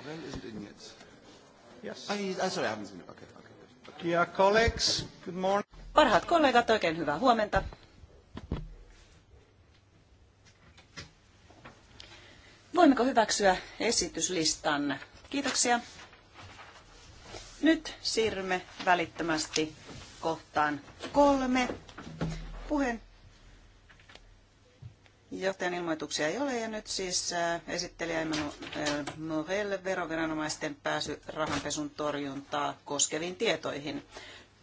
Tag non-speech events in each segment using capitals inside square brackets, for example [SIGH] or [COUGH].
Borrell isn't in yet. Yes. Ah, ah, sorry, I haven't seen it. okay. okay. Dear colleagues, good morning. Parhaat kollegat, oikein hyvää huomenta. Voimmeko hyväksyä esityslistan? Kiitoksia. Nyt siirrymme välittömästi kohtaan kolme. Puheen Johtajan ilmoituksia ei ole ja nyt siis äh, esittelijä äh, Morel veroviranomaisten pääsy rahanpesun torjuntaa koskeviin tietoihin.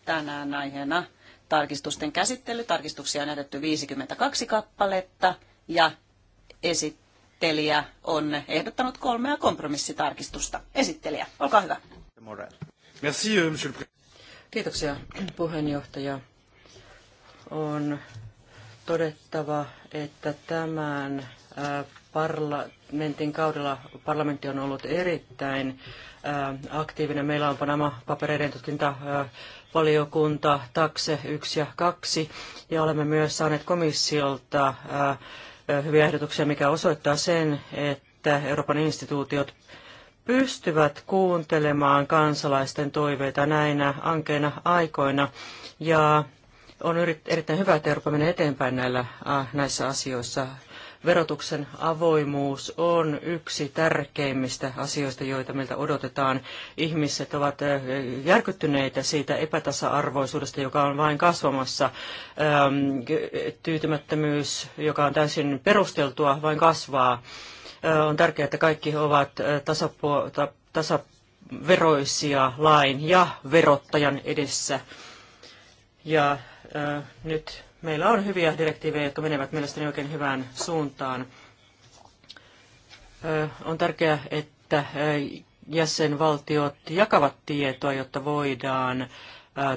Tänään aiheena tarkistusten käsittely. Tarkistuksia on jätetty 52 kappaletta ja esittelijä on ehdottanut kolmea kompromissitarkistusta. Esittelijä, olkaa hyvä. Morel. Merci, euh, monsieur le Kiitoksia puheenjohtaja. On todettava, että tämän parlamentin kaudella parlamentti on ollut erittäin aktiivinen. Meillä on Panama-papereiden tutkinta valiokunta, takse 1 ja 2, ja olemme myös saaneet komissiolta hyviä ehdotuksia, mikä osoittaa sen, että Euroopan instituutiot pystyvät kuuntelemaan kansalaisten toiveita näinä ankeina aikoina ja on erittäin hyvä, että Eurooppa menee eteenpäin näillä, näissä asioissa. Verotuksen avoimuus on yksi tärkeimmistä asioista, joita meiltä odotetaan. Ihmiset ovat järkyttyneitä siitä epätasa-arvoisuudesta, joka on vain kasvamassa. Tyytymättömyys, joka on täysin perusteltua, vain kasvaa. On tärkeää, että kaikki ovat tasaveroisia lain ja verottajan edessä. Ja nyt meillä on hyviä direktiivejä, jotka menevät mielestäni oikein hyvään suuntaan. On tärkeää, että jäsenvaltiot jakavat tietoa, jotta voidaan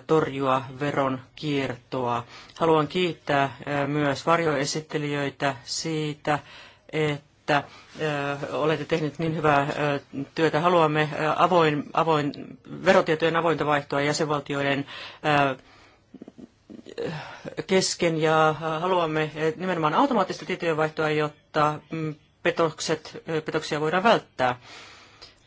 torjua veron kiertoa. Haluan kiittää myös varjoesittelijöitä siitä, että olette tehneet niin hyvää työtä. Haluamme avoin, avoin, verotietojen avointa vaihtoa jäsenvaltioiden kesken ja haluamme nimenomaan automaattista tietojenvaihtoa, jotta mm, petokset, petoksia voidaan välttää.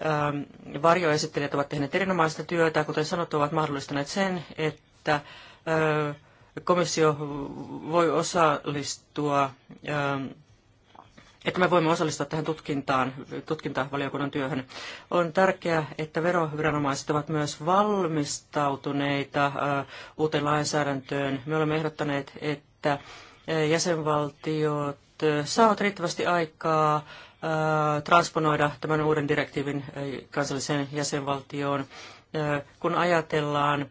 Ähm, varjoesittelijät ovat tehneet erinomaista työtä, kuten sanottu, ovat mahdollistaneet sen, että komissio voi osallistua ähm, että me voimme osallistua tähän tutkintaan, tutkintavaliokunnan työhön. On tärkeää, että veroviranomaiset ovat myös valmistautuneita uuteen lainsäädäntöön. Me olemme ehdottaneet, että jäsenvaltiot saavat riittävästi aikaa transponoida tämän uuden direktiivin kansalliseen jäsenvaltioon. Kun ajatellaan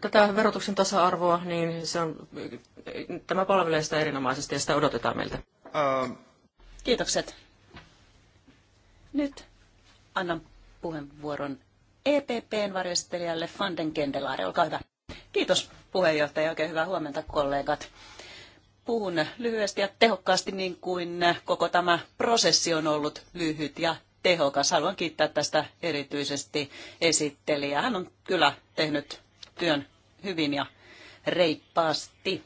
tätä verotuksen tasa-arvoa, niin se on, tämä palvelee sitä erinomaisesti ja sitä odotetaan meiltä. Ähm, Kiitokset. Nyt annan puheenvuoron EPPn varjostelijalle Fanden Kendelaare. Olkaa hyvä. Kiitos puheenjohtaja. Oikein hyvää huomenta kollegat. Puhun lyhyesti ja tehokkaasti niin kuin koko tämä prosessi on ollut lyhyt ja tehokas. Haluan kiittää tästä erityisesti esittelijää. Hän on kyllä tehnyt työn hyvin ja reippaasti.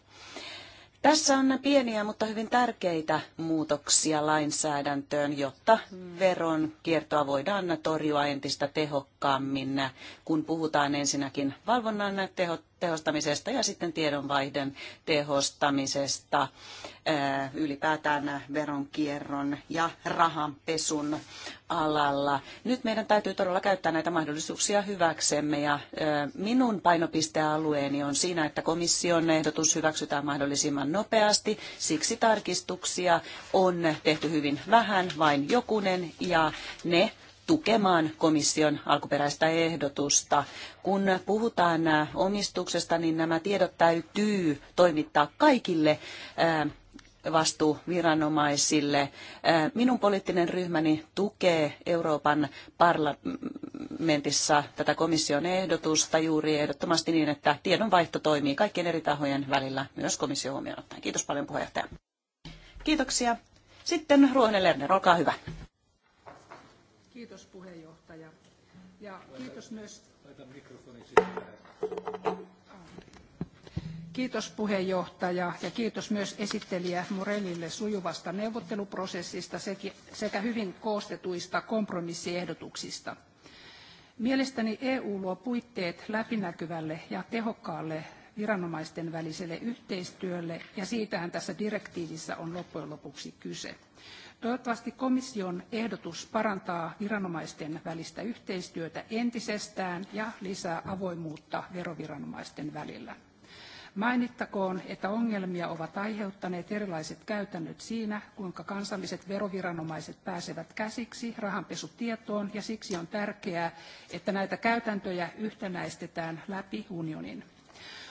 Tässä on pieniä, mutta hyvin tärkeitä muutoksia lainsäädäntöön, jotta veron kiertoa voidaan torjua entistä tehokkaammin, kun puhutaan ensinnäkin valvonnan teho, tehostamisesta ja sitten tiedonvaihdon tehostamisesta, ylipäätään veronkierron ja rahanpesun alalla. Nyt meidän täytyy todella käyttää näitä mahdollisuuksia hyväksemme ja minun painopistealueeni on siinä, että komission ehdotus hyväksytään mahdollisimman nopeasti. Siksi tarkistuksia on tehty hyvin vähän, vain jokunen ja ne tukemaan komission alkuperäistä ehdotusta. Kun puhutaan omistuksesta, niin nämä tiedot täytyy toimittaa kaikille vastuuviranomaisille. Minun poliittinen ryhmäni tukee Euroopan parlamentissa tätä komission ehdotusta juuri ehdottomasti niin, että tiedonvaihto toimii kaikkien eri tahojen välillä, myös komissio huomioon ottaen. Kiitos paljon puheenjohtaja. Kiitoksia. Sitten Ruohonen Lerner, olkaa hyvä. Kiitos puheenjohtaja. Ja kiitos myös... Laitan mikrofoni Kiitos puheenjohtaja ja kiitos myös esittelijä Morellille sujuvasta neuvotteluprosessista sekä hyvin koostetuista kompromissiehdotuksista. Mielestäni EU luo puitteet läpinäkyvälle ja tehokkaalle viranomaisten väliselle yhteistyölle, ja siitähän tässä direktiivissä on loppujen lopuksi kyse. Toivottavasti komission ehdotus parantaa viranomaisten välistä yhteistyötä entisestään ja lisää avoimuutta veroviranomaisten välillä. Mainittakoon, että ongelmia ovat aiheuttaneet erilaiset käytännöt siinä, kuinka kansalliset veroviranomaiset pääsevät käsiksi rahanpesutietoon, ja siksi on tärkeää, että näitä käytäntöjä yhtenäistetään läpi unionin.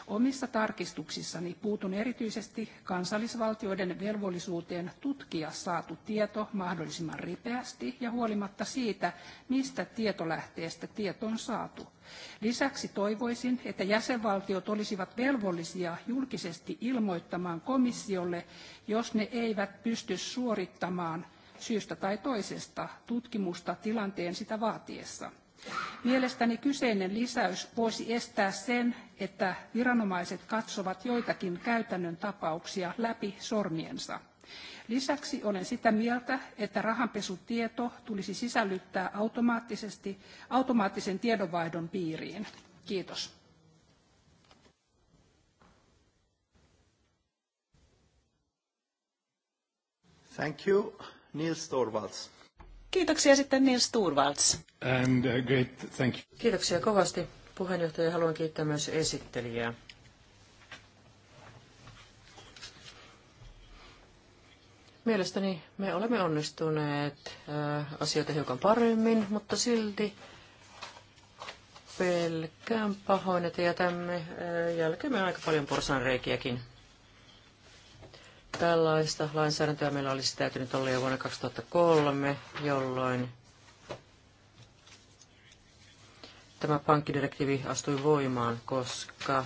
Omissa tarkistuksissani puutun erityisesti kansallisvaltioiden velvollisuuteen tutkia saatu tieto mahdollisimman ripeästi ja huolimatta siitä, mistä tietolähteestä tieto on saatu. Lisäksi toivoisin, että jäsenvaltiot olisivat velvollisia julkisesti ilmoittamaan komissiolle, jos ne eivät pysty suorittamaan syystä tai toisesta tutkimusta tilanteen sitä vaatiessa. Mielestäni kyseinen lisäys voisi estää sen, että viranomaiset katsovat joitakin käytännön tapauksia läpi sormiensa. Lisäksi olen sitä mieltä, että rahanpesutieto tulisi sisällyttää automaattisesti automaattisen tiedonvaihdon piiriin. Kiitos. Thank you. Nils Torvalds. Kiitoksia sitten Nils Turvalds. And, uh, great, thank you. Kiitoksia kovasti puheenjohtaja. Haluan kiittää myös esittelijää. Mielestäni me olemme onnistuneet äh, asioita hiukan paremmin, mutta silti pelkään pahoin, että jätämme äh, jälkeemme aika paljon porsanreikiäkin. Tällaista lainsäädäntöä meillä olisi täytynyt olla jo vuonna 2003, jolloin tämä pankkidirektiivi astui voimaan, koska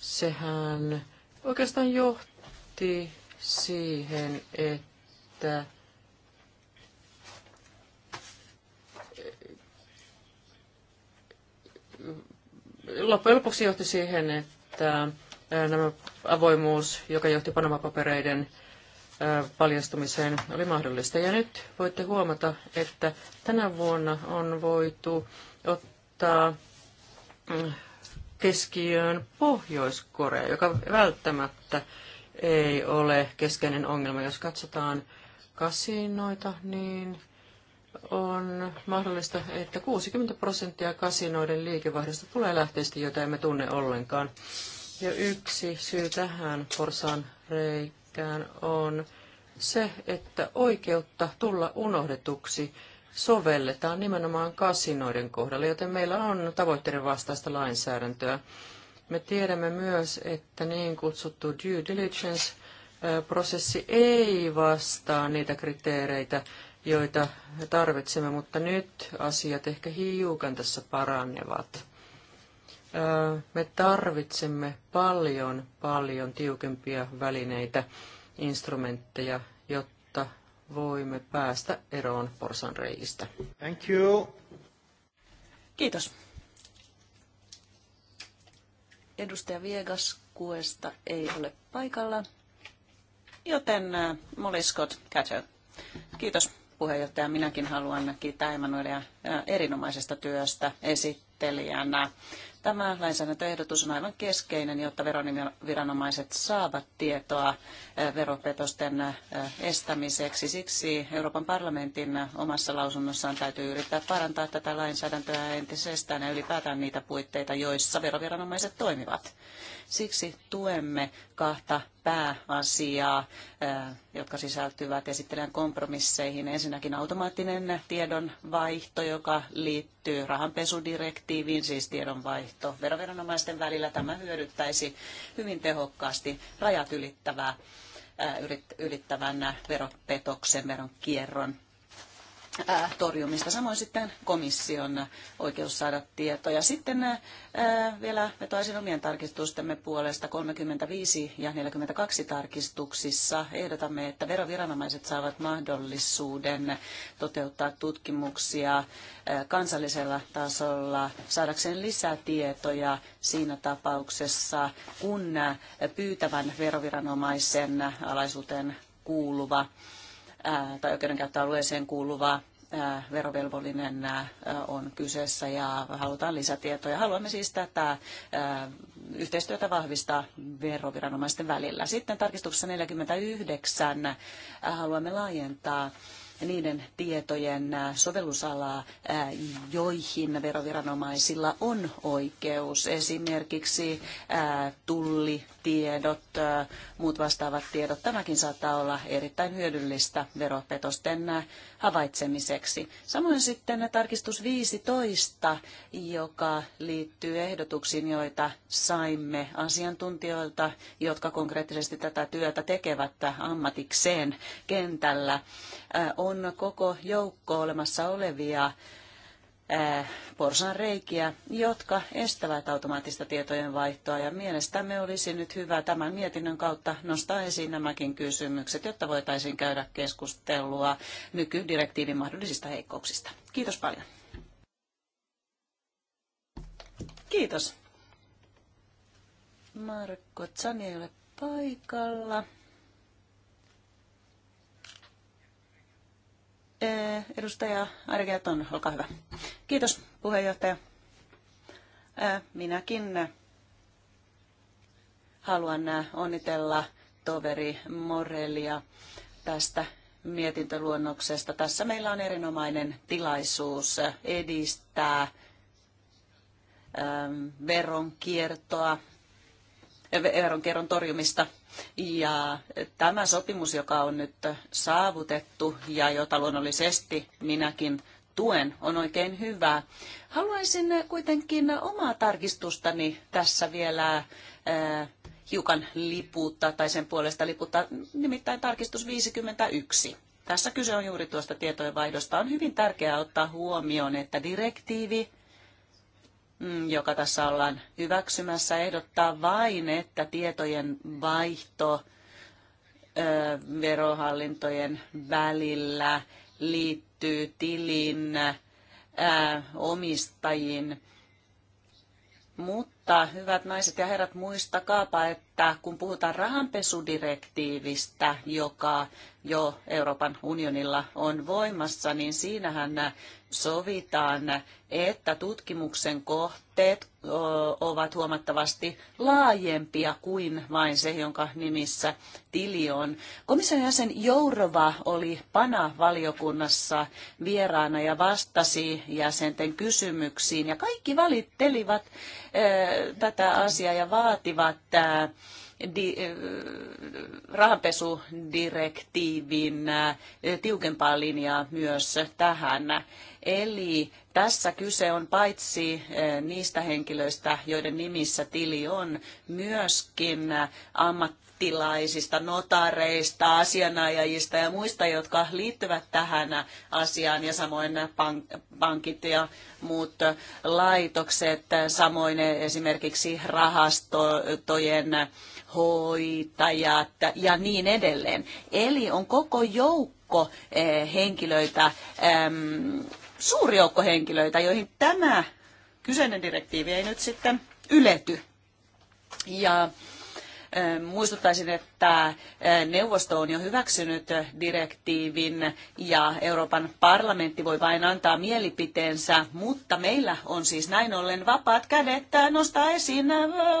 sehän oikeastaan johti siihen, että loppujen lopuksi johti siihen, että nämä avoimuus, joka johti Panama-papereiden paljastumiseen, oli mahdollista. Ja nyt voitte huomata, että tänä vuonna on voitu ottaa mm, keskiöön Pohjois-Korea, joka välttämättä ei ole keskeinen ongelma. Jos katsotaan kasinoita, niin on mahdollista, että 60 prosenttia kasinoiden liikevaihdosta tulee lähteistä, joita emme tunne ollenkaan. Ja yksi syy tähän porsan reikään on se, että oikeutta tulla unohdetuksi sovelletaan nimenomaan kasinoiden kohdalla, joten meillä on tavoitteiden vastaista lainsäädäntöä. Me tiedämme myös, että niin kutsuttu due diligence-prosessi ei vastaa niitä kriteereitä, joita tarvitsemme, mutta nyt asiat ehkä hiukan tässä paranevat me tarvitsemme paljon, paljon tiukempia välineitä, instrumentteja, jotta voimme päästä eroon porsan reiistä. Thank you. Kiitos. Edustaja Viegas Kuesta ei ole paikalla, joten Molly Scott Kiitos puheenjohtaja. Minäkin haluan kiittää Emanuelia erinomaisesta työstä esittelijänä Tämä lainsäädäntöehdotus on aivan keskeinen, jotta veroviranomaiset saavat tietoa eh, veropetosten eh, estämiseksi. Siksi Euroopan parlamentin omassa lausunnossaan täytyy yrittää parantaa tätä lainsäädäntöä entisestään ja ylipäätään niitä puitteita, joissa veroviranomaiset toimivat. Siksi tuemme kahta pääasiaa, jotka sisältyvät esittelijän kompromisseihin. Ensinnäkin automaattinen tiedonvaihto, joka liittyy rahanpesudirektiiviin, siis tiedonvaihto veroviranomaisten välillä. Tämä hyödyttäisi hyvin tehokkaasti rajat ylittävää ylittävän veropetoksen, veron kierron torjumista. Samoin sitten komission oikeus saada tietoja. Sitten vielä vetoaisin omien tarkistustemme puolesta 35 ja 42 tarkistuksissa ehdotamme, että veroviranomaiset saavat mahdollisuuden toteuttaa tutkimuksia kansallisella tasolla saadakseen lisätietoja siinä tapauksessa, kun pyytävän veroviranomaisen alaisuuteen kuuluva tai oikeudenkäyttöalueeseen kuuluva verovelvollinen on kyseessä ja halutaan lisätietoja. Haluamme siis tätä yhteistyötä vahvistaa veroviranomaisten välillä. Sitten tarkistuksessa 49 haluamme laajentaa niiden tietojen sovellusalaa, joihin veroviranomaisilla on oikeus. Esimerkiksi tullitiedot, muut vastaavat tiedot. Tämäkin saattaa olla erittäin hyödyllistä veropetosten havaitsemiseksi. Samoin sitten tarkistus 15, joka liittyy ehdotuksiin, joita saimme asiantuntijoilta, jotka konkreettisesti tätä työtä tekevät ammatikseen kentällä, on on koko joukko olemassa olevia reikiä, jotka estävät automaattista tietojen vaihtoa. Ja mielestämme olisi nyt hyvä tämän mietinnön kautta nostaa esiin nämäkin kysymykset, jotta voitaisiin käydä keskustelua nykydirektiivin mahdollisista heikkouksista. Kiitos paljon. Kiitos. Marko Tsani ei ole paikalla. Eh, edustaja on olkaa hyvä. Kiitos puheenjohtaja. Eh, minäkin haluan eh, onnitella toveri Morelia tästä mietintöluonnoksesta. Tässä meillä on erinomainen tilaisuus edistää veronkiertoa, veronkierron torjumista ja tämä sopimus, joka on nyt saavutettu ja jota luonnollisesti minäkin tuen, on oikein hyvä. Haluaisin kuitenkin omaa tarkistustani tässä vielä eh, hiukan liputtaa tai sen puolesta liputtaa, nimittäin tarkistus 51. Tässä kyse on juuri tuosta tietojenvaihdosta. On hyvin tärkeää ottaa huomioon, että direktiivi Mm, joka tässä ollaan hyväksymässä, ehdottaa vain, että tietojen vaihto verohallintojen välillä liittyy tilin omistajiin. Mutta hyvät naiset ja herrat, muistakaapa, että että kun puhutaan rahanpesudirektiivistä, joka jo Euroopan unionilla on voimassa, niin siinähän sovitaan, että tutkimuksen kohteet ovat huomattavasti laajempia kuin vain se, jonka nimissä tili on. Komission jäsen Jourova oli PANA-valiokunnassa vieraana ja vastasi jäsenten kysymyksiin. Ja kaikki valittelivat tätä asiaa ja vaativat di, eh, rahanpesudirektiivin eh, tiukempaa linjaa myös tähän. Eli tässä kyse on paitsi eh, niistä henkilöistä, joiden nimissä tili on, myöskin ammattilaisista, notareista, asianajajista ja muista, jotka liittyvät tähän asiaan ja samoin pankit ja muut laitokset, samoin esimerkiksi rahastojen hoitajat ja niin edelleen. Eli on koko joukko eh, henkilöitä, suuri joukko henkilöitä, joihin tämä kyseinen direktiivi ei nyt sitten ylety. Ja Muistuttaisin, että neuvosto on jo hyväksynyt direktiivin ja Euroopan parlamentti voi vain antaa mielipiteensä, mutta meillä on siis näin ollen vapaat kädet nostaa esiin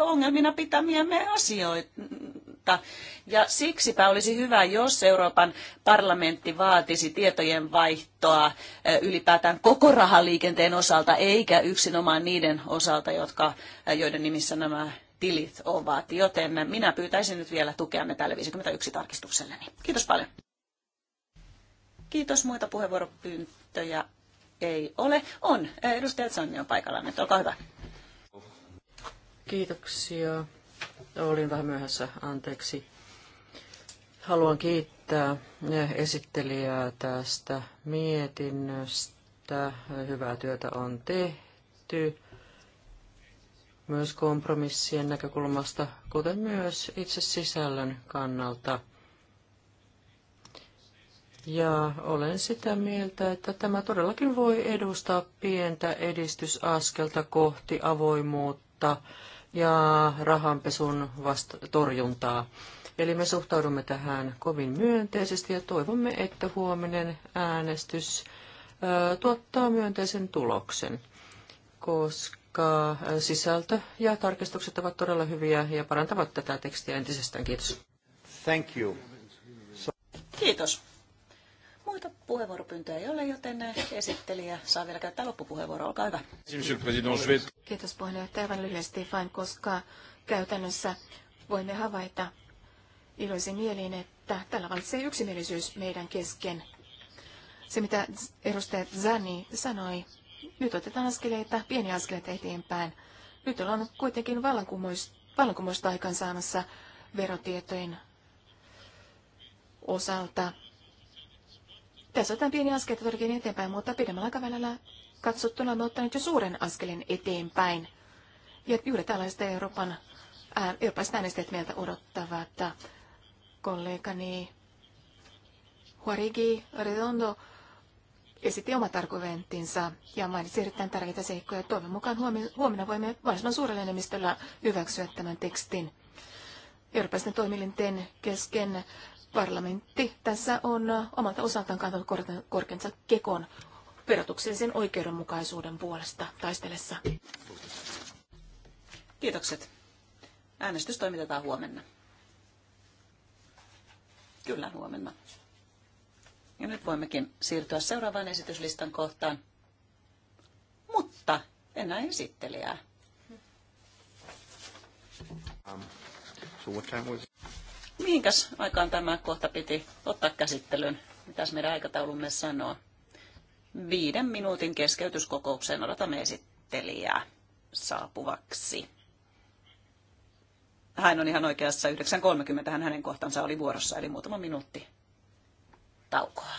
ongelmina pitämiämme asioita. Ja siksipä olisi hyvä, jos Euroopan parlamentti vaatisi tietojen vaihtoa ylipäätään koko rahaliikenteen osalta, eikä yksinomaan niiden osalta, jotka, joiden nimissä nämä tilit ovat, joten minä pyytäisin nyt vielä tukeamme tälle 51 tarkistukselleni. Kiitos paljon. Kiitos, muita puheenvuoropyyntöjä ei ole. On, edustaja Zanni on paikalla nyt, olkaa hyvä. Kiitoksia. Olin vähän myöhässä, anteeksi. Haluan kiittää esittelijää tästä mietinnöstä. Hyvää työtä on tehty myös kompromissien näkökulmasta, kuten myös itse sisällön kannalta. Ja olen sitä mieltä, että tämä todellakin voi edustaa pientä edistysaskelta kohti avoimuutta ja rahanpesun vasta- torjuntaa. Eli me suhtaudumme tähän kovin myönteisesti ja toivomme, että huominen äänestys ö, tuottaa myönteisen tuloksen, koska tarkka sisältö ja tarkistukset ovat todella hyviä ja parantavat tätä tekstiä entisestään. Kiitos. Thank you. So... Kiitos. Muita puheenvuoropyyntöjä ei ole, joten esittelijä saa vielä käyttää loppupuheenvuoro. Olkaa hyvä. Kiitos puheenjohtaja. Aivan lyhyesti vain, koska käytännössä voimme havaita iloisin mielin, että tällä valitsee yksimielisyys meidän kesken. Se, mitä edustaja Zani sanoi, nyt otetaan askeleita, pieniä askeleita eteenpäin. Nyt ollaan kuitenkin vallankumoista vallankumousta aikaansaamassa verotietojen osalta. Tässä otetaan pieni askel todellakin eteenpäin, mutta pidemmällä aikavälillä katsottuna olemme ottaneet jo suuren askelen eteenpäin. Ja juuri tällaista Euroopan Euroopan äänestäjät meiltä odottavat. Kollegani Huarigi Redondo esitti omat argumenttinsa ja mainitsi erittäin tärkeitä seikkoja. Toivon mukaan huomenna voimme mahdollisimman suurella enemmistöllä hyväksyä tämän tekstin. Euroopan toimielinten kesken parlamentti tässä on omalta osaltaan kantanut korkensa kekon verotuksellisen oikeudenmukaisuuden puolesta taistelessa. Kiitokset. Äänestys toimitetaan huomenna. Kyllä, huomenna. Ja nyt voimmekin siirtyä seuraavaan esityslistan kohtaan. Mutta enää esittelijää. Um, so what time was... Mihinkäs aikaan tämä kohta piti ottaa käsittelyyn? Mitäs meidän aikataulumme sanoo? Viiden minuutin keskeytyskokoukseen odotamme esittelijää saapuvaksi. Hän on ihan oikeassa. 9.30 hänen kohtansa oli vuorossa, eli muutama minuutti taukoa.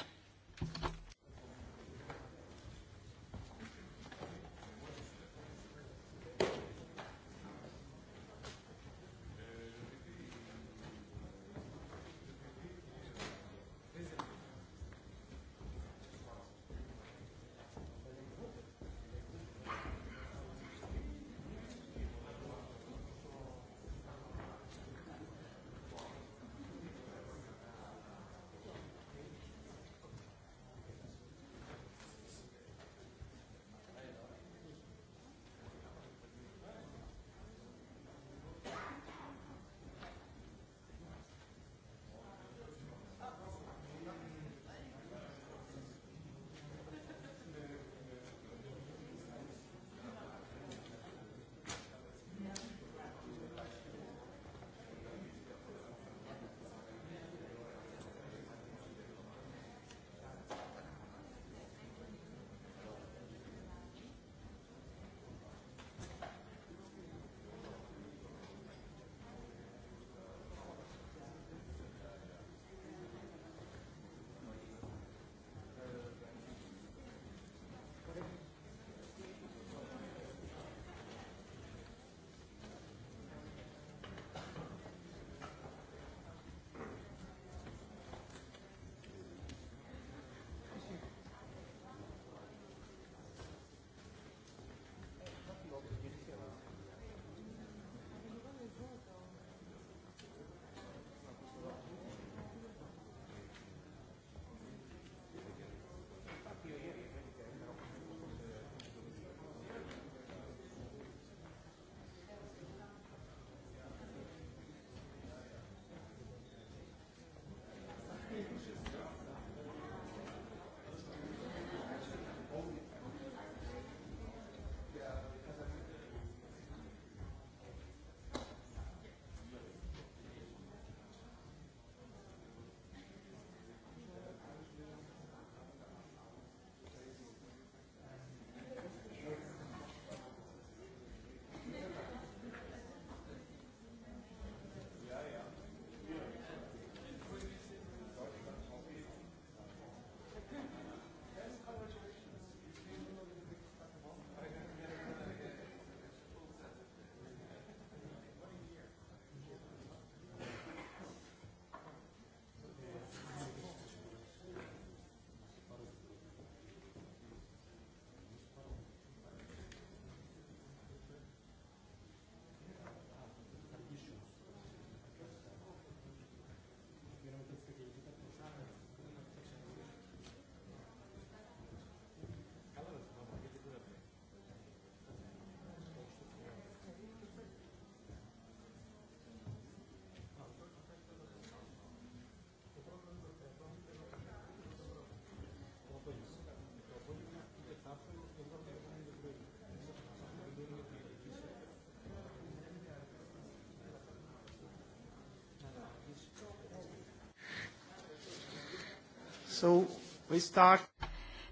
So we start.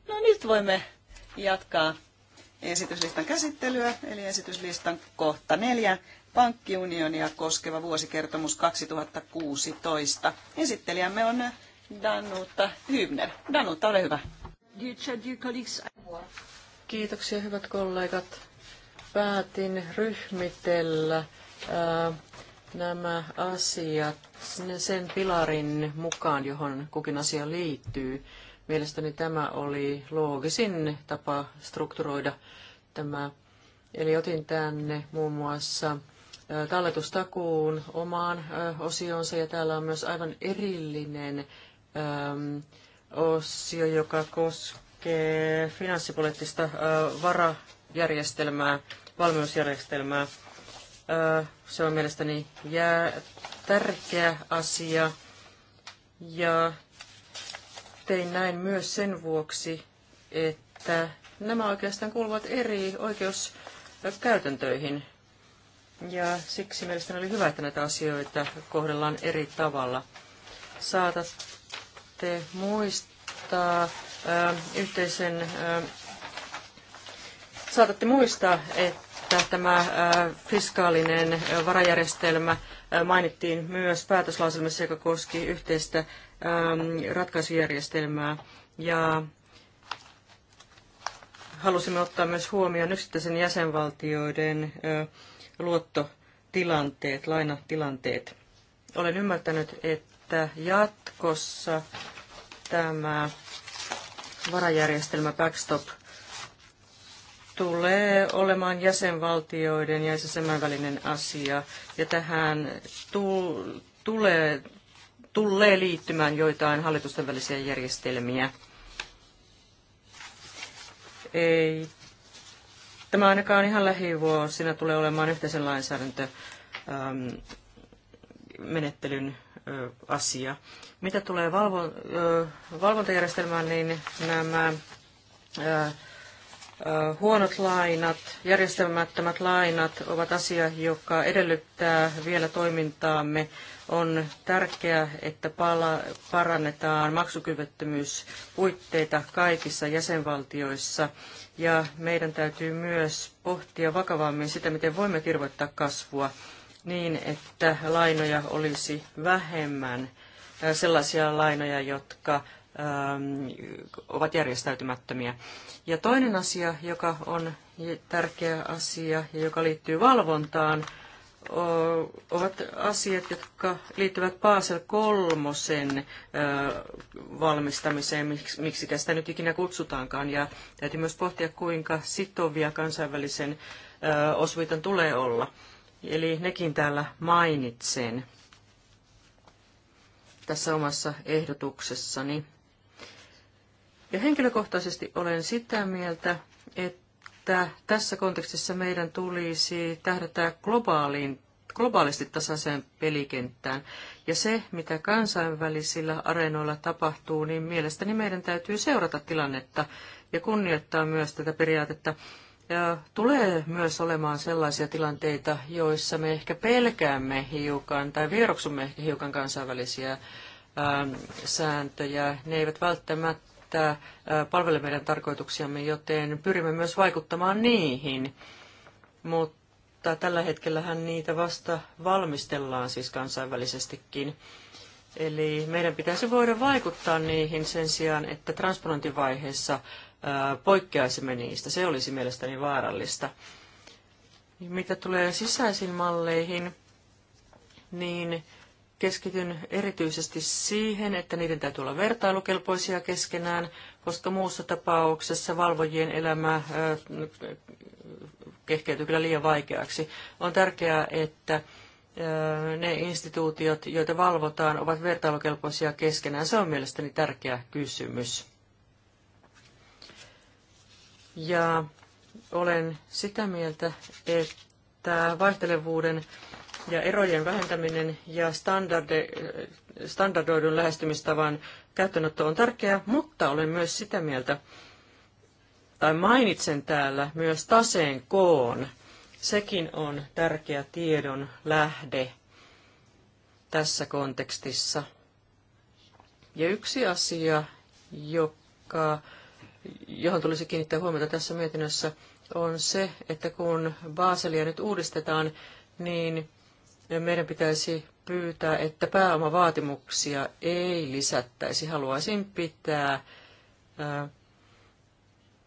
No nyt voimme jatkaa esityslistan käsittelyä, eli esityslistan kohta neljä, pankkiunionia koskeva vuosikertomus 2016. Esittelijämme on Danuta Hybner. Danuta, ole hyvä. Kiitoksia hyvät kollegat. Päätin ryhmitellä ää, nämä asiat sen pilarin mukaan, johon kukin asia liittyy. Mielestäni tämä oli loogisin tapa strukturoida tämä. Eli otin tänne muun muassa talletustakuun omaan osioonsa ja täällä on myös aivan erillinen osio, joka koskee finanssipoliittista varajärjestelmää, valmiusjärjestelmää. Se on mielestäni jää tärkeä asia. Ja tein näin myös sen vuoksi, että nämä oikeastaan kuuluvat eri oikeuskäytäntöihin. Ja siksi mielestäni oli hyvä, että näitä asioita kohdellaan eri tavalla. Saatatte muistaa yhteisen... Saatatte muistaa, että että tämä äh, fiskaalinen äh, varajärjestelmä äh, mainittiin myös päätöslauselmassa, joka koski yhteistä ähm, ratkaisujärjestelmää. Ja halusimme ottaa myös huomioon yksittäisen jäsenvaltioiden luottotilanteet, lainatilanteet. Olen ymmärtänyt, että jatkossa tämä varajärjestelmä backstop – tulee olemaan jäsenvaltioiden ja jäsenvaltioiden välinen asia, ja tähän tulee, tulee liittymään joitain hallitusten välisiä järjestelmiä. Ei. Tämä ainakaan ihan lähivuosina tulee olemaan yhteisen lainsäädäntö ähm, menettelyn asia. Mitä tulee valvo, valvontajärjestelmään, niin nämä huonot lainat, järjestelmättömät lainat ovat asia, joka edellyttää vielä toimintaamme. On tärkeää, että pala- parannetaan maksukyvyttömyyspuitteita kaikissa jäsenvaltioissa ja meidän täytyy myös pohtia vakavammin sitä, miten voimme kirvoittaa kasvua niin, että lainoja olisi vähemmän sellaisia lainoja, jotka Ähm, ovat järjestäytymättömiä. Ja toinen asia, joka on tärkeä asia ja joka liittyy valvontaan, ovat asiat, jotka liittyvät Basel kolmosen valmistamiseen, miksi sitä nyt ikinä kutsutaankaan. Ja täytyy myös pohtia, kuinka sitovia kansainvälisen osviitan tulee olla. Eli nekin täällä mainitsen tässä omassa ehdotuksessani. Ja henkilökohtaisesti olen sitä mieltä, että tässä kontekstissa meidän tulisi tähdätä globaaliin, globaalisti tasaiseen pelikenttään. Ja se, mitä kansainvälisillä areenoilla tapahtuu, niin mielestäni meidän täytyy seurata tilannetta ja kunnioittaa myös tätä periaatetta. Ja tulee myös olemaan sellaisia tilanteita, joissa me ehkä pelkäämme hiukan tai vieroksumme ehkä hiukan kansainvälisiä ähm, sääntöjä. Ne eivät välttämättä että palvele meidän tarkoituksiamme, joten pyrimme myös vaikuttamaan niihin. Mutta tällä hetkellähän niitä vasta valmistellaan siis kansainvälisestikin. Eli meidän pitäisi voida vaikuttaa niihin sen sijaan, että transplantivaiheessa poikkeaisimme niistä. Se olisi mielestäni vaarallista. Mitä tulee sisäisiin malleihin, niin keskityn erityisesti siihen, että niiden täytyy olla vertailukelpoisia keskenään, koska muussa tapauksessa valvojien elämä kehkeytyy kyllä liian vaikeaksi. On tärkeää, että ne instituutiot, joita valvotaan, ovat vertailukelpoisia keskenään. Se on mielestäni tärkeä kysymys. Ja olen sitä mieltä, että vaihtelevuuden ja erojen vähentäminen ja standardoidun lähestymistavan käyttöönotto on tärkeää, mutta olen myös sitä mieltä, tai mainitsen täällä myös taseen koon. Sekin on tärkeä tiedon lähde tässä kontekstissa. Ja yksi asia, joka, johon tulisi kiinnittää huomiota tässä mietinnössä, on se, että kun Baselia nyt uudistetaan, niin meidän pitäisi pyytää, että pääomavaatimuksia ei lisättäisi. Haluaisin pitää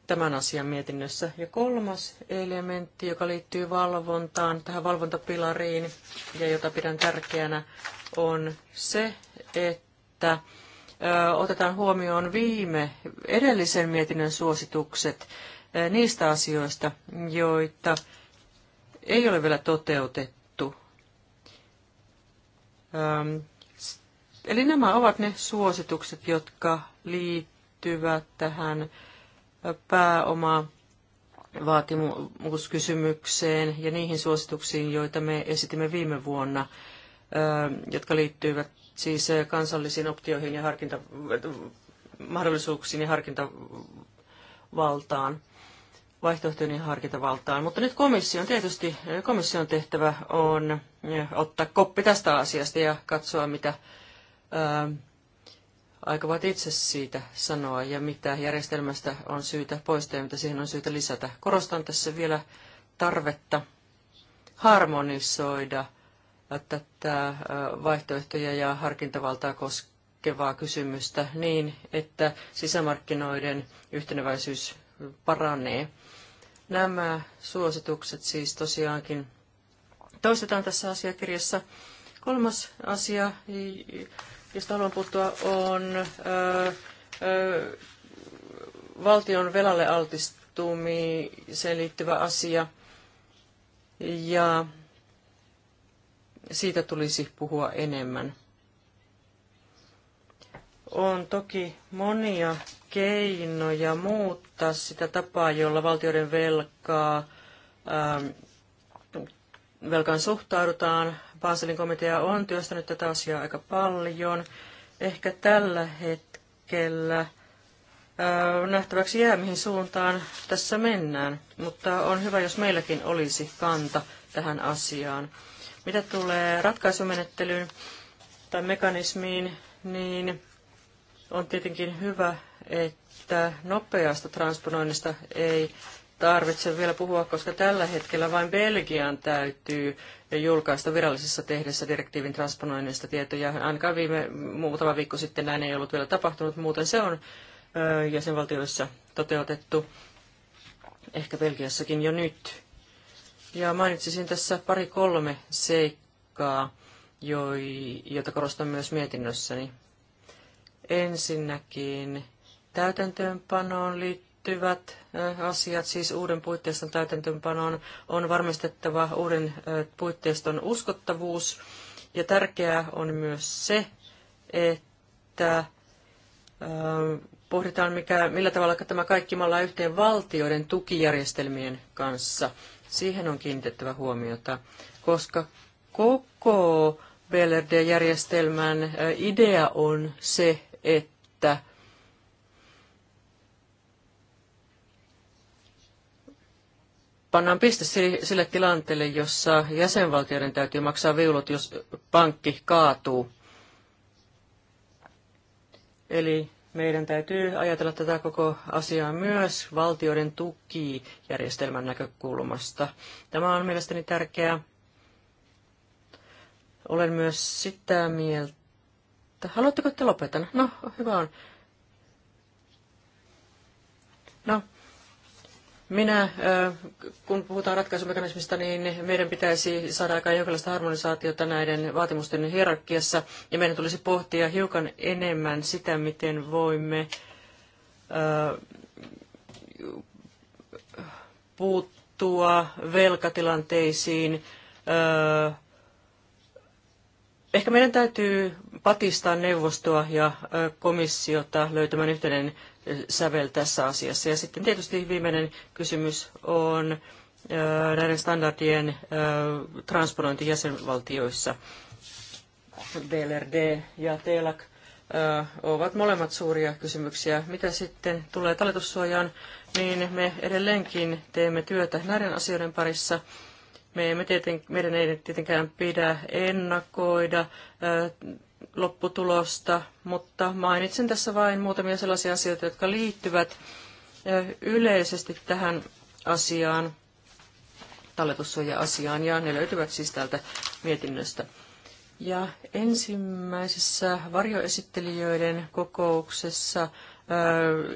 tämän asian mietinnössä. Ja kolmas elementti, joka liittyy valvontaan, tähän valvontapilariin, ja jota pidän tärkeänä, on se, että otetaan huomioon viime edellisen mietinnön suositukset niistä asioista, joita ei ole vielä toteutettu Ähm, eli nämä ovat ne suositukset, jotka liittyvät tähän äh, pääoma vaatimuskysymykseen ja niihin suosituksiin, joita me esitimme viime vuonna, ähm, jotka liittyvät siis äh, kansallisiin optioihin ja harkinta, äh, mahdollisuuksiin ja harkintavaltaan vaihtoehtojen harkintavaltaan. Mutta nyt komission, tietysti eh, komission tehtävä on eh, ottaa koppi tästä asiasta ja katsoa, mitä ää, eh, aikovat itse siitä sanoa ja mitä järjestelmästä on syytä poistaa ja mitä siihen on syytä lisätä. Korostan tässä vielä tarvetta harmonisoida tätä vaihtoehtoja ja harkintavaltaa koskevaa kysymystä niin, että sisämarkkinoiden yhteneväisyys paranee. Nämä suositukset siis tosiaankin toistetaan tässä asiakirjassa. Kolmas asia, josta haluan puuttua, on ö, ö, valtion velalle altistumiseen liittyvä asia. Ja siitä tulisi puhua enemmän. On toki monia keinoja muuttaa sitä tapaa, jolla valtioiden velkaa, ähm, velkaan suhtaudutaan. Baselin komitea on työstänyt tätä asiaa aika paljon. Ehkä tällä hetkellä äh, nähtäväksi jää, mihin suuntaan tässä mennään, mutta on hyvä, jos meilläkin olisi kanta tähän asiaan. Mitä tulee ratkaisumenettelyyn tai mekanismiin, niin on tietenkin hyvä, että nopeasta transponoinnista ei tarvitse vielä puhua, koska tällä hetkellä vain Belgian täytyy julkaista virallisessa tehdessä direktiivin transponoinnista tietoja. Ainakaan viime muutama viikko sitten näin ei ollut vielä tapahtunut, muuten se on jäsenvaltioissa toteutettu, ehkä Belgiassakin jo nyt. Ja mainitsisin tässä pari kolme seikkaa, joita korostan myös mietinnössäni. Ensinnäkin täytäntöönpanoon liittyvät asiat, siis uuden puitteiston täytäntöönpanoon, on varmistettava uuden puitteiston uskottavuus. Ja tärkeää on myös se, että pohditaan, mikä, millä tavalla tämä kaikki malla yhteen valtioiden tukijärjestelmien kanssa. Siihen on kiinnitettävä huomiota, koska koko BLRD-järjestelmän idea on se, että pannaan piste sille tilanteelle, jossa jäsenvaltioiden täytyy maksaa viulut, jos pankki kaatuu. Eli meidän täytyy ajatella tätä koko asiaa myös valtioiden tukijärjestelmän näkökulmasta. Tämä on mielestäni tärkeää. Olen myös sitä mieltä, että haluatteko te lopetella? No, hyvä on. No, minä, kun puhutaan ratkaisumekanismista, niin meidän pitäisi saada aikaan jonkinlaista harmonisaatiota näiden vaatimusten hierarkiassa, ja meidän tulisi pohtia hiukan enemmän sitä, miten voimme puuttua velkatilanteisiin, Ehkä meidän täytyy patistaa neuvostoa ja komissiota löytämään yhteinen sävel tässä asiassa. Ja sitten tietysti viimeinen kysymys on näiden standardien transponointi jäsenvaltioissa. BLRD ja TELAC ovat molemmat suuria kysymyksiä. Mitä sitten tulee talletussuojaan, niin me edelleenkin teemme työtä näiden asioiden parissa – me emme tieten, meidän ei tietenkään pidä ennakoida lopputulosta, mutta mainitsen tässä vain muutamia sellaisia asioita, jotka liittyvät yleisesti tähän asiaan, talletussuoja-asiaan, ja ne löytyvät siis täältä mietinnöstä. Ja ensimmäisessä varjoesittelijöiden kokouksessa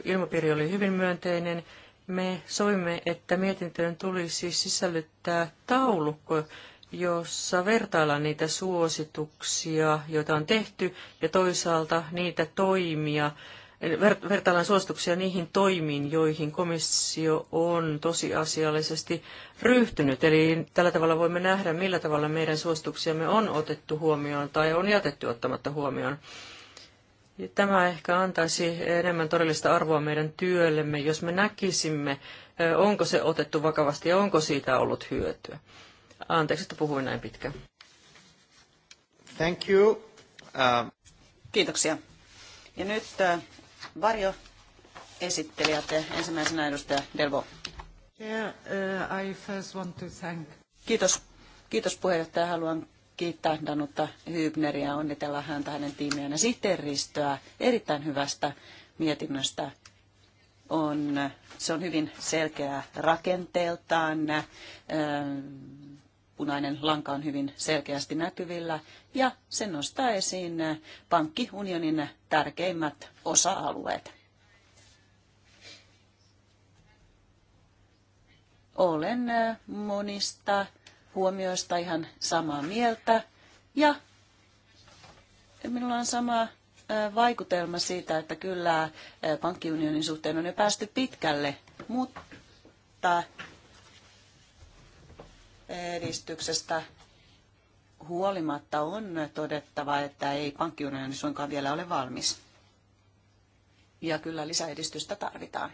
ilmapiiri oli hyvin myönteinen me sovimme, että mietintöön tulisi sisällyttää taulukko, jossa vertaillaan niitä suosituksia, joita on tehty, ja toisaalta niitä toimia, vertaillaan suosituksia niihin toimiin, joihin komissio on tosiasiallisesti ryhtynyt. Eli tällä tavalla voimme nähdä, millä tavalla meidän suosituksiamme on otettu huomioon tai on jätetty ottamatta huomioon. Tämä ehkä antaisi enemmän todellista arvoa meidän työllemme, jos me näkisimme, onko se otettu vakavasti ja onko siitä ollut hyötyä. Anteeksi, että puhuin näin pitkään. Thank you. Uh... Kiitoksia. Ja nyt uh, Varjo esittelijät. Ensimmäisenä edustaja Delvo. Yeah, uh, I first want to thank... Kiitos. Kiitos puheenjohtaja. Haluan kiittää Danutta Hybneriä, onnitella häntä hänen tiimiään ja sihteeristöä erittäin hyvästä mietinnöstä. On, se on hyvin selkeä rakenteeltaan, ähm, punainen lanka on hyvin selkeästi näkyvillä ja se nostaa esiin pankkiunionin tärkeimmät osa-alueet. Olen monista huomioista ihan samaa mieltä ja minulla on sama vaikutelma siitä, että kyllä pankkiunionin suhteen on jo päästy pitkälle, mutta edistyksestä huolimatta on todettava, että ei pankkiunioni suinkaan vielä ole valmis. Ja kyllä lisäedistystä tarvitaan.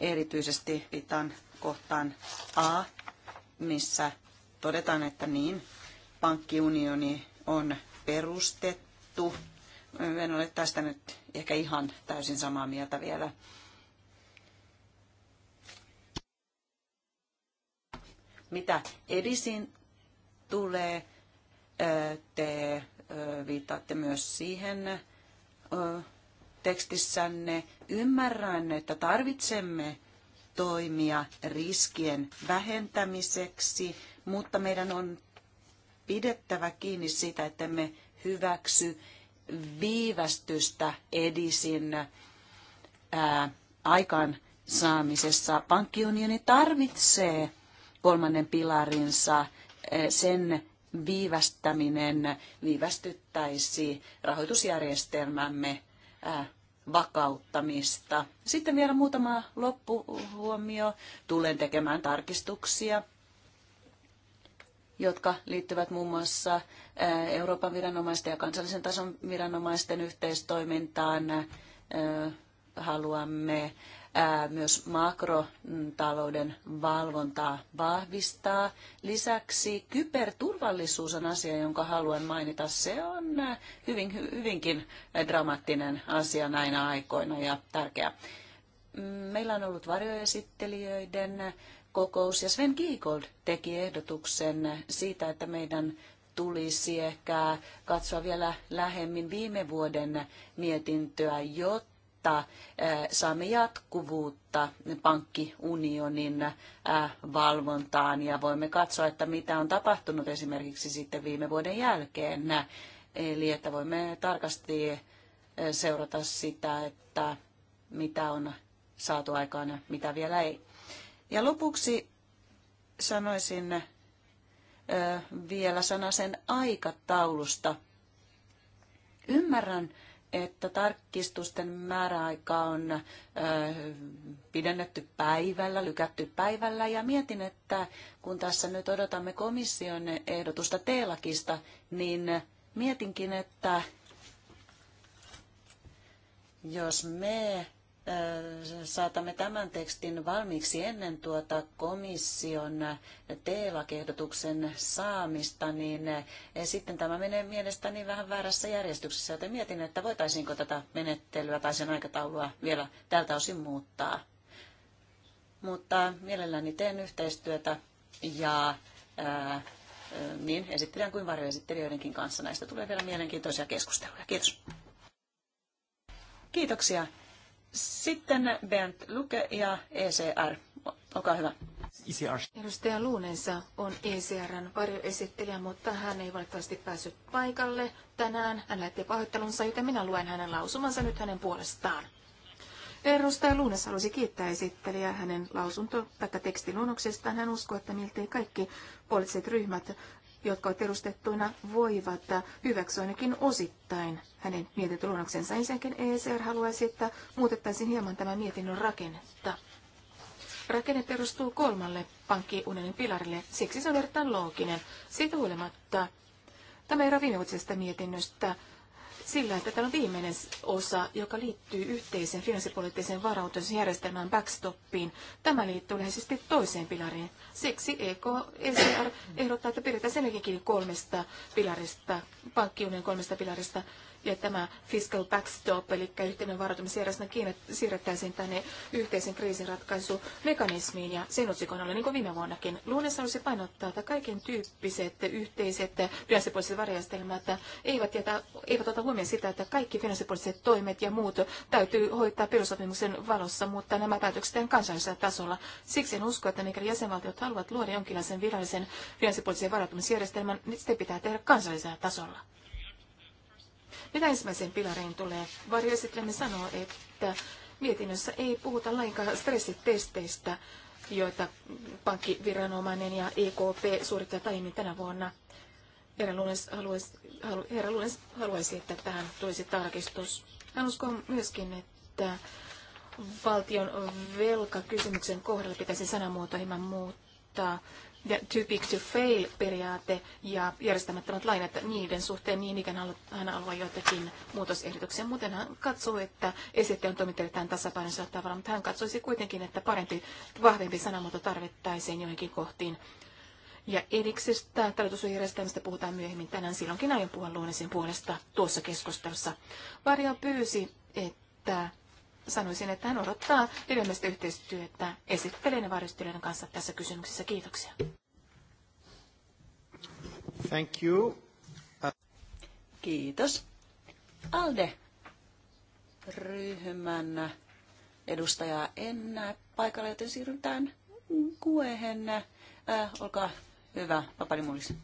Erityisesti viitan kohtaan A, missä todetaan, että niin, pankkiunioni on perustettu. En ole tästä nyt ehkä ihan täysin samaa mieltä vielä. Mitä edisin tulee, te viittaatte myös siihen tekstissänne. Ymmärrän, että tarvitsemme toimia riskien vähentämiseksi, mutta meidän on pidettävä kiinni siitä, että me hyväksy viivästystä edisin ää, aikaan saamisessa. Pankkiunioni tarvitsee kolmannen pilarinsa sen viivästäminen viivästyttäisi rahoitusjärjestelmämme vakauttamista. Sitten vielä muutama loppuhuomio. Tulen tekemään tarkistuksia jotka liittyvät muun muassa eh, Euroopan viranomaisten ja kansallisen tason viranomaisten yhteistoimintaan. Eh, haluamme myös makrotalouden valvontaa vahvistaa. Lisäksi kyberturvallisuus on asia, jonka haluan mainita. Se on hyvin, hyvinkin dramaattinen asia näinä aikoina ja tärkeä. Meillä on ollut varjoesittelijöiden kokous ja Sven Giegold teki ehdotuksen siitä, että meidän tulisi ehkä katsoa vielä lähemmin viime vuoden mietintöä, jotta että saamme jatkuvuutta pankkiunionin valvontaan ja voimme katsoa, että mitä on tapahtunut esimerkiksi sitten viime vuoden jälkeen. Eli että voimme tarkasti seurata sitä, että mitä on saatu aikaan ja mitä vielä ei. Ja lopuksi sanoisin vielä sana sen aikataulusta. Ymmärrän, että tarkistusten määräaika on pidennetty päivällä, lykätty päivällä ja mietin, että kun tässä nyt odotamme komission ehdotusta teelakista, niin mietinkin, että jos me saatamme tämän tekstin valmiiksi ennen tuota komission teelakehdotuksen saamista, niin sitten tämä menee mielestäni vähän väärässä järjestyksessä, joten mietin, että voitaisiinko tätä menettelyä tai sen aikataulua vielä tältä osin muuttaa. Mutta mielelläni teen yhteistyötä ja ää, niin esittelijän kuin varjoesittelijöidenkin kanssa. Näistä tulee vielä mielenkiintoisia keskusteluja. Kiitos. Kiitoksia sitten Bernd Luke ja ECR. Olkaa hyvä. ECR. Edustaja Luunensa on ECRn varjoesittelijä, mutta hän ei valitettavasti päässyt paikalle tänään. Hän lähetti pahoittelunsa, joten minä luen hänen lausumansa nyt hänen puolestaan. Edustaja Luunes halusi kiittää esittelijää hänen lausunto- tai tekstiluonnoksestaan. Hän uskoo, että miltei kaikki poliittiset ryhmät jotka perustettuina, voivat hyväksyä ainakin osittain hänen mietintöluonnoksensa. Ensinnäkin ESR haluaisi, että muutettaisiin hieman tämän mietinnön rakennetta. Rakenne perustuu kolmalle pankkiunionin pilarille, siksi se on erittäin looginen. Siitä huolimatta tämä ero viimevuotisesta mietinnöstä sillä, että tämä on viimeinen osa, joka liittyy yhteisen finanssipoliittisen varautusjärjestelmään backstoppiin. Tämä liittyy läheisesti toiseen pilariin. Siksi EK, ECR ehdottaa, että pidetään sen kolmesta pilarista, pankkiunion kolmesta pilarista ja tämä fiscal backstop, eli yhteinen varautumisjärjestelmä, siirrettäisiin tänne yhteisen kriisinratkaisumekanismiin ja sen otsikon alle, niin kuin viime vuonnakin. Luonnossa olisi painottaa, että kaiken tyyppiset yhteiset finanssipoliittiset varjastelmat eivät, jätä, eivät ota huomioon sitä, että kaikki finanssipoliittiset toimet ja muut täytyy hoitaa perusopimuksen valossa, mutta nämä päätökset on kansallisella tasolla. Siksi en usko, että mikäli jäsenvaltiot haluavat luoda jonkinlaisen virallisen finanssipoliittisen varautumisjärjestelmän, niin sitä pitää tehdä kansallisella tasolla. Mitä ensimmäiseen pilariin tulee? Varjoesittelemme sanoo, että mietinnössä ei puhuta lainkaan stressitesteistä, joita pankkiviranomainen ja EKP suorittaa aiemmin tänä vuonna. Herra Lunes haluaisi, halu, herra Lunes haluaisi, että tähän tulisi tarkistus. Hän uskoo myöskin, että valtion velkakysymyksen kohdalla pitäisi sanamuoto hieman muuttaa ja too big to fail periaate ja järjestämättömät lainat niiden suhteen niin ikään hän haluaa joitakin muutosehdotuksia. Muuten hän katsoo, että esittelyn on erittäin tasapainoisella tavalla, mutta hän katsoisi kuitenkin, että parempi, vahvempi sanamuoto tarvittaisiin joihinkin kohtiin. Ja ediksestä talotusjärjestelmästä puhutaan myöhemmin tänään. Silloinkin aion puhua luonnollisen puolesta tuossa keskustelussa. Varjo pyysi, että sanoisin, että hän odottaa edellistä yhteistyötä esittelijän varjostyöiden kanssa tässä kysymyksessä. Kiitoksia. Thank you. Kiitos. Alde, ryhmän edustaja en näe paikalla, joten siirrytään kuehen. Äh, olkaa hyvä, Papani Mullis.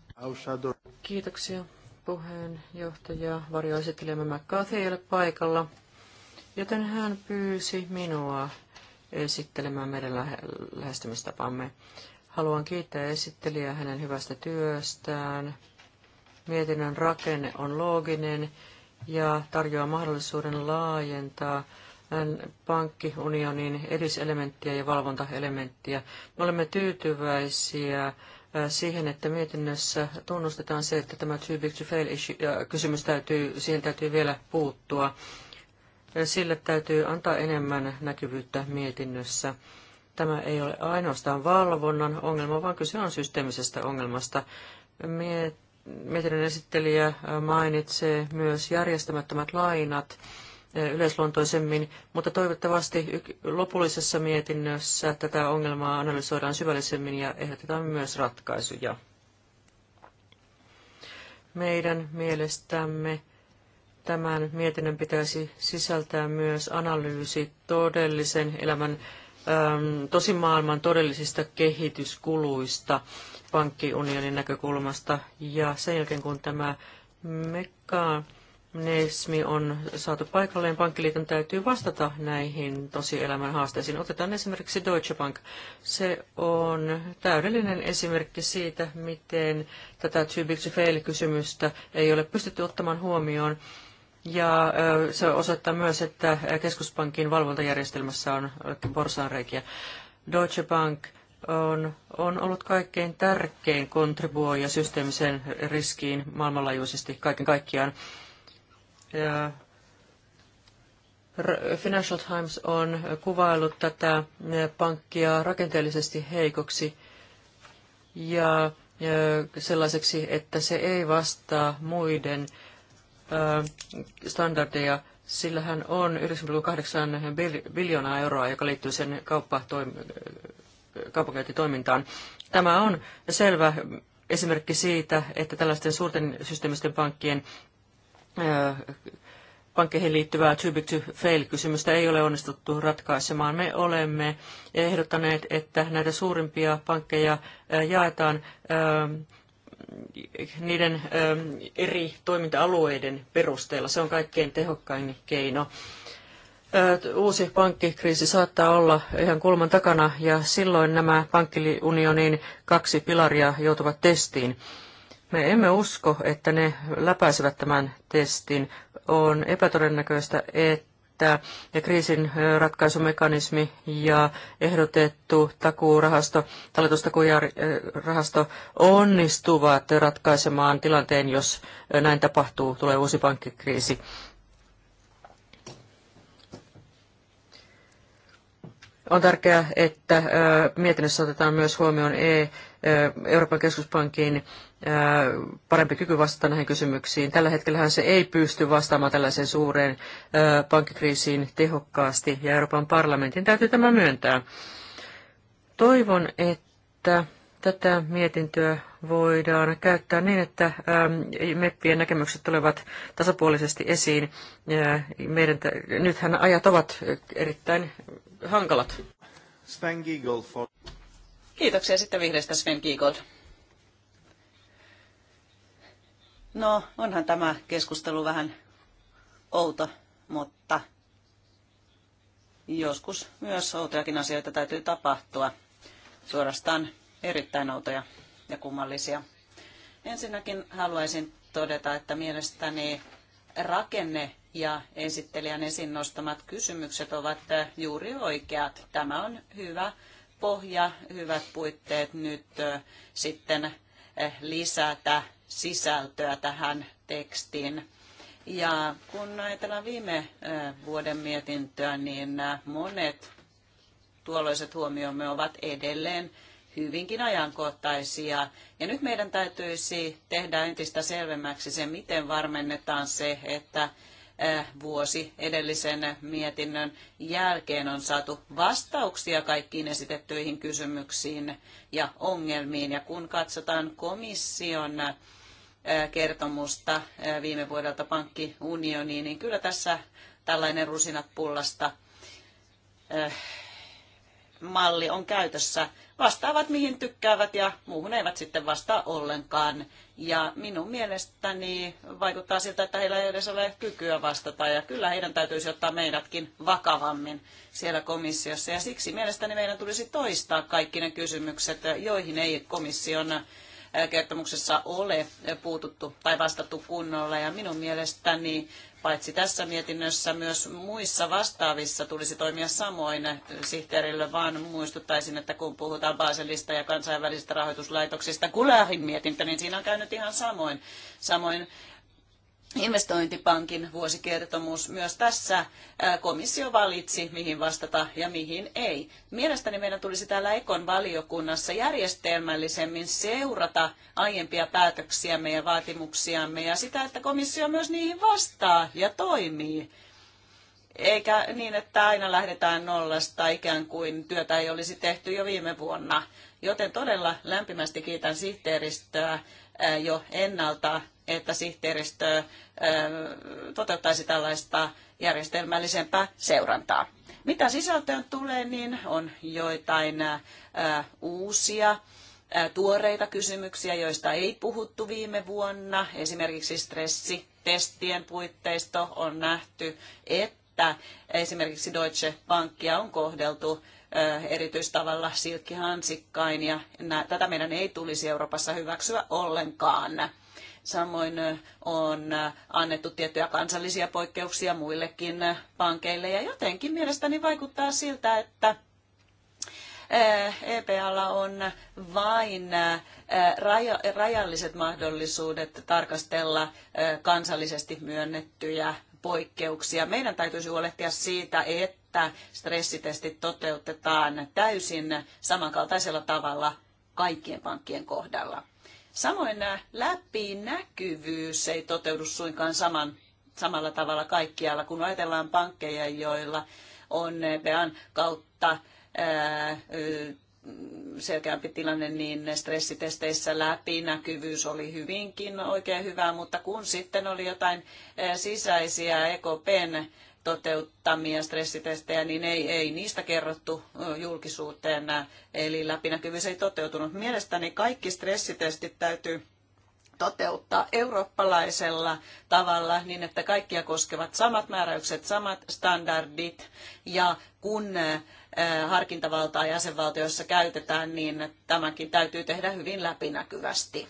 Kiitoksia puheenjohtaja. Varjoesittelijämme McCarthy ei ole paikalla Joten hän pyysi minua esittelemään meidän lähestymistapamme. Haluan kiittää esittelijää hänen hyvästä työstään. Mietinnön rakenne on looginen ja tarjoaa mahdollisuuden laajentaa pankkiunionin ediselementtiä ja valvontaelementtiä. Me olemme tyytyväisiä äh, siihen, että mietinnössä tunnustetaan se, että tämä too big to fail issue, äh, kysymys täytyy, siihen täytyy vielä puuttua. Sille täytyy antaa enemmän näkyvyyttä mietinnössä. Tämä ei ole ainoastaan valvonnan ongelma, vaan kyse on systeemisestä ongelmasta. Mietinnön esittelijä mainitsee myös järjestämättömät lainat eh, yleisluontoisemmin, mutta toivottavasti lopullisessa mietinnössä tätä ongelmaa analysoidaan syvällisemmin ja ehdotetaan myös ratkaisuja. Meidän mielestämme Tämän mietinnön pitäisi sisältää myös analyysi todellisen elämän, ähm, tosimaailman todellisista kehityskuluista pankkiunionin näkökulmasta. Ja sen jälkeen, kun tämä mekanismi on saatu paikalleen, pankkiliiton täytyy vastata näihin tosielämän haasteisiin. Otetaan esimerkiksi Deutsche Bank. Se on täydellinen esimerkki siitä, miten tätä too big to fail-kysymystä ei ole pystytty ottamaan huomioon. Ja se osoittaa myös, että keskuspankin valvontajärjestelmässä on porsaanreikiä. Deutsche Bank on, on ollut kaikkein tärkein kontribuoija systeemiseen riskiin maailmanlaajuisesti kaiken kaikkiaan. Ja Financial Times on kuvaillut tätä pankkia rakenteellisesti heikoksi ja sellaiseksi, että se ei vastaa muiden standardeja, sillä hän on 9,8 biljoonaa euroa, joka liittyy sen kaupankäyntitoimintaan. Tämä on selvä esimerkki siitä, että tällaisten suurten systeemisten pankkien pankkeihin liittyvää too big to fail-kysymystä ei ole onnistuttu ratkaisemaan. Me olemme ehdottaneet, että näitä suurimpia pankkeja jaetaan niiden eri toiminta-alueiden perusteella. Se on kaikkein tehokkain keino. Uusi pankkikriisi saattaa olla ihan kulman takana ja silloin nämä pankkiunionin kaksi pilaria joutuvat testiin. Me emme usko, että ne läpäisevät tämän testin. On epätodennäköistä, että että kriisin ratkaisumekanismi ja ehdotettu takuurahasto, talletustakuurahasto onnistuvat ratkaisemaan tilanteen, jos näin tapahtuu, tulee uusi pankkikriisi. On tärkeää, että mietinnössä otetaan myös huomioon e, Euroopan keskuspankin parempi kyky vastata näihin kysymyksiin. Tällä hetkellä se ei pysty vastaamaan tällaiseen suureen pankkikriisiin tehokkaasti, ja Euroopan parlamentin täytyy tämä myöntää. Toivon, että tätä mietintöä voidaan käyttää niin, että meppien näkemykset tulevat tasapuolisesti esiin. Meidän, nythän ajat ovat erittäin hankalat. Sven Kiitoksia sitten vihreistä Sven Giegold. No, onhan tämä keskustelu vähän outo, mutta joskus myös outojakin asioita täytyy tapahtua. Suorastaan erittäin outoja ja kummallisia. Ensinnäkin haluaisin todeta, että mielestäni rakenne ja esittelijän esiin nostamat kysymykset ovat juuri oikeat. Tämä on hyvä pohja, hyvät puitteet nyt sitten eh, lisätä sisältöä tähän tekstiin. Ja kun ajatellaan viime vuoden mietintöä, niin monet tuolloiset huomiomme ovat edelleen hyvinkin ajankohtaisia. Ja nyt meidän täytyisi tehdä entistä selvemmäksi se, miten varmennetaan se, että vuosi edellisen mietinnön jälkeen on saatu vastauksia kaikkiin esitettyihin kysymyksiin ja ongelmiin. Ja kun katsotaan komission kertomusta viime vuodelta pankkiunioniin, niin kyllä tässä tällainen rusinat pullasta malli on käytössä. Vastaavat mihin tykkäävät ja muuhun eivät sitten vastaa ollenkaan. Ja minun mielestäni vaikuttaa siltä, että heillä ei edes ole kykyä vastata. Ja kyllä heidän täytyisi ottaa meidätkin vakavammin siellä komissiossa. Ja siksi mielestäni meidän tulisi toistaa kaikki ne kysymykset, joihin ei komission kertomuksessa ole puututtu tai vastattu kunnolla. Ja minun mielestäni paitsi tässä mietinnössä myös muissa vastaavissa tulisi toimia samoin sihteerille, vaan muistuttaisin, että kun puhutaan Baselista ja kansainvälisistä rahoituslaitoksista, Kulahin mietintä, niin siinä on käynyt ihan samoin. Samoin investointipankin vuosikertomus. Myös tässä komissio valitsi, mihin vastata ja mihin ei. Mielestäni meidän tulisi täällä Ekon valiokunnassa järjestelmällisemmin seurata aiempia päätöksiämme ja vaatimuksiamme ja sitä, että komissio myös niihin vastaa ja toimii. Eikä niin, että aina lähdetään nollasta ikään kuin työtä ei olisi tehty jo viime vuonna. Joten todella lämpimästi kiitän sihteeristöä jo ennalta että sihteeristö toteuttaisi tällaista järjestelmällisempää seurantaa. Mitä sisältöön tulee, niin on joitain uusia tuoreita kysymyksiä, joista ei puhuttu viime vuonna. Esimerkiksi stressitestien puitteisto on nähty, että esimerkiksi Deutsche Bankia on kohdeltu erityistavalla silkkihansikkain ja tätä meidän ei tulisi Euroopassa hyväksyä ollenkaan. Samoin on annettu tiettyjä kansallisia poikkeuksia muillekin pankeille ja jotenkin mielestäni vaikuttaa siltä, että EPAlla on vain rajalliset mahdollisuudet tarkastella kansallisesti myönnettyjä poikkeuksia. Meidän täytyisi huolehtia siitä, että stressitestit toteutetaan täysin samankaltaisella tavalla kaikkien pankkien kohdalla. Samoin äh, läpinäkyvyys ei toteudu suinkaan saman, samalla tavalla kaikkialla, kun ajatellaan pankkeja, joilla on äh, EPAn kautta ää, äh, selkeämpi tilanne, niin stressitesteissä läpinäkyvyys oli hyvinkin oikein hyvää, mutta kun sitten oli jotain sisäisiä EKPn toteuttamia stressitestejä, niin ei, ei niistä kerrottu julkisuuteen, eli läpinäkyvyys ei toteutunut. Mielestäni kaikki stressitestit täytyy toteuttaa eurooppalaisella tavalla niin, että kaikkia koskevat samat määräykset, samat standardit ja kun harkintavaltaa jäsenvaltioissa käytetään, niin tämäkin täytyy tehdä hyvin läpinäkyvästi.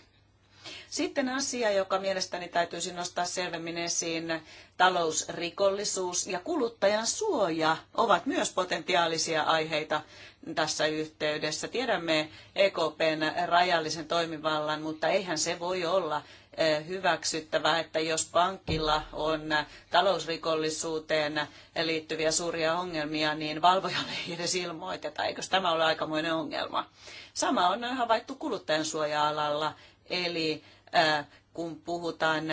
Sitten asia, joka mielestäni täytyisi nostaa selvemmin esiin, talousrikollisuus ja kuluttajan suoja ovat myös potentiaalisia aiheita tässä yhteydessä. Tiedämme EKPn rajallisen toimivallan, mutta eihän se voi olla eh, hyväksyttävää, että jos pankilla on talousrikollisuuteen liittyviä suuria ongelmia, niin valvojalle ei edes ilmoiteta. Eikö tämä ole aikamoinen ongelma? Sama on havaittu kuluttajansuoja-alalla, eli kun puhutaan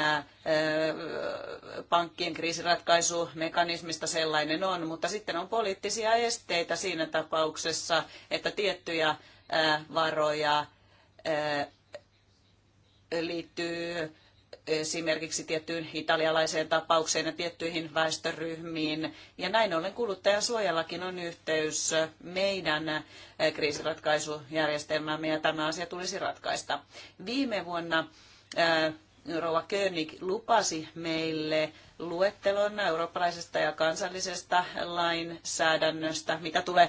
pankkien kriisiratkaisumekanismista sellainen on, mutta sitten on poliittisia esteitä siinä tapauksessa, että tiettyjä varoja liittyy esimerkiksi tiettyyn italialaiseen tapaukseen ja tiettyihin väestöryhmiin. Ja näin ollen kuluttajansuojallakin on yhteys meidän eh, kriisiratkaisujärjestelmäämme ja tämä asia tulisi ratkaista. Viime vuonna eh, rouva König lupasi meille luettelon eurooppalaisesta ja kansallisesta lainsäädännöstä, mitä tulee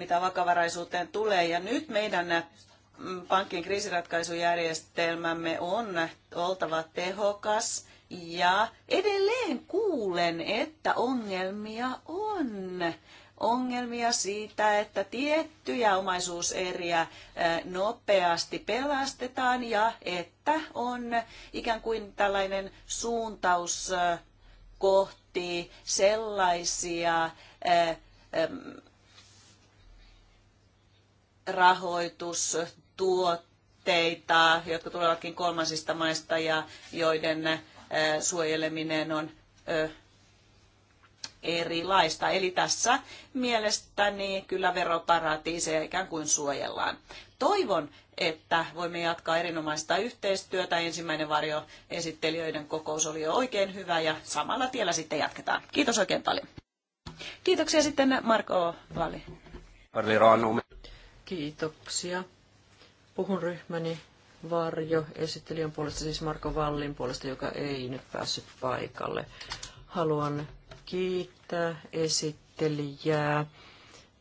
mitä vakavaraisuuteen tulee. Ja nyt meidän mm, pankkien kriisiratkaisujärjestelmämme on oltava tehokas ja edelleen kuulen, että ongelmia on ongelmia siitä, että tiettyjä omaisuuseriä nopeasti pelastetaan ja että on ikään kuin tällainen suuntaus kohti sellaisia rahoitustuotteita, jotka tulevatkin kolmansista maista ja joiden suojeleminen on erilaista. Eli tässä mielestäni kyllä veroparatiiseja ikään kuin suojellaan. Toivon, että voimme jatkaa erinomaista yhteistyötä. Ensimmäinen varjo esittelijöiden kokous oli jo oikein hyvä ja samalla tiellä sitten jatketaan. Kiitos oikein paljon. Kiitoksia sitten Marko Valli. Kiitoksia. Puhun ryhmäni varjo esittelijän puolesta, siis Marko Vallin puolesta, joka ei nyt päässyt paikalle. Haluan kiittää esittelijää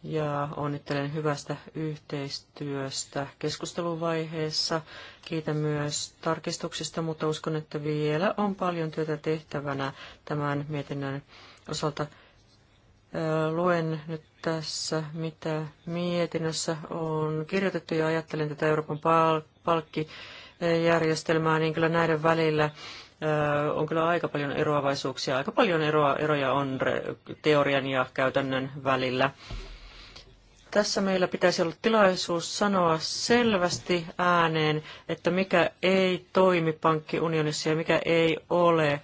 ja onnittelen hyvästä yhteistyöstä keskusteluvaiheessa. Kiitän myös tarkistuksista, mutta uskon, että vielä on paljon työtä tehtävänä tämän mietinnön osalta. Luen nyt tässä, mitä mietinnössä on kirjoitettu ja ajattelen tätä Euroopan palkkijärjestelmää, niin kyllä näiden välillä on kyllä aika paljon eroavaisuuksia. Aika paljon eroa, eroja on teorian ja käytännön välillä. Tässä meillä pitäisi olla tilaisuus sanoa selvästi ääneen, että mikä ei toimi pankkiunionissa ja mikä ei ole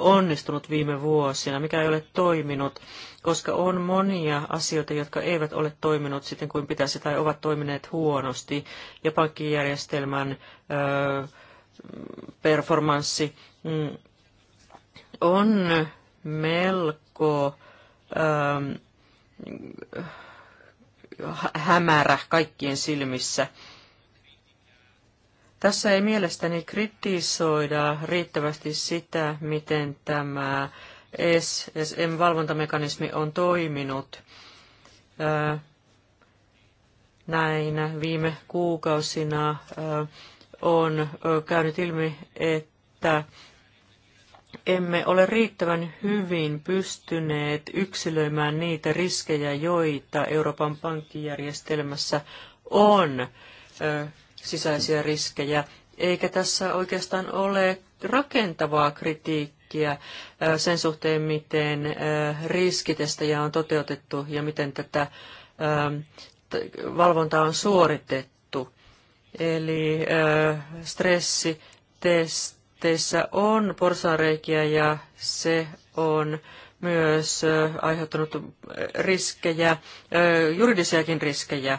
onnistunut viime vuosina, mikä ei ole toiminut koska on monia asioita, jotka eivät ole toiminut siten kuin pitäisi tai ovat toimineet huonosti, ja pankkijärjestelmän ö, performanssi mm, on melko ö, ähm, hämärä kaikkien silmissä. Tässä ei mielestäni kritisoida riittävästi sitä, miten tämä SSM-valvontamekanismi on toiminut näinä viime kuukausina on käynyt ilmi, että emme ole riittävän hyvin pystyneet yksilöimään niitä riskejä, joita Euroopan pankkijärjestelmässä on sisäisiä riskejä, eikä tässä oikeastaan ole rakentavaa kritiikkiä esimerkkiä sen suhteen, miten riskitestejä on toteutettu ja miten tätä valvontaa on suoritettu. Eli stressitesteissä on porsareikiä ja se on myös aiheuttanut riskejä, juridisiakin riskejä,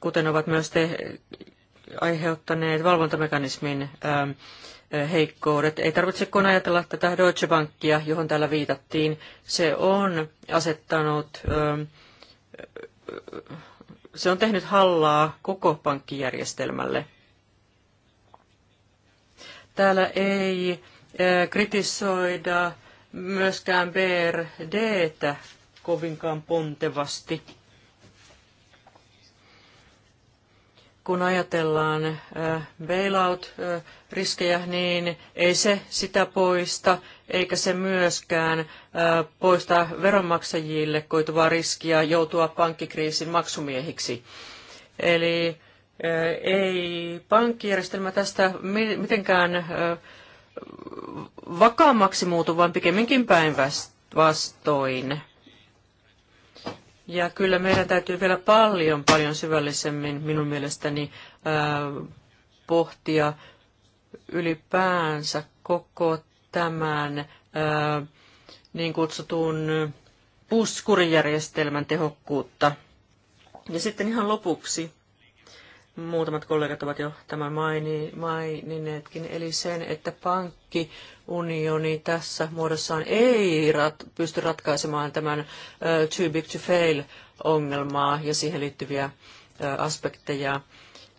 kuten ovat myös te aiheuttaneet valvontamekanismin heikkoudet. Ei tarvitse kun ajatella tätä Deutsche Bankia, johon täällä viitattiin. Se on asettanut, se on tehnyt hallaa koko pankkijärjestelmälle. Täällä ei kritisoida myöskään BRDtä kovinkaan pontevasti kun ajatellaan äh, bailout-riskejä, niin ei se sitä poista, eikä se myöskään äh, poista veronmaksajille koituvaa riskiä joutua pankkikriisin maksumiehiksi. Eli äh, ei pankkijärjestelmä tästä mitenkään vakaammaksi muutu, vaan pikemminkin päinvastoin. Ja kyllä meidän täytyy vielä paljon, paljon syvällisemmin minun mielestäni pohtia ylipäänsä koko tämän niin kutsutun puskurijärjestelmän tehokkuutta. Ja sitten ihan lopuksi muutamat kollegat ovat jo tämän maininneetkin, eli sen, että pankkiunioni tässä muodossaan ei rat, pysty ratkaisemaan tämän uh, too big to fail ongelmaa ja siihen liittyviä uh, aspekteja.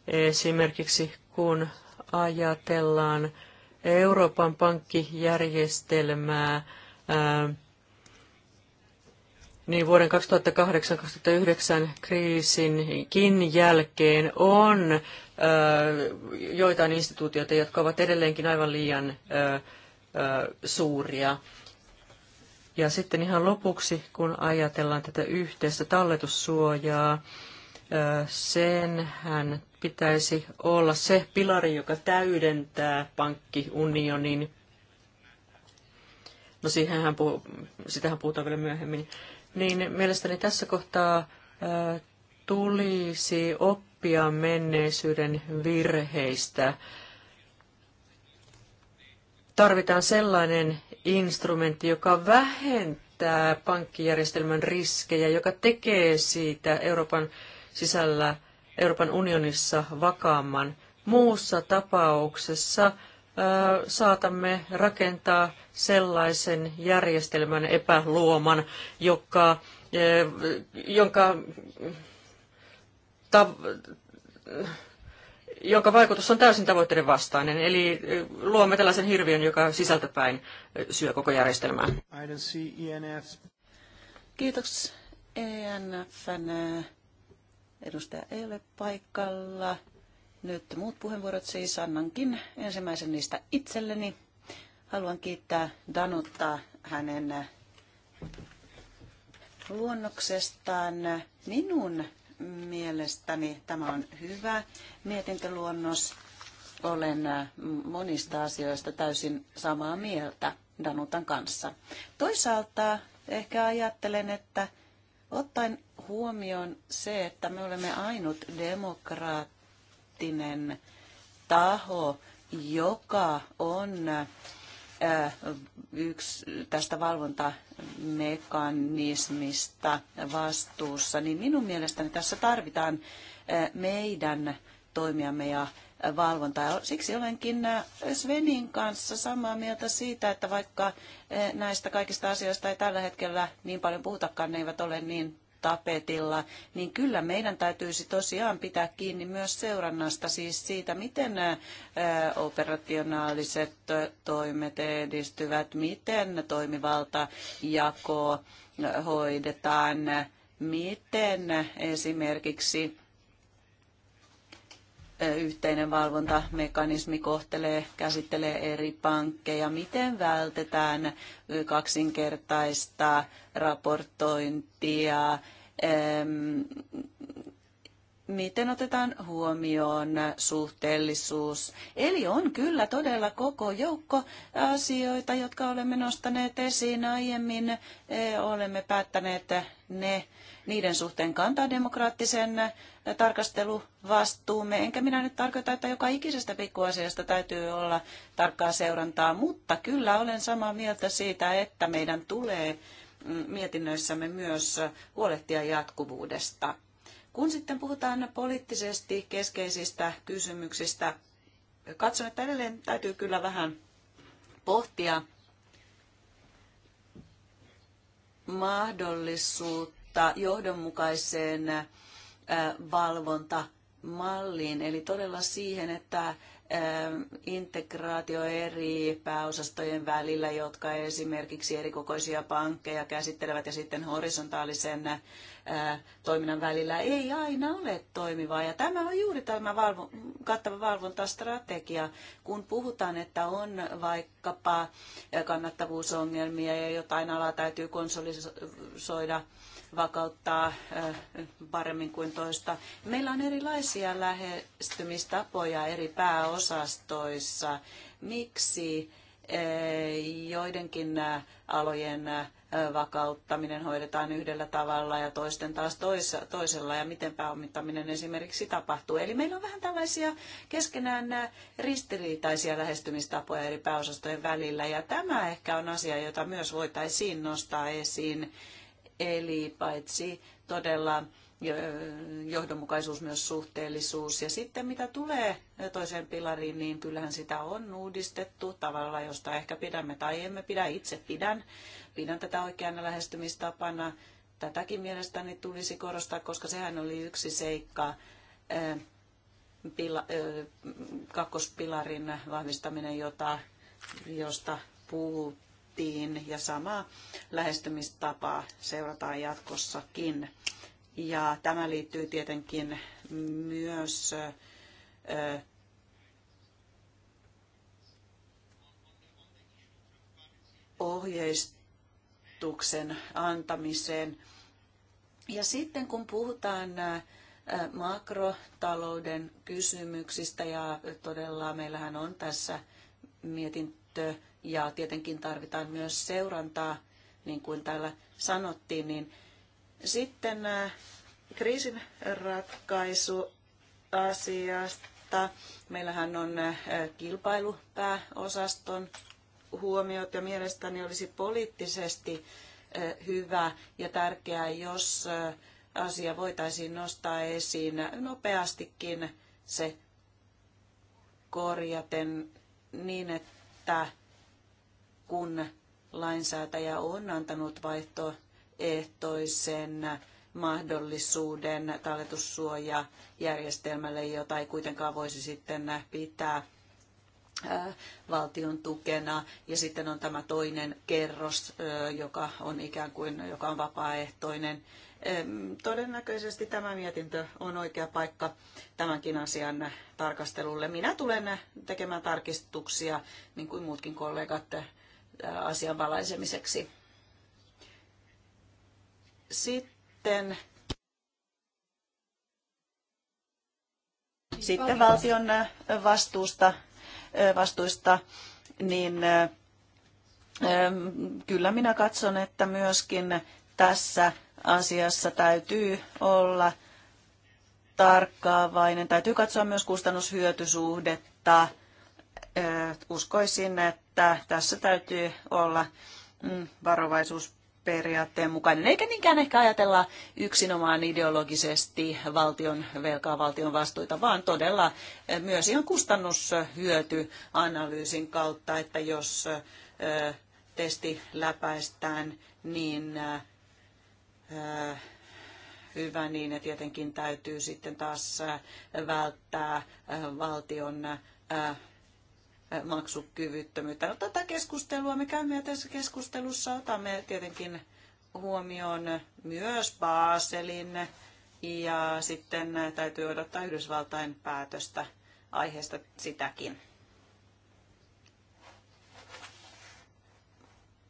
Esimerkiksi kun ajatellaan Euroopan pankkijärjestelmää, uh, niin vuoden 2008-2009 kriisinkin jälkeen on ö, joitain instituutioita, jotka ovat edelleenkin aivan liian ö, ö, suuria. Ja sitten ihan lopuksi, kun ajatellaan tätä yhteistä talletussuojaa, senhän pitäisi olla se pilari, joka täydentää pankkiunionin. No siihenhän puhu, sitähän puhutaan vielä myöhemmin niin mielestäni tässä kohtaa tulisi oppia menneisyyden virheistä. Tarvitaan sellainen instrumentti, joka vähentää pankkijärjestelmän riskejä, joka tekee siitä Euroopan sisällä, Euroopan unionissa vakaamman. Muussa tapauksessa saatamme rakentaa sellaisen järjestelmän epäluoman, joka, jonka, jonka vaikutus on täysin tavoitteiden vastainen. Eli luomme tällaisen hirviön, joka sisältäpäin syö koko järjestelmää. E Kiitos ENFn edustaja ei ole paikalla. Nyt muut puheenvuorot siis annankin ensimmäisen niistä itselleni. Haluan kiittää Danutta hänen luonnoksestaan. Minun mielestäni tämä on hyvä mietintöluonnos. Olen monista asioista täysin samaa mieltä Danutan kanssa. Toisaalta ehkä ajattelen, että ottaen huomioon se, että me olemme ainut demokraatti, poliittinen taho, joka on yksi tästä valvontamekanismista vastuussa, niin minun mielestäni tässä tarvitaan meidän toimiamme ja valvontaa. Siksi olenkin Svenin kanssa samaa mieltä siitä, että vaikka näistä kaikista asioista ei tällä hetkellä niin paljon puhutakaan, ne eivät ole niin tapetilla, niin kyllä meidän täytyisi tosiaan pitää kiinni myös seurannasta, siis siitä, miten operationaaliset toimet edistyvät, miten toimivaltajako hoidetaan, miten esimerkiksi yhteinen valvontamekanismi kohtelee, käsittelee eri pankkeja, miten vältetään kaksinkertaista raportointia, miten otetaan huomioon suhteellisuus. Eli on kyllä todella koko joukko asioita, jotka olemme nostaneet esiin aiemmin. E, olemme päättäneet ne niiden suhteen kantaa demokraattisen tarkasteluvastuumme. Enkä minä nyt tarkoita, että joka ikisestä pikkuasiasta täytyy olla tarkkaa seurantaa, mutta kyllä olen samaa mieltä siitä, että meidän tulee mm, mietinnöissämme myös huolehtia jatkuvuudesta. Kun sitten puhutaan poliittisesti keskeisistä kysymyksistä, katson, että edelleen täytyy kyllä vähän pohtia mahdollisuutta uutta johdonmukaiseen valvontamalliin, eli todella siihen, että integraatio eri pääosastojen välillä, jotka esimerkiksi erikokoisia pankkeja käsittelevät ja sitten horisontaalisen toiminnan välillä ei aina ole toimivaa. Ja tämä on juuri tämä valvo, kattava valvontastrategia, kun puhutaan, että on vaikkapa kannattavuusongelmia ja jotain alaa täytyy konsolisoida vakauttaa paremmin kuin toista. Meillä on erilaisia lähestymistapoja eri pääosastoissa. Miksi joidenkin alojen vakauttaminen hoidetaan yhdellä tavalla ja toisten taas toisella ja miten pääomittaminen esimerkiksi tapahtuu. Eli meillä on vähän tällaisia keskenään ristiriitaisia lähestymistapoja eri pääosastojen välillä ja tämä ehkä on asia, jota myös voitaisiin nostaa esiin Eli paitsi todella johdonmukaisuus, myös suhteellisuus. Ja sitten mitä tulee toiseen pilariin, niin kyllähän sitä on uudistettu tavalla, josta ehkä pidämme tai emme pidä. Itse pidän, pidän tätä oikeana lähestymistapana. Tätäkin mielestäni tulisi korostaa, koska sehän oli yksi seikka pila, kakkospilarin vahvistaminen, jota, josta puhuttiin tehtiin ja samaa lähestymistapaa seurataan jatkossakin. Ja tämä liittyy tietenkin myös ohjeistuksen antamiseen. Ja sitten kun puhutaan makrotalouden kysymyksistä ja todella meillähän on tässä mietintö ja tietenkin tarvitaan myös seurantaa, niin kuin täällä sanottiin, niin sitten äh, kriisin ratkaisu asiasta. Meillähän on äh, kilpailupääosaston huomiot ja mielestäni olisi poliittisesti äh, hyvä ja tärkeää, jos asia voitaisiin nostaa esiin nopeastikin se korjaten niin, että kun lainsäätäjä on antanut vaihtoehtoisen mahdollisuuden talletussuojajärjestelmälle, jota ei kuitenkaan voisi sitten pitää valtion tukena. Ja sitten on tämä toinen kerros, joka on ikään kuin joka on vapaaehtoinen. Todennäköisesti tämä mietintö on oikea paikka tämänkin asian tarkastelulle. Minä tulen tekemään tarkistuksia, niin kuin muutkin kollegat asian valaisemiseksi. Sitten Sitten valtion äh, vastuusta, äh, vastuista, niin äh, ähm, kyllä minä katson, että myöskin tässä asiassa täytyy olla tarkkaavainen. Täytyy katsoa myös kustannushyötysuhdetta. Uskoisin, että että tässä täytyy olla mm, varovaisuus periaatteen mukainen, eikä niinkään ehkä ajatella yksinomaan ideologisesti valtion velkaa, valtion vastuita, vaan todella eh, myös ihan analyysin kautta, että jos eh, testi läpäistään, niin eh, hyvä niin, että tietenkin täytyy sitten taas välttää valtion maksukyvyttömyyttä. No, tätä keskustelua me käymme ja tässä keskustelussa otamme tietenkin huomioon myös Baselin ja sitten täytyy odottaa Yhdysvaltain päätöstä aiheesta sitäkin.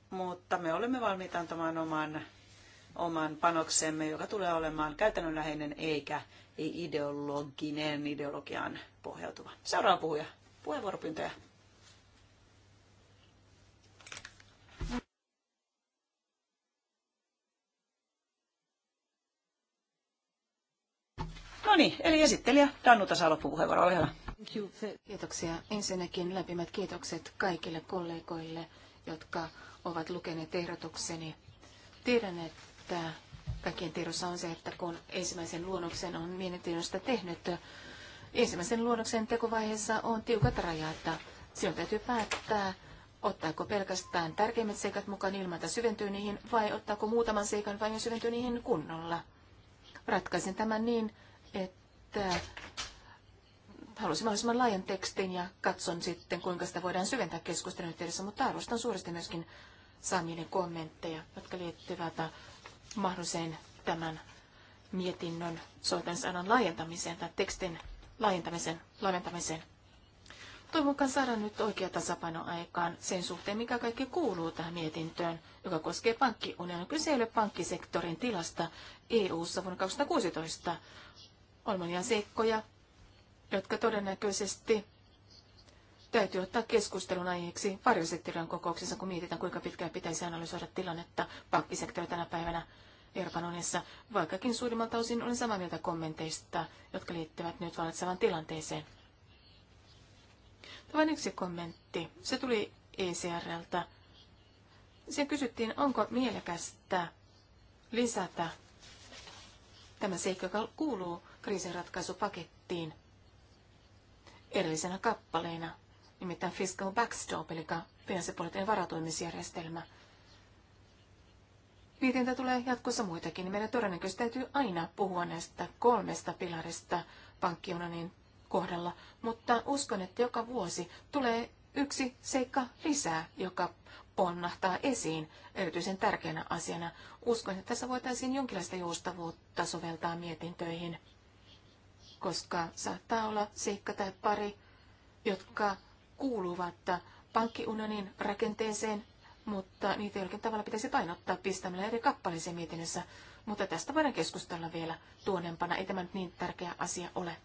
Mutta me olemme valmiita antamaan oman, oman panoksemme, joka tulee olemaan käytännönläheinen eikä ideologinen ideologiaan pohjautuva. Seuraava puhuja, puheenvuoropyyntöjä. No niin, eli esittelijä Danuta saa loppupuheenvuoro, ole hyvä. Kiitoksia. Ensinnäkin lämpimät kiitokset kaikille kollegoille, jotka ovat lukeneet ehdotukseni. Tiedän, että kaikkien tiedossa on se, että kun ensimmäisen luonnoksen on mietinnöstä tehnyt, ensimmäisen luonnoksen tekovaiheessa on tiukat rajat. Silloin täytyy päättää, ottaako pelkästään tärkeimmät seikat mukaan ilman, että syventyy niihin, vai ottaako muutaman seikan vain ja syventyy niihin kunnolla. Ratkaisin tämän niin, että halusin mahdollisimman laajan tekstin ja katson sitten, kuinka sitä voidaan syventää keskustelun yhteydessä, mutta arvostan suuresti myöskin saaminen kommentteja, jotka liittyvät mahdolliseen tämän mietinnön sanan laajentamiseen tai tekstin laajentamiseen. laajentamiseen. Toivon mukaan saada nyt oikea tasapaino aikaan sen suhteen, mikä kaikki kuuluu tähän mietintöön, joka koskee pankkiunionin. Kyse pankkisektorin tilasta EU-ssa vuonna 2016, on monia seikkoja, jotka todennäköisesti täytyy ottaa keskustelun aiheeksi varjosektorin kokouksessa, kun mietitään, kuinka pitkään pitäisi analysoida tilannetta pankkisektori tänä päivänä Euroopan unionissa, vaikkakin suurimmalta osin olen samaa mieltä kommenteista, jotka liittyvät nyt valitsevan tilanteeseen. Tämä on yksi kommentti. Se tuli ECRltä. Siinä kysyttiin, onko mielekästä lisätä tämä seikka, joka kuuluu kriisinratkaisupakettiin erillisenä kappaleena, nimittäin Fiscal Backstop, eli finanssipoliittinen varatoimisjärjestelmä. Viitintä tulee jatkossa muitakin, niin meidän todennäköisesti täytyy aina puhua näistä kolmesta pilarista pankkiunanin kohdalla, mutta uskon, että joka vuosi tulee yksi seikka lisää, joka ponnahtaa esiin erityisen tärkeänä asiana. Uskon, että tässä voitaisiin jonkinlaista joustavuutta soveltaa mietintöihin koska saattaa olla seikka tai pari, jotka kuuluvat pankkiunionin rakenteeseen, mutta niitä jollakin tavalla pitäisi painottaa pistämällä eri kappaleeseen mietinnössä. Mutta tästä voidaan keskustella vielä tuonempana. Ei tämä nyt niin tärkeä asia ole.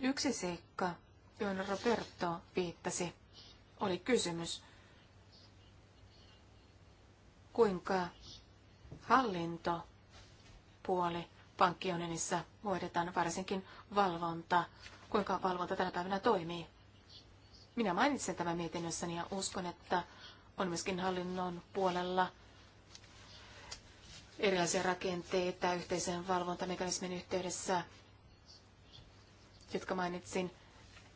Yksi seikka, johon Roberto viittasi, oli kysymys, kuinka hallinto puoli pankkiunionissa hoidetaan, varsinkin valvonta, kuinka valvonta tänä päivänä toimii. Minä mainitsen tämän mietinnössäni ja uskon, että on myöskin hallinnon puolella erilaisia rakenteita yhteisen valvontamekanismin yhteydessä, jotka mainitsin.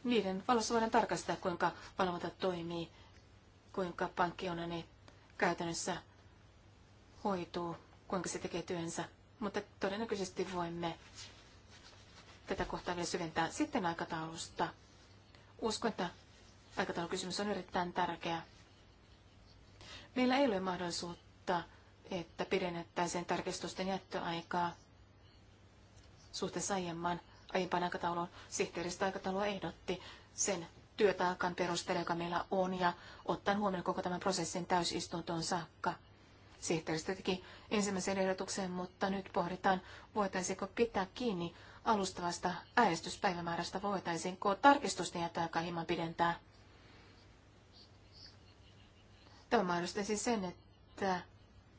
Niiden valossa voidaan tarkastaa, kuinka valvonta toimii, kuinka pankkiunani käytännössä hoituu, kuinka se tekee työnsä. Mutta todennäköisesti voimme tätä kohtaa vielä syventää sitten aikataulusta. Uskon, että aikataulukysymys on erittäin tärkeä. Meillä ei ole mahdollisuutta, että pidennettäisiin tarkistusten jättöaikaa suhteessa aiemman, aiempaan aikatauluun. Sihteeristä aikataulua ehdotti sen työtaakan perusteella, joka meillä on, ja ottaen huomioon koko tämän prosessin täysistuntoon saakka – Sihteeristö teki ensimmäisen ehdotuksen, mutta nyt pohditaan, voitaisiinko pitää kiinni alustavasta äänestyspäivämäärästä, voitaisiinko tarkistusten jättää hieman pidentää. Tämä mahdollistaisi sen, että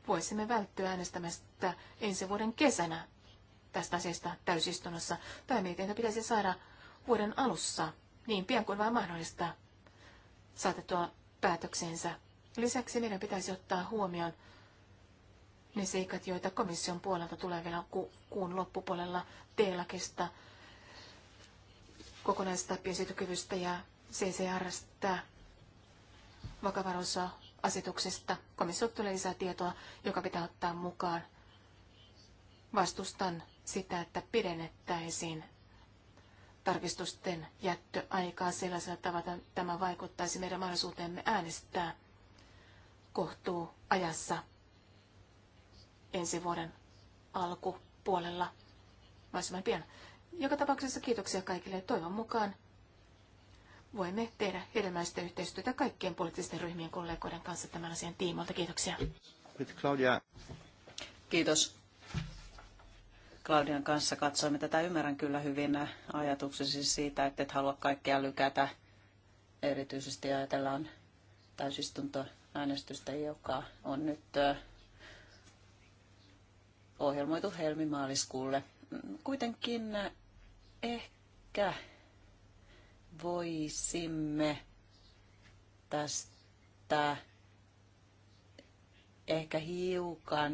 voisimme välttyä äänestämästä ensi vuoden kesänä tästä asiasta täysistunnossa. Tämä mietintö pitäisi saada vuoden alussa, niin pian kuin vain mahdollista, saatettua päätöksensä. Lisäksi meidän pitäisi ottaa huomioon ne seikat, joita komission puolelta tulee vielä ku, kuun loppupuolella teelakista, kokonaistappioesitykyvystä ja CCRstä, vakavaruusasetuksesta. Komissio tulee lisää tietoa, joka pitää ottaa mukaan. Vastustan sitä, että pidennettäisiin tarkistusten jättöaikaa sellaisella tavalla, että tämä vaikuttaisi meidän mahdollisuuteemme äänestää kohtuu ajassa ensi vuoden alkupuolella, mahdollisimman pian. Joka tapauksessa kiitoksia kaikille toivon mukaan voimme tehdä hedelmällistä yhteistyötä kaikkien poliittisten ryhmien kollegoiden kanssa tämän asian tiimoilta. Kiitoksia. Claudia. Kiitos. Claudian kanssa katsoimme tätä. Ymmärrän kyllä hyvin ajatuksesi siitä, että et halua kaikkea lykätä. Erityisesti ajatellaan täysistuntoäänestystä, joka on nyt ohjelmoitu helmimaaliskuulle. Kuitenkin ehkä voisimme tästä ehkä hiukan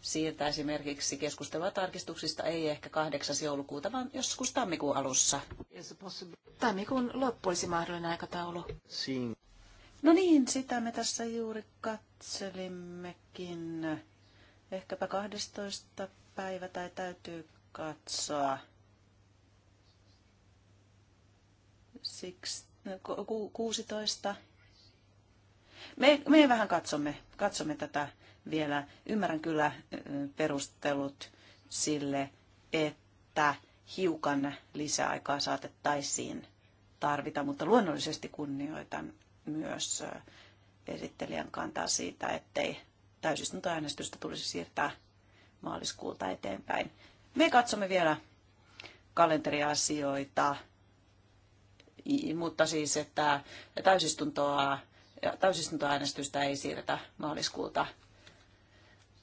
siirtää esimerkiksi keskustelua tarkistuksista, ei ehkä 8. joulukuuta, vaan joskus tammikuun alussa. Tammikuun loppu olisi mahdollinen aikataulu. Siin. No niin, sitä me tässä juuri katselimmekin. Ehkäpä 12. päivä tai täytyy katsoa. Siksi 16. No, me, me vähän katsomme, katsomme tätä vielä. Ymmärrän kyllä perustelut sille, että hiukan lisäaikaa saatettaisiin tarvita, mutta luonnollisesti kunnioitan myös esittelijän kantaa siitä, ettei täysistuntoäänestystä tulisi siirtää maaliskuulta eteenpäin. Me katsomme vielä kalenteriasioita, mutta siis, että täysistuntoa, täysistuntoäänestystä ei siirretä maaliskuulta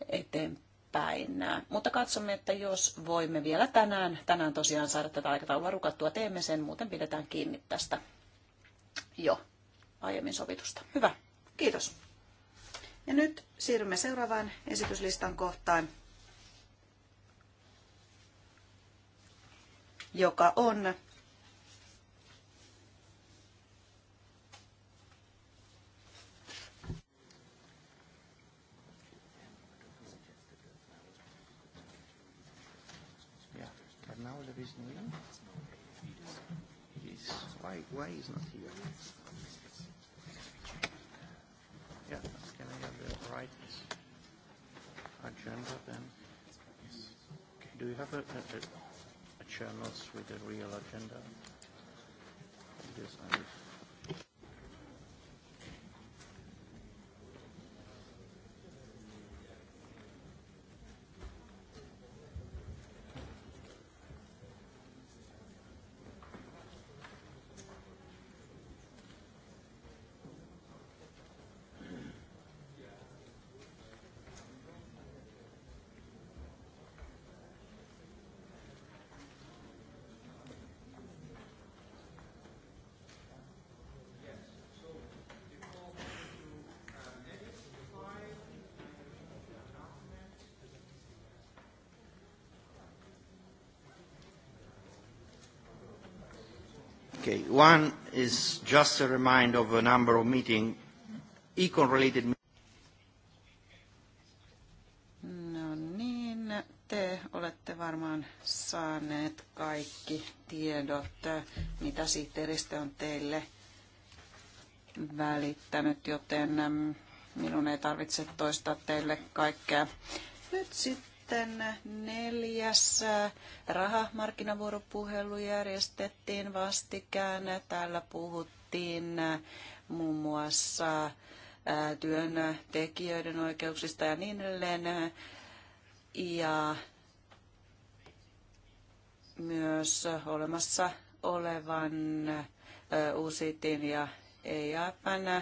eteenpäin. Mutta katsomme, että jos voimme vielä tänään, tänään tosiaan saada tätä aikataulua rukattua, teemme sen, muuten pidetään kiinni tästä jo aiemmin sovitusta. Hyvä, kiitos. Ja nyt siirrymme seuraavaan esityslistan kohtaan, joka on no why why is not agenda then? Okay. Do you have a, a, a, a channels with a real agenda? Yes, I Okay, one is just a reminder of a number of meeting, econ-related No niin, te olette varmaan saaneet kaikki tiedot, mitä sihteeristö on teille välittänyt, joten mm, minun ei tarvitse toistaa teille kaikkea. Nyt sitten sitten neljäs äh, rahamarkkinavuoropuhelu järjestettiin vastikään. Täällä puhuttiin äh, muun muassa äh, työntekijöiden oikeuksista ja niin edelleen. Ja myös olemassa olevan uusitin ja EIFn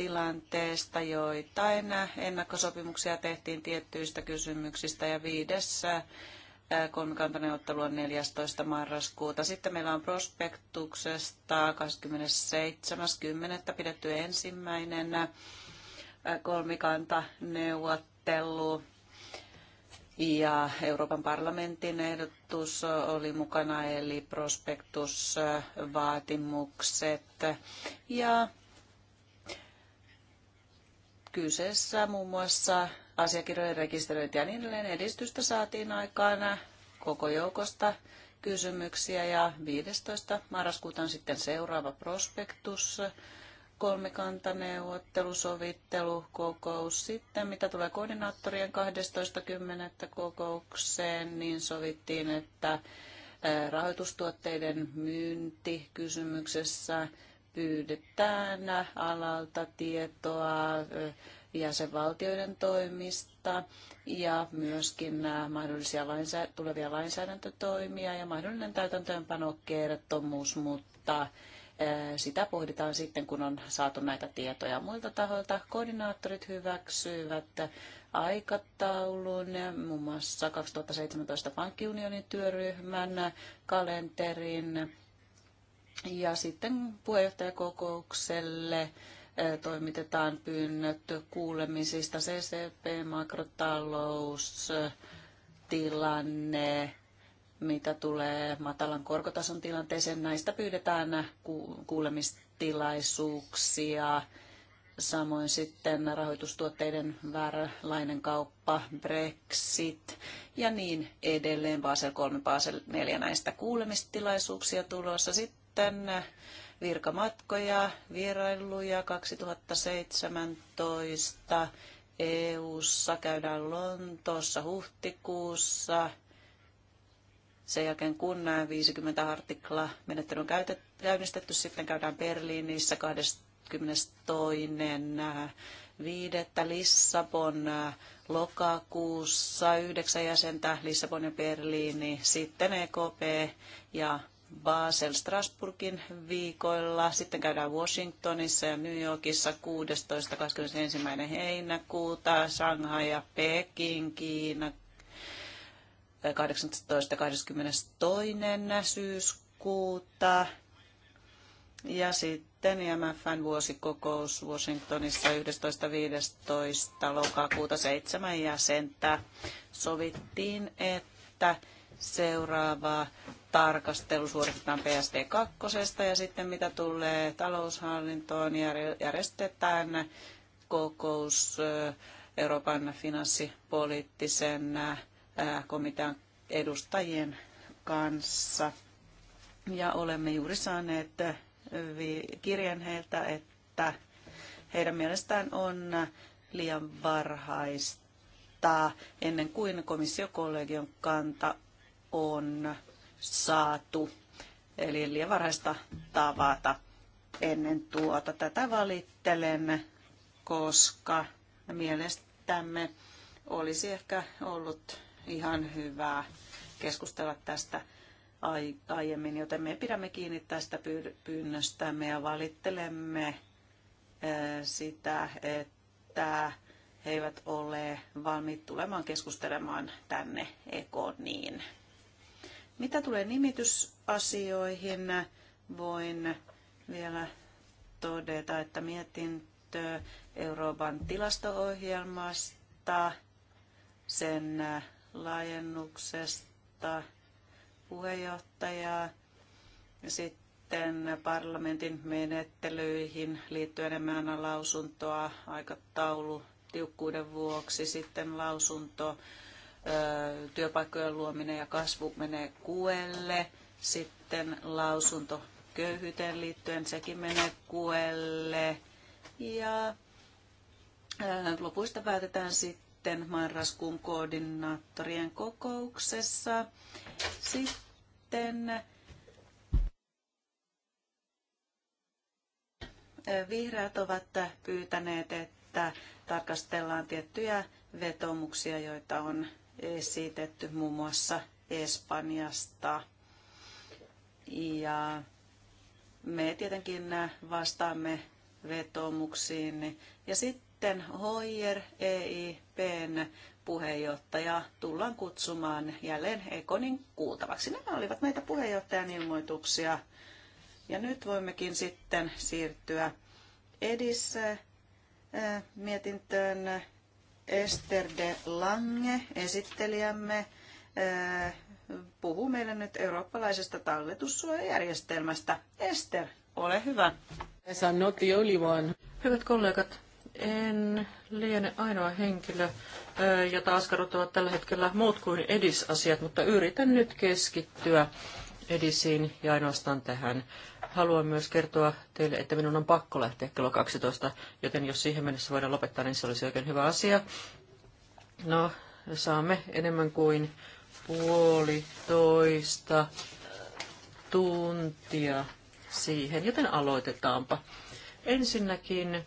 tilanteesta. Joitain ennakkosopimuksia tehtiin tiettyistä kysymyksistä ja viidessä äh, kolmikantaneuvottelu on 14. marraskuuta. Sitten meillä on prospektuksesta 27.10. pidetty ensimmäinen äh, kolmikantaneuvottelu. Ja Euroopan parlamentin ehdotus oli mukana, eli prospektusvaatimukset. Ja kyseessä muun muassa asiakirjojen rekisteröinti ja niin edelleen. Edistystä saatiin aikaan koko joukosta kysymyksiä ja 15. marraskuuta on sitten seuraava prospektus, kolmikantaneuvottelu, sovittelu, kokous. Sitten mitä tulee koordinaattorien 12.10. kokoukseen, niin sovittiin, että rahoitustuotteiden myynti kysymyksessä pyydetään alalta tietoa jäsenvaltioiden toimista ja myöskin mahdollisia lainsä, tulevia lainsäädäntötoimia ja mahdollinen täytäntöönpanokertomus, mutta sitä pohditaan sitten, kun on saatu näitä tietoja muilta tahoilta. Koordinaattorit hyväksyivät aikataulun, muun muassa 2017 pankkiunionin työryhmän kalenterin ja sitten puheenjohtajakokoukselle toimitetaan pyynnöt kuulemisista CCP, makrotalous, tilanne, mitä tulee matalan korkotason tilanteeseen. Näistä pyydetään kuulemistilaisuuksia. Samoin sitten rahoitustuotteiden vääränlainen kauppa, Brexit ja niin edelleen. Basel 3, Basel 4 näistä kuulemistilaisuuksia tulossa. Sitten sitten virkamatkoja, vierailuja 2017 EU-ssa, käydään Lontoossa huhtikuussa. Sen jälkeen kun nämä 50 artikla menettely on käynnistetty, sitten käydään Berliinissä 22. viidettä Lissabon lokakuussa, yhdeksän jäsentä Lissabon ja Berliini, sitten EKP ja Basel Strasburgin viikoilla. Sitten käydään Washingtonissa ja New Yorkissa 16.21. heinäkuuta, Shanghai ja Peking, Kiina 18.22. Eh, syyskuuta. Ja sitten IMFn vuosikokous Washingtonissa 11.15. lokakuuta 7 jäsentä. Sovittiin, että seuraava tarkastelu suoritetaan PST2 ja sitten mitä tulee taloushallintoon, järjestetään kokous Euroopan finanssipoliittisen komitean edustajien kanssa. Ja olemme juuri saaneet kirjan heiltä, että heidän mielestään on liian varhaista ennen kuin komissiokollegion kanta on saatu. Eli liian varhaista tavata ennen tuota. Tätä valittelemme, koska mielestämme olisi ehkä ollut ihan hyvää keskustella tästä aiemmin, joten me pidämme kiinni tästä pyynnöstämme ja valittelemme eh, sitä, että he eivät ole valmiit tulemaan keskustelemaan tänne Ekoniin. Mitä tulee nimitysasioihin, voin vielä todeta, että mietintö Euroopan tilasto-ohjelmasta, sen äh, laajennuksesta, puheenjohtajaa, sitten parlamentin menettelyihin liittyen enemmän lausuntoa, aikataulu tiukkuuden vuoksi, sitten lausunto työpaikkojen luominen ja kasvu menee kuelle. Sitten lausunto köyhyyteen liittyen, sekin menee kuelle. Ja lopuista päätetään sitten marraskuun koordinaattorien kokouksessa. Sitten vihreät ovat pyytäneet, että tarkastellaan tiettyjä vetomuksia, joita on esitetty muun muassa Espanjasta. Ja me tietenkin vastaamme vetomuksiin. Ja sitten Hoyer EIPn puheenjohtaja tullaan kutsumaan jälleen Ekonin kuultavaksi. Nämä olivat näitä puheenjohtajan ilmoituksia. Ja nyt voimmekin sitten siirtyä edissä mietintöön Ester de Lange, esittelijämme, äh, puhuu meille nyt eurooppalaisesta talletussuojajärjestelmästä. Ester, ole hyvä. Yes, I'm not the only one. Hyvät kollegat, en liene ainoa henkilö, äh, jota askarruttavat tällä hetkellä muut kuin edisasiat, mutta yritän nyt keskittyä edisiin ja ainoastaan tähän haluan myös kertoa teille, että minun on pakko lähteä kello 12, joten jos siihen mennessä voidaan lopettaa, niin se olisi oikein hyvä asia. No, saamme enemmän kuin puolitoista tuntia siihen, joten aloitetaanpa. Ensinnäkin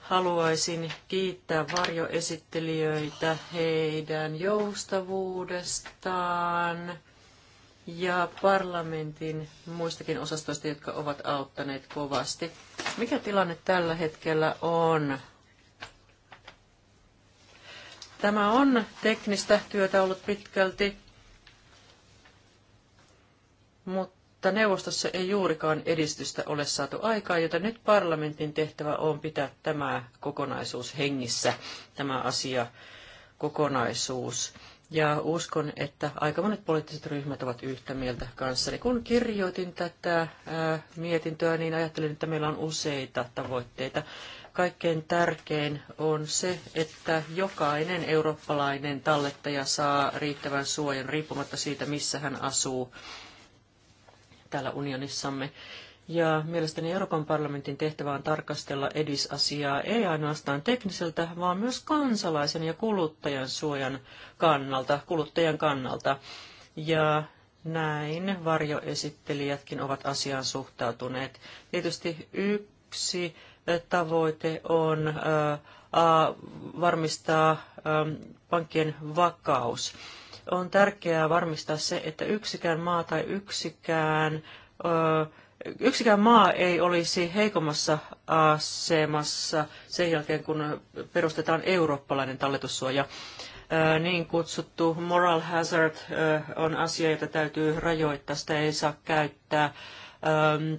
haluaisin kiittää varjoesittelijöitä heidän joustavuudestaan ja parlamentin muistakin osastoista, jotka ovat auttaneet kovasti. Mikä tilanne tällä hetkellä on? Tämä on teknistä työtä ollut pitkälti, mutta neuvostossa ei juurikaan edistystä ole saatu aikaa, joten nyt parlamentin tehtävä on pitää tämä kokonaisuus hengissä, tämä asia kokonaisuus. Ja uskon, että aika monet poliittiset ryhmät ovat yhtä mieltä kanssani. Kun kirjoitin tätä ää, mietintöä, niin ajattelin, että meillä on useita tavoitteita. Kaikkein tärkein on se, että jokainen eurooppalainen tallettaja saa riittävän suojan riippumatta siitä, missä hän asuu täällä unionissamme. Ja mielestäni Euroopan parlamentin tehtävä on tarkastella edisasiaa ei ainoastaan tekniseltä, vaan myös kansalaisen ja kuluttajan suojan kannalta, kuluttajan kannalta. Ja näin varjoesittelijätkin ovat asiaan suhtautuneet. Tietysti yksi tavoite on varmistaa pankkien vakaus. On tärkeää varmistaa se, että yksikään maa tai yksikään yksikään maa ei olisi heikommassa asemassa sen jälkeen, kun perustetaan eurooppalainen talletussuoja. Niin kutsuttu moral hazard on asia, jota täytyy rajoittaa. Sitä ei saa käyttää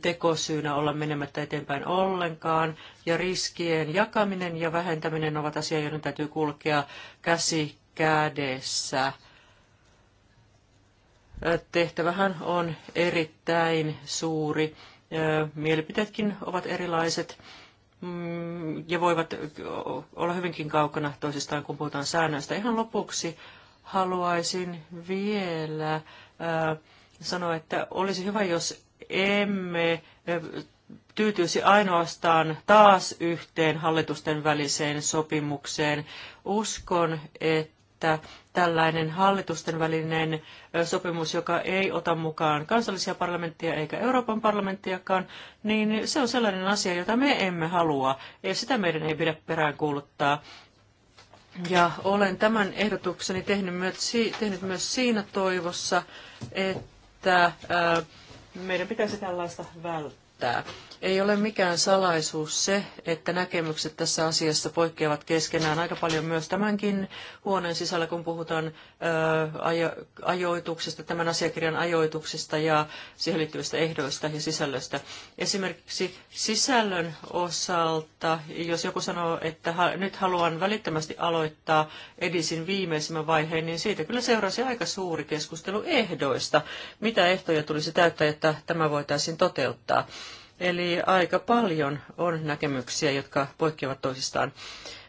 tekosyynä olla menemättä eteenpäin ollenkaan. Ja riskien jakaminen ja vähentäminen ovat asia, joiden täytyy kulkea käsi kädessä tehtävähän on erittäin suuri. Mielipiteetkin ovat erilaiset mm, ja voivat olla hyvinkin kaukana toisistaan, kun puhutaan säännöistä. Ihan lopuksi haluaisin vielä sanoa, että olisi hyvä, jos emme tyytyisi ainoastaan taas yhteen hallitusten väliseen sopimukseen. Uskon, että tällainen hallitusten välinen sopimus, joka ei ota mukaan kansallisia parlamentteja eikä Euroopan parlamenttiakaan, niin se on sellainen asia, jota me emme halua. Ja sitä meidän ei pidä peräänkuuluttaa. Ja olen tämän ehdotukseni tehnyt myös, tehnyt myös siinä toivossa, että meidän pitäisi tällaista välttää. Ei ole mikään salaisuus se, että näkemykset tässä asiassa poikkeavat keskenään aika paljon myös tämänkin huoneen sisällä, kun puhutaan ajoituksesta, tämän asiakirjan ajoituksesta ja siihen liittyvistä ehdoista ja sisällöstä. Esimerkiksi sisällön osalta, jos joku sanoo, että nyt haluan välittömästi aloittaa edisin viimeisimmän vaiheen, niin siitä kyllä seurasi aika suuri keskustelu ehdoista. Mitä ehtoja tulisi täyttää, että tämä voitaisiin toteuttaa? Eli aika paljon on näkemyksiä, jotka poikkeavat toisistaan.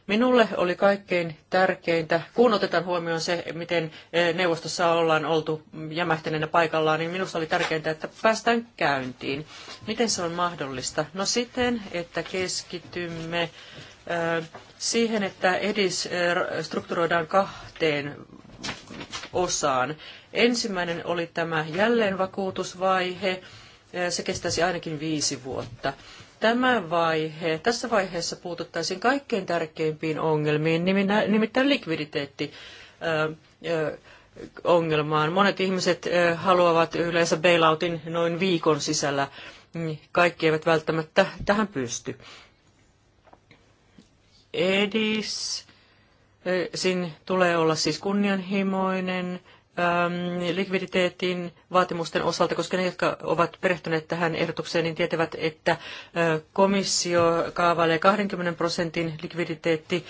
Minulle oli kaikkein tärkeintä, kun otetaan huomioon se, miten e, neuvostossa ollaan oltu jämähtäneenä paikallaan, niin minusta oli tärkeintä, että päästään käyntiin. Miten se on mahdollista? No siten, että keskitymme e, siihen, että EDIS e, strukturoidaan kahteen osaan. Ensimmäinen oli tämä jälleenvakuutusvaihe, se kestäisi ainakin viisi vuotta. Tämä vaihe, tässä vaiheessa puututtaisiin kaikkein tärkeimpiin ongelmiin, nimittäin likviditeetti ongelmaan. Monet ihmiset haluavat yleensä bailoutin noin viikon sisällä. Mm, kaikki eivät välttämättä tähän pysty. Edis, sin tulee olla siis kunnianhimoinen Ähm, likviditeetin vaatimusten osalta, koska ne, jotka ovat perehtyneet tähän ehdotukseen, niin tietävät, että komissio kaavailee 20 prosentin likviditeetti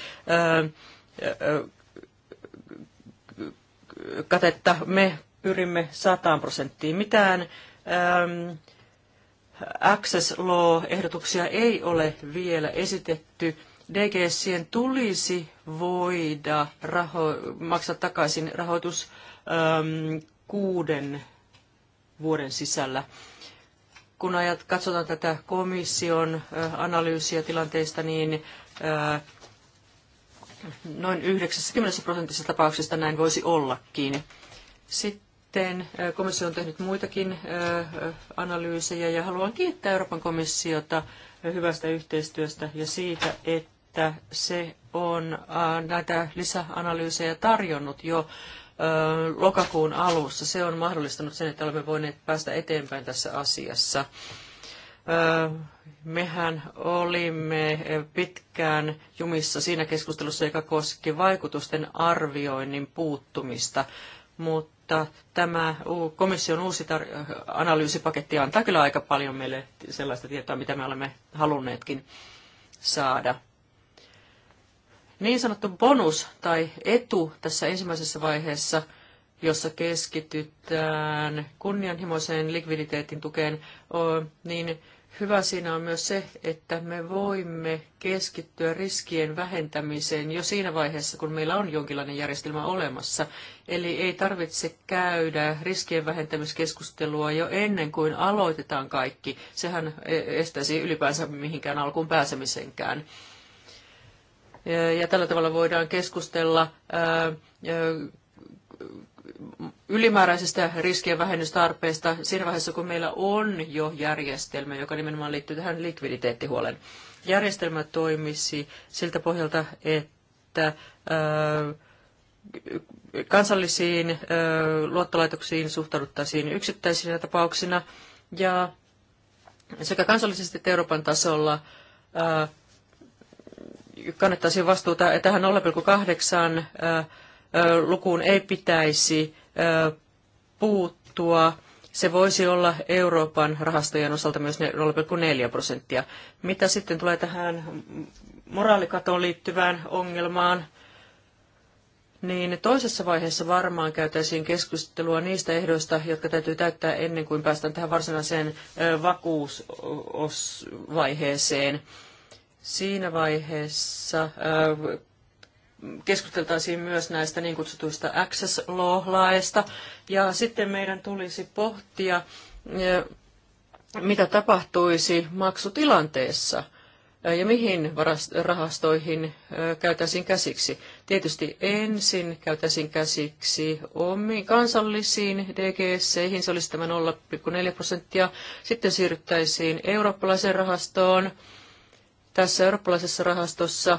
katetta. Me pyrimme 100 prosenttiin. Mitään ähm, access law-ehdotuksia ei ole vielä esitetty. DGSien tulisi voida raho- maksaa takaisin rahoitus kuuden vuoden sisällä. Kun ajat, katsotaan tätä komission analyysiä tilanteesta, niin noin 90 prosentissa tapauksista näin voisi ollakin. Sitten komissio on tehnyt muitakin analyysejä ja haluan kiittää Euroopan komissiota hyvästä yhteistyöstä ja siitä, että se on näitä lisäanalyysejä tarjonnut jo lokakuun alussa. Se on mahdollistanut sen, että olemme voineet päästä eteenpäin tässä asiassa. Mehän olimme pitkään jumissa siinä keskustelussa, joka koski vaikutusten arvioinnin puuttumista, mutta tämä komission uusi tar- analyysipaketti antaa kyllä aika paljon meille sellaista tietoa, mitä me olemme halunneetkin saada. Niin sanottu bonus tai etu tässä ensimmäisessä vaiheessa, jossa keskitytään kunnianhimoiseen likviditeetin tukeen, niin hyvä siinä on myös se, että me voimme keskittyä riskien vähentämiseen jo siinä vaiheessa, kun meillä on jonkinlainen järjestelmä olemassa. Eli ei tarvitse käydä riskien vähentämiskeskustelua jo ennen kuin aloitetaan kaikki. Sehän e-, estäisi ylipäänsä mihinkään alkuun pääsemisenkään ja tällä tavalla voidaan keskustella ylimääräisestä riskien vähennystarpeesta siinä vaiheessa, kun meillä on jo järjestelmä, joka nimenomaan liittyy tähän likviditeettihuolen. Järjestelmä toimisi siltä pohjalta, että kansallisiin luottolaitoksiin suhtauduttaisiin yksittäisinä tapauksina ja sekä kansallisesti että Euroopan tasolla kannettaisiin vastuuta. Tähän 0,8 lukuun ei pitäisi puuttua. Se voisi olla Euroopan rahastojen osalta myös 0,4 prosenttia. Mitä sitten tulee tähän moraalikatoon liittyvään ongelmaan, niin toisessa vaiheessa varmaan käytäisiin keskustelua niistä ehdoista, jotka täytyy täyttää ennen kuin päästään tähän varsinaiseen vakuusvaiheeseen. Siinä vaiheessa keskusteltaisiin myös näistä niin kutsutuista access law-laeista. Ja sitten meidän tulisi pohtia, mitä tapahtuisi maksutilanteessa ja mihin rahastoihin käytäisiin käsiksi. Tietysti ensin käytäisiin käsiksi omiin kansallisiin DGS-seihin, se olisi tämä 0,4 prosenttia. Sitten siirryttäisiin eurooppalaiseen rahastoon, tässä eurooppalaisessa rahastossa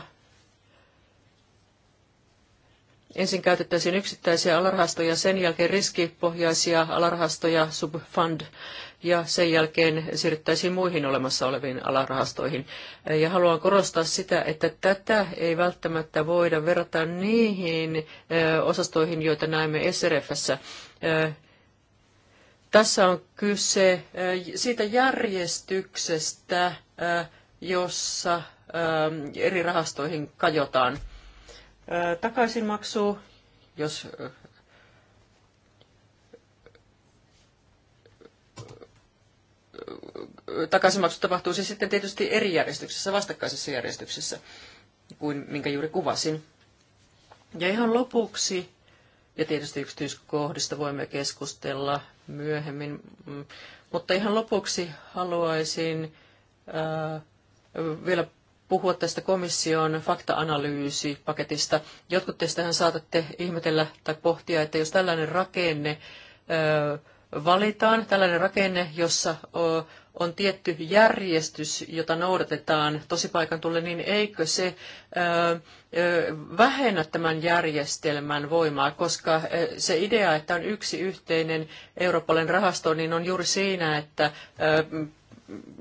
ensin käytettäisiin yksittäisiä alarahastoja, sen jälkeen riskipohjaisia alarahastoja, subfund, ja sen jälkeen siirryttäisiin muihin olemassa oleviin alarahastoihin. Ja haluan korostaa sitä, että tätä ei välttämättä voida verrata niihin osastoihin, joita näemme SRFssä. Tässä on kyse siitä järjestyksestä, jossa ähm, eri rahastoihin kajotaan. Äh, takaisinmaksu, jos äh, äh, takaisinmaksu tapahtuu siis sitten tietysti eri järjestyksessä, vastakkaisessa järjestyksessä kuin minkä juuri kuvasin. Ja ihan lopuksi, ja tietysti yksityiskohdista voimme keskustella myöhemmin, mm, mutta ihan lopuksi haluaisin ää, vielä puhua tästä komission fakta-analyysipaketista. Jotkut teistähän saatatte ihmetellä tai pohtia, että jos tällainen rakenne valitaan, tällainen rakenne, jossa on tietty järjestys, jota noudatetaan tosipaikan tulle, niin eikö se vähennä tämän järjestelmän voimaa, koska se idea, että on yksi yhteinen eurooppalainen rahasto, niin on juuri siinä, että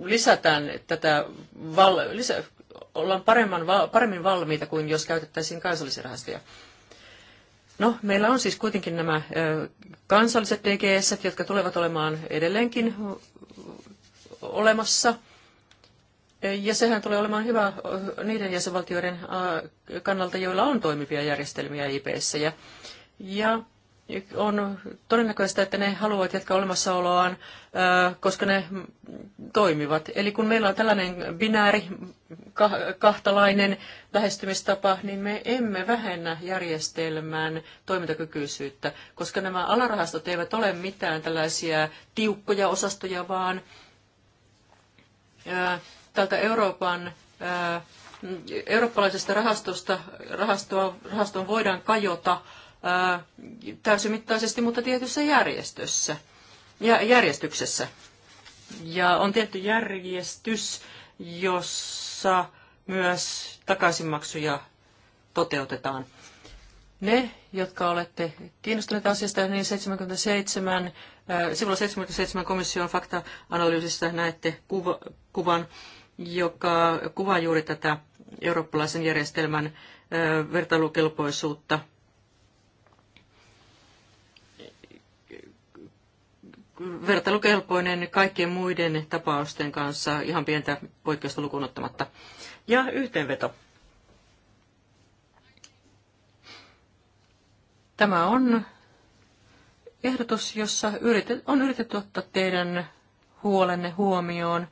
lisätään tätä, val, lisä, ollaan paremman, paremmin valmiita kuin jos käytettäisiin kansallisia rahastoja. No, meillä on siis kuitenkin nämä kansalliset DGS, jotka tulevat olemaan edelleenkin olemassa. Ja sehän tulee olemaan hyvä niiden jäsenvaltioiden kannalta, joilla on toimivia järjestelmiä IPS. Ja, ja on todennäköistä, että ne haluavat jatkaa olemassaoloaan, koska ne toimivat. Eli kun meillä on tällainen binääri, kahtalainen lähestymistapa, niin me emme vähennä järjestelmän toimintakykyisyyttä, koska nämä alarahastot eivät ole mitään tällaisia tiukkoja osastoja, vaan tältä Euroopan eurooppalaisesta rahastosta, rahastoa, rahastoon voidaan kajota – täysimittaisesti, mutta tietyssä järjestössä, ja järjestyksessä. Ja on tietty järjestys, jossa myös takaisinmaksuja toteutetaan. Ne, jotka olette kiinnostuneita asiasta, niin 77, sivulla 77 komission fakta-analyysistä näette kuva, kuvan, joka kuvaa juuri tätä eurooppalaisen järjestelmän vertailukelpoisuutta – vertailukelpoinen kaikkien muiden tapausten kanssa ihan pientä poikkeusta lukuun ottamatta. Ja yhteenveto. Tämä on ehdotus, jossa on yritetty ottaa teidän huolenne huomioon.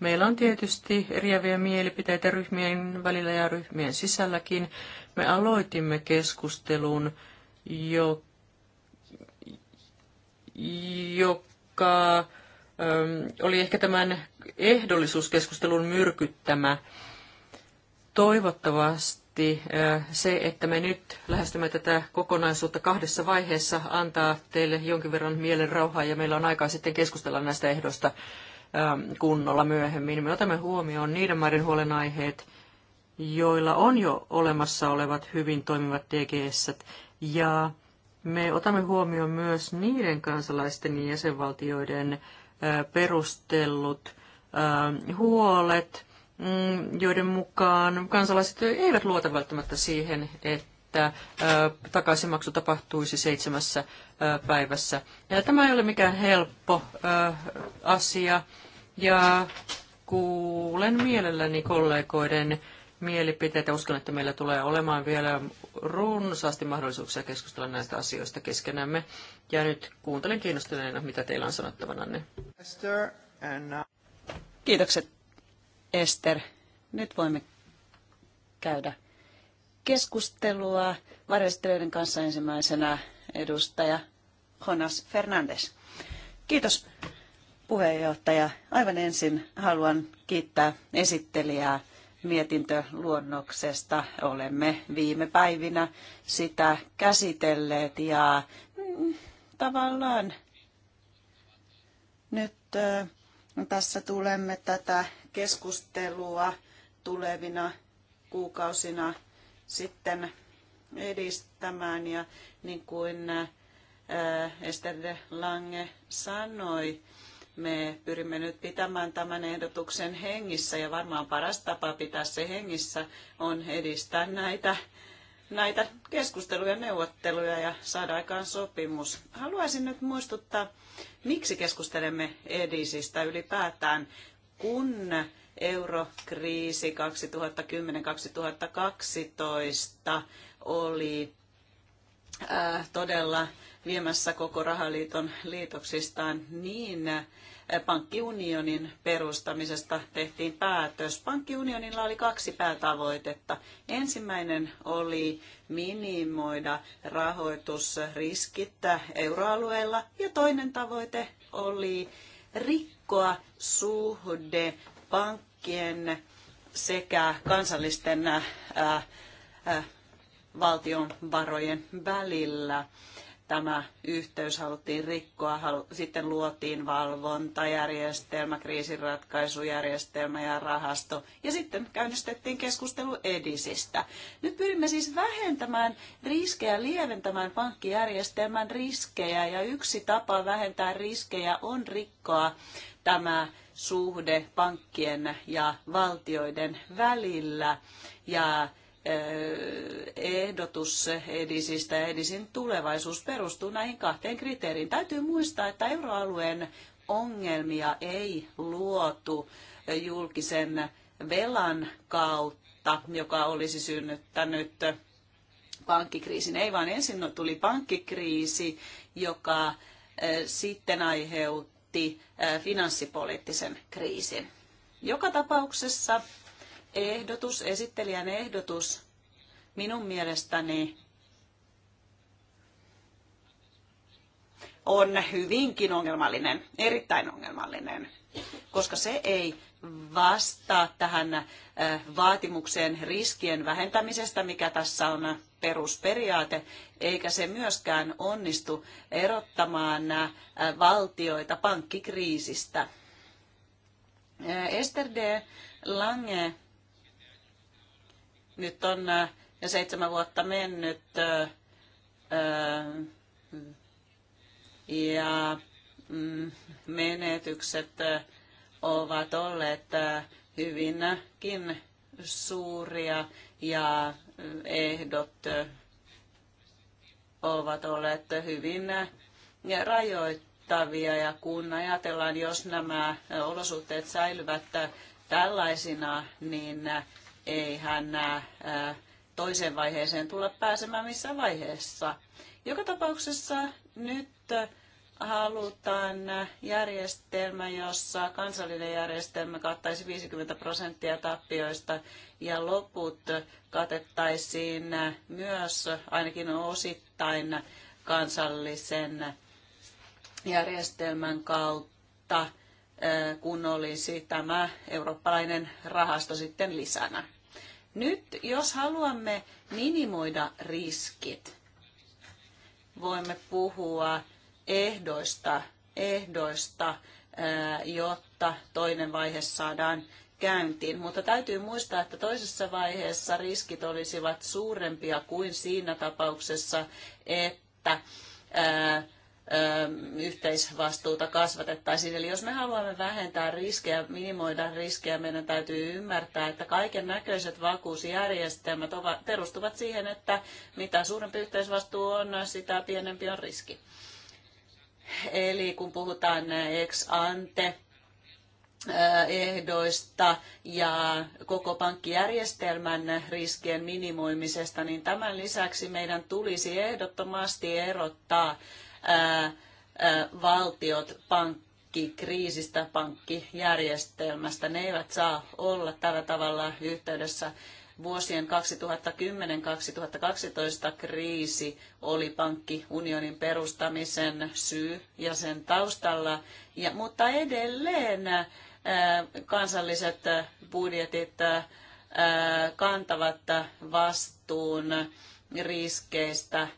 Meillä on tietysti eriäviä mielipiteitä ryhmien välillä ja ryhmien sisälläkin. Me aloitimme keskustelun, joka joka ähm, oli ehkä tämän ehdollisuuskeskustelun myrkyttämä. Toivottavasti äh, se, että me nyt lähestymme tätä kokonaisuutta kahdessa vaiheessa, antaa teille jonkin verran mielen rauhaa ja meillä on aikaa sitten keskustella näistä ehdoista ähm, kunnolla myöhemmin. Me otamme huomioon niiden maiden huolenaiheet, joilla on jo olemassa olevat hyvin toimivat DGS ja me otamme huomioon myös niiden kansalaisten ja jäsenvaltioiden perustellut huolet, mm, joiden mukaan kansalaiset eivät luota välttämättä siihen, että takaisinmaksu tapahtuisi seitsemässä päivässä. Ja tämä ei ole mikään helppo asia ja kuulen mielelläni kollegoiden mielipiteitä. Uskon, että meillä tulee olemaan vielä runsaasti mahdollisuuksia keskustella näistä asioista keskenämme. Ja nyt kuuntelen kiinnostuneena, mitä teillä on sanottavana. Uh, Kiitokset, Ester. Nyt voimme käydä keskustelua varjostelijoiden kanssa ensimmäisenä edustaja Jonas Fernandes. Kiitos puheenjohtaja. Aivan ensin haluan kiittää esittelijää mietintöluonnoksesta. Olemme viime päivinä sitä käsitelleet ja mm, tavallaan nyt ö, tässä tulemme tätä keskustelua tulevina kuukausina sitten edistämään ja niin kuin Esther de Lange sanoi, me pyrimme nyt pitämään tämän ehdotuksen hengissä ja varmaan paras tapa pitää se hengissä on edistää näitä, näitä keskusteluja, neuvotteluja ja saada aikaan sopimus. Haluaisin nyt muistuttaa, miksi keskustelemme edisistä ylipäätään, kun eurokriisi 2010-2012 oli äh, todella viemässä koko rahaliiton liitoksistaan, niin eh, pankkiunionin perustamisesta tehtiin päätös. Pankkiunionilla oli kaksi päätavoitetta. Ensimmäinen oli minimoida rahoitusriskit euroalueella ja toinen tavoite oli rikkoa suhde pankkien sekä kansallisten ää, eh, ää, eh, valtion varojen välillä tämä yhteys haluttiin rikkoa. Halu- Sitten luotiin valvontajärjestelmä, kriisinratkaisujärjestelmä ja rahasto. Ja sitten käynnistettiin keskustelu edisistä. Nyt pyrimme siis vähentämään riskejä, lieventämään pankkijärjestelmän riskejä. Ja yksi tapa vähentää riskejä on rikkoa tämä suhde pankkien ja valtioiden välillä. Ja ehdotus Edisistä, Edisin tulevaisuus perustuu näihin kahteen kriteeriin. Täytyy muistaa, että euroalueen ongelmia ei luotu julkisen velan kautta, joka olisi synnyttänyt pankkikriisin. Ei vaan ensin tuli pankkikriisi, joka sitten aiheutti finanssipoliittisen kriisin. Joka tapauksessa ehdotus, esittelijän ehdotus, minun mielestäni on hyvinkin ongelmallinen, erittäin ongelmallinen, koska se ei vastaa tähän äh, vaatimukseen riskien vähentämisestä, mikä tässä on perusperiaate, eikä se myöskään onnistu erottamaan äh, valtioita pankkikriisistä. Äh, Esther D. Lange nyt on jo seitsemän vuotta mennyt ja mm, menetykset ovat olleet hyvinkin suuria ja ehdot ovat olleet hyvin rajoittavia. Ja kun ajatellaan, jos nämä olosuhteet säilyvät tällaisina, niin eihän ää, toiseen vaiheeseen tulla pääsemään missään vaiheessa. Joka tapauksessa nyt halutaan järjestelmä, jossa kansallinen järjestelmä kattaisi 50 prosenttia tappioista ja loput katettaisiin myös ainakin osittain kansallisen järjestelmän kautta, kun olisi tämä eurooppalainen rahasto sitten lisänä. Nyt, jos haluamme minimoida riskit, voimme puhua ehdoista, ehdoista, jotta toinen vaihe saadaan käyntiin. Mutta täytyy muistaa, että toisessa vaiheessa riskit olisivat suurempia kuin siinä tapauksessa, että että yhteisvastuuta kasvatettaisiin. Eli jos me haluamme vähentää riskejä, minimoida riskejä, meidän täytyy ymmärtää, että kaiken näköiset vakuusjärjestelmät ovat, perustuvat siihen, että mitä suurempi yhteisvastuu on, sitä pienempi on riski. Eli kun puhutaan ex ante ehdoista ja koko pankkijärjestelmän riskien minimoimisesta, niin tämän lisäksi meidän tulisi ehdottomasti erottaa valtiot pankkikriisistä, pankkijärjestelmästä. Ne eivät saa olla tällä tavalla yhteydessä. Vuosien 2010-2012 kriisi oli pankkiunionin perustamisen syy ja sen taustalla, ja, mutta edelleen kansalliset budjetit kantavat vastuun riskeistä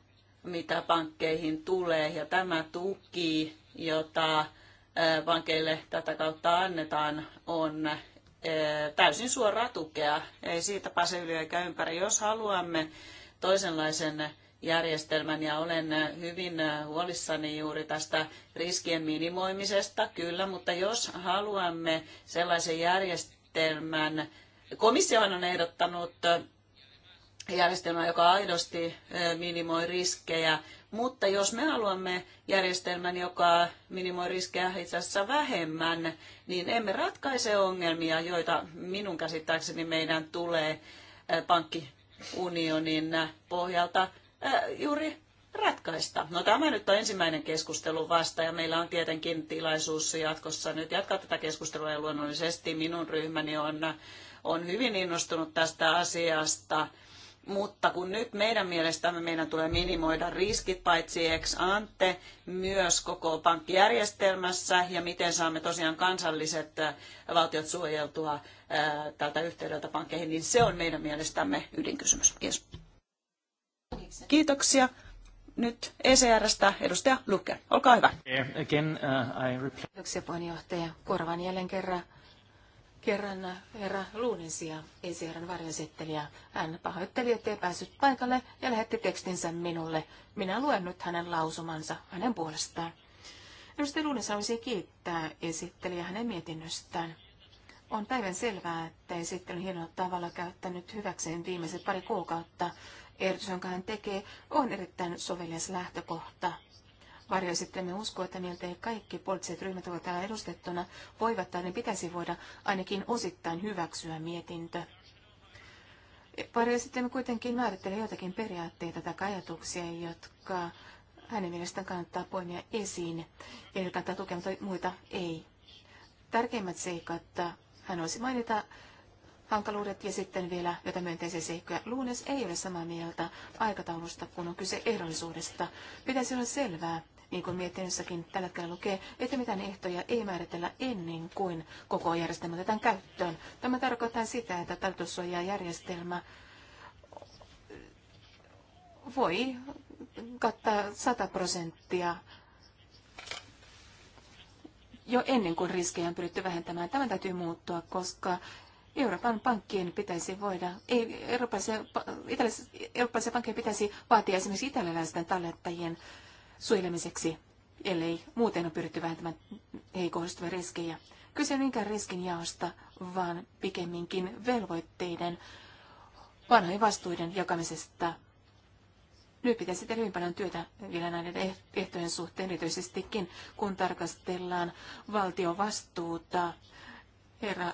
mitä pankkeihin tulee. Ja tämä tuki, jota pankeille tätä kautta annetaan, on täysin suoraa tukea. Ei siitä pääse yli eikä ympäri. Jos haluamme toisenlaisen järjestelmän ja olen hyvin huolissani juuri tästä riskien minimoimisesta, kyllä, mutta jos haluamme sellaisen järjestelmän, komissio on ehdottanut järjestelmä, joka aidosti minimoi riskejä. Mutta jos me haluamme järjestelmän, joka minimoi riskejä itse asiassa vähemmän, niin emme ratkaise ongelmia, joita minun käsittääkseni meidän tulee pankkiunionin pohjalta juuri ratkaista. No tämä nyt on ensimmäinen keskustelu vasta ja meillä on tietenkin tilaisuus jatkossa nyt jatkaa tätä keskustelua ja luonnollisesti minun ryhmäni on, on hyvin innostunut tästä asiasta mutta kun nyt meidän mielestämme meidän tulee minimoida riskit paitsi ex ante, myös koko pankkijärjestelmässä ja miten saamme tosiaan kansalliset äh, valtiot suojeltua äh, tältä yhteydeltä pankkeihin, niin se on meidän mielestämme ydinkysymys. Kiitos. Kiitoksia. Nyt ECRstä edustaja Luke. Olkaa hyvä. Uh, Kiitoksia puheenjohtaja. Korvan jälleen kerran Kerran herra Luuninsia, esiherran varjoesittelijä. Hän pahoitteli, ettei päässyt paikalle ja lähetti tekstinsä minulle. Minä luen nyt hänen lausumansa hänen puolestaan. Edustaja Luunins haluaisi kiittää esittelijä hänen mietinnöstään. On päivän selvää, että esittely hienolla tavalla käyttänyt hyväkseen viimeiset pari kuukautta. Ehdotus, jonka hän tekee, on erittäin sovelias lähtökohta – varjoesittämme uskoo, että miltei kaikki poliittiset ryhmät ovat täällä edustettuna, voivat tai ne pitäisi voida ainakin osittain hyväksyä mietintö. Varjoesittämme kuitenkin määrittelee joitakin periaatteita tai ajatuksia, jotka hänen mielestään kannattaa poimia esiin ja joita kannattaa tukea, mutta muita ei. Tärkeimmät seikat, hän olisi mainita hankaluudet ja sitten vielä jotain myönteisiä seikkoja. Luunes ei ole samaa mieltä aikataulusta, kun on kyse ehdollisuudesta. Pitäisi olla selvää, niin kuin mietinnössäkin tällä hetkellä lukee, että mitään ehtoja ei määritellä ennen kuin koko järjestelmä otetaan käyttöön. Tämä tarkoittaa sitä, että tarkoitussuojajärjestelmä voi kattaa 100 prosenttia jo ennen kuin riskejä on pyritty vähentämään. Tämä täytyy muuttua, koska Euroopan pankkien pitäisi voida, ei, eurooppalaisia, italaisia, eurooppalaisia pankkien pitäisi vaatia esimerkiksi italialaisten tallettajien suojelemiseksi, ellei muuten on pyritty vähentämään ei kohdistuvia riskejä. Kyse ei niinkään riskin jaosta, vaan pikemminkin velvoitteiden, vanhojen vastuiden jakamisesta. Nyt pitäisi tehdä hyvin paljon työtä vielä näiden eh- ehtojen suhteen, erityisestikin kun tarkastellaan valtion vastuuta. Herra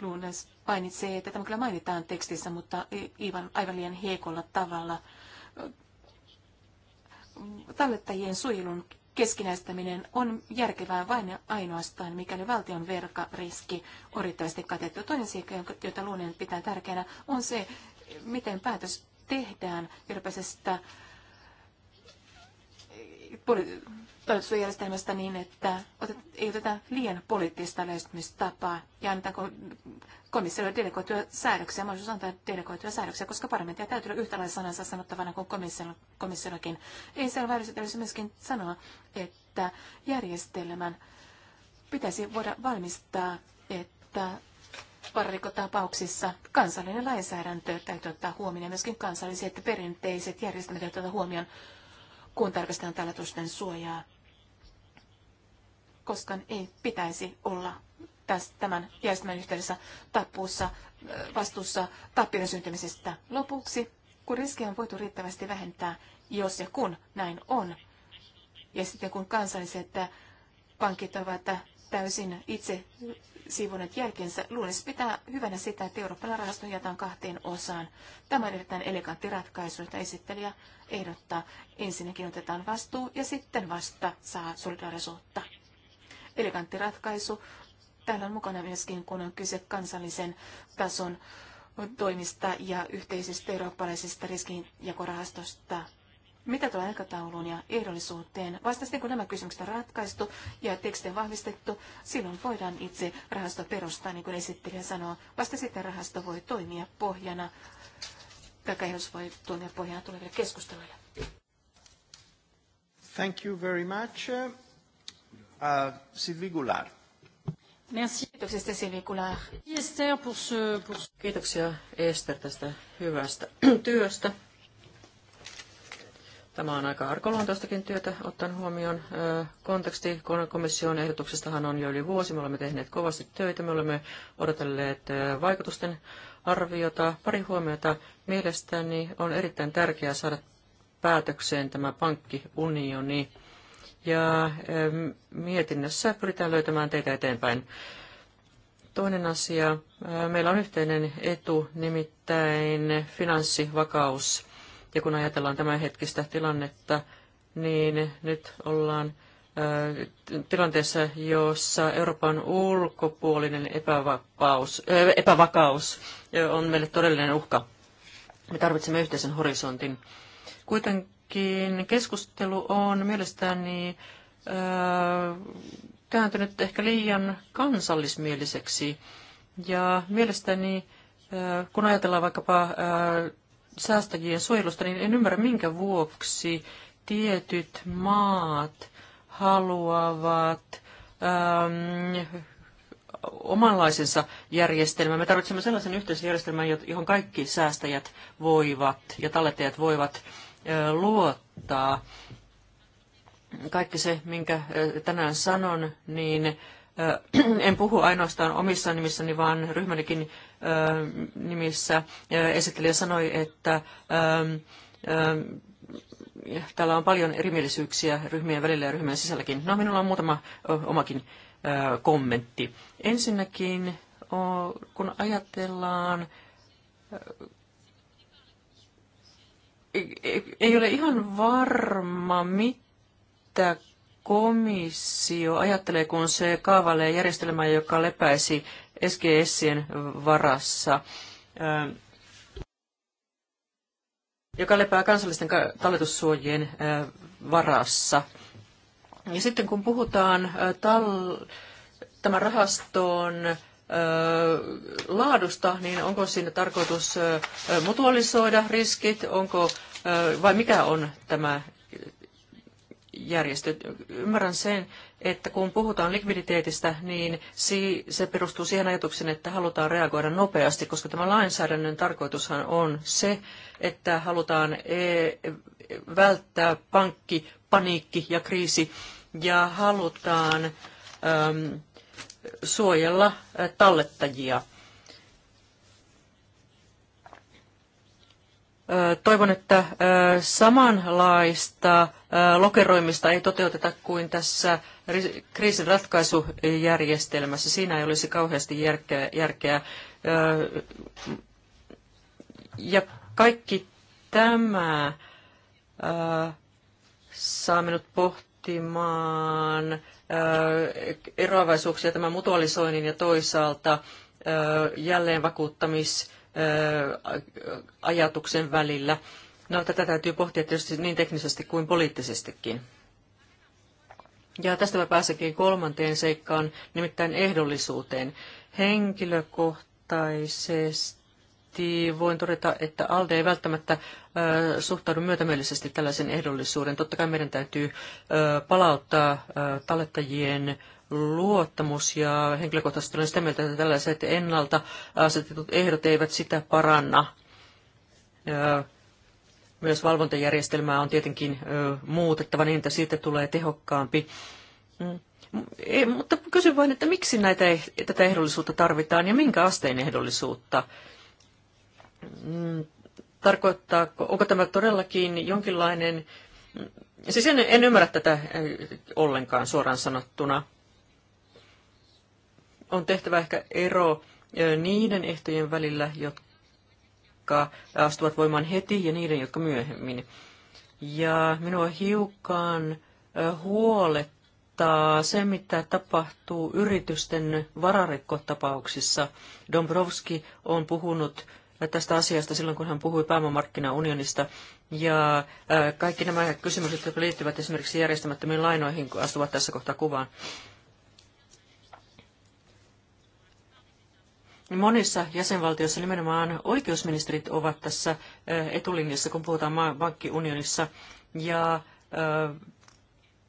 Lunes mainitsee, että tämä kyllä mainitaan tekstissä, mutta aivan, aivan liian heikolla tavalla tallettajien suojelun keskinäistäminen on järkevää vain ja ainoastaan, mikäli valtion verkariski on riittävästi katettu. Toinen seikka, jota luonnon pitää tärkeänä, on se, miten päätös tehdään virpäisestä toimitusjärjestelmästä niin, että otet, ei oteta liian poliittista lähestymistapaa ja annetaanko komissiolle delegoituja säädöksiä, mahdollisuus antaa delegoituja säädöksiä, koska parlamenttia täytyy olla yhtäläinen sanansa sanottavana kuin komissiollakin. Ei siellä väärässä myöskin sanoa, että järjestelmän pitäisi voida valmistaa, että vararikotapauksissa kansallinen lainsäädäntö täytyy ottaa huomioon ja myöskin kansalliset perinteiset järjestelmät täytyy ottaa huomioon kun tarkastetaan talletusten suojaa koska ei pitäisi olla tässä tämän järjestelmän yhteydessä tappuussa vastuussa tappioiden syntymisestä. Lopuksi, kun riskiä on voitu riittävästi vähentää, jos ja kun näin on, ja sitten kun kansalliset pankit ovat täysin itse siivoneet jälkensä, luulisi pitää hyvänä sitä, että Euroopan rahasto jaetaan kahteen osaan. Tämä on erittäin elegantti ratkaisu, jota esittelijä ehdottaa. Ensinnäkin otetaan vastuu ja sitten vasta saa solidaarisuutta elegantti ratkaisu. Täällä on mukana myöskin, kun on kyse kansallisen tason toimista ja yhteisestä eurooppalaisesta riskinjakorahastosta. Mitä tulee aikatauluun ja ehdollisuuteen? Vasta sitten, kun nämä kysymykset on ratkaistu ja tekstejä vahvistettu, silloin voidaan itse rahasto perustaa, niin kuin esittelijä sanoo. Vasta sitten rahasto voi toimia pohjana, tai ehdotus voi toimia pohjana tuleville keskusteluille. Thank you very much. Uh, Sylvie Goulard. Merci. Sylvie Goulard. Esther, pour ce, pour... Kiitoksia Ester tästä hyvästä [CLEARS THROAT] työstä. Tämä on aika arkoluontoistakin työtä, ottaen huomioon konteksti. Komission ehdotuksestahan on jo yli vuosi. Me olemme tehneet kovasti töitä. Me olemme odotelleet vaikutusten arviota. Pari huomiota mielestäni on erittäin tärkeää saada päätökseen tämä pankkiunioni ja ähm, mietinnössä pyritään löytämään teitä eteenpäin. Toinen asia. Äh, meillä on yhteinen etu, nimittäin finanssivakaus. Ja kun ajatellaan hetkistä tilannetta, niin nyt ollaan äh, tilanteessa, jossa Euroopan ulkopuolinen epävapaus, epävakaus äh, on meille todellinen uhka. Me tarvitsemme yhteisen horisontin. Kuitenkin Kuitenkin keskustelu on mielestäni kääntynyt ehkä liian kansallismieliseksi. Ja mielestäni, kun ajatellaan vaikkapa säästäjien suojelusta, niin en ymmärrä minkä vuoksi tietyt maat haluavat ähm, omanlaisensa järjestelmän. Me tarvitsemme sellaisen yhteisjärjestelmän, johon kaikki säästäjät voivat ja talletajat voivat luottaa. Kaikki se, minkä tänään sanon, niin [CLEARS THROAT] en puhu ainoastaan omissa nimissäni, vaan ryhmänikin nimissä. Esittelijä sanoi, että täällä on paljon erimielisyyksiä ryhmien välillä ja ryhmien sisälläkin. No, minulla on muutama omakin kommentti. Ensinnäkin, kun ajatellaan ei ole ihan varma, mitä komissio ajattelee, kun se kaavailee järjestelmää, joka lepäisi SGSien varassa, joka lepää kansallisten talletussuojien varassa. Ja sitten kun puhutaan tal- tämän rahaston laadusta, niin onko siinä tarkoitus mutualisoida riskit, onko vai mikä on tämä järjestö? Ymmärrän sen, että kun puhutaan likviditeetistä, niin se perustuu siihen ajatukseen, että halutaan reagoida nopeasti, koska tämä lainsäädännön tarkoitushan on se, että halutaan e, välttää pankki, paniikki ja kriisi ja halutaan suojella tallettajia – Toivon, että samanlaista lokeroimista ei toteuteta kuin tässä kriisin ratkaisujärjestelmässä. Siinä ei olisi kauheasti järkeä. Ja kaikki tämä saa minut pohtimaan eroavaisuuksia tämän mutualisoinnin ja toisaalta jälleen vakuuttamis ajatuksen välillä. No, tätä täytyy pohtia tietysti niin teknisesti kuin poliittisestikin. Ja tästä mä pääsenkin kolmanteen seikkaan, nimittäin ehdollisuuteen. Henkilökohtaisesti voin todeta, että ALDE ei välttämättä ö, suhtaudu myötämielisesti tällaisen ehdollisuuden. Totta kai meidän täytyy ö, palauttaa ö, tallettajien luottamus ja henkilökohtaisesti olen sitä mieltä, että tällaiset ennalta asetetut ehdot eivät sitä paranna. Myös valvontajärjestelmää on tietenkin muutettava niin, että siitä tulee tehokkaampi. Mm. Ei, mutta kysyn vain, että miksi näitä, eh, tätä ehdollisuutta tarvitaan ja minkä asteen ehdollisuutta? Mm. Tarkoittaa, onko tämä todellakin jonkinlainen... Mm, siis en, en ymmärrä tätä ollenkaan suoraan sanottuna on tehtävä ehkä ero niiden ehtojen välillä, jotka astuvat voimaan heti ja niiden, jotka myöhemmin. Ja minua hiukan huolettaa se, mitä tapahtuu yritysten vararikkotapauksissa. Dombrovski on puhunut tästä asiasta silloin, kun hän puhui pääomamarkkinaunionista. Ja kaikki nämä kysymykset, jotka liittyvät esimerkiksi järjestämättömiin lainoihin, astuvat tässä kohtaa kuvaan. Monissa jäsenvaltioissa nimenomaan oikeusministerit ovat tässä etulinjassa, kun puhutaan pankkiunionissa. Ja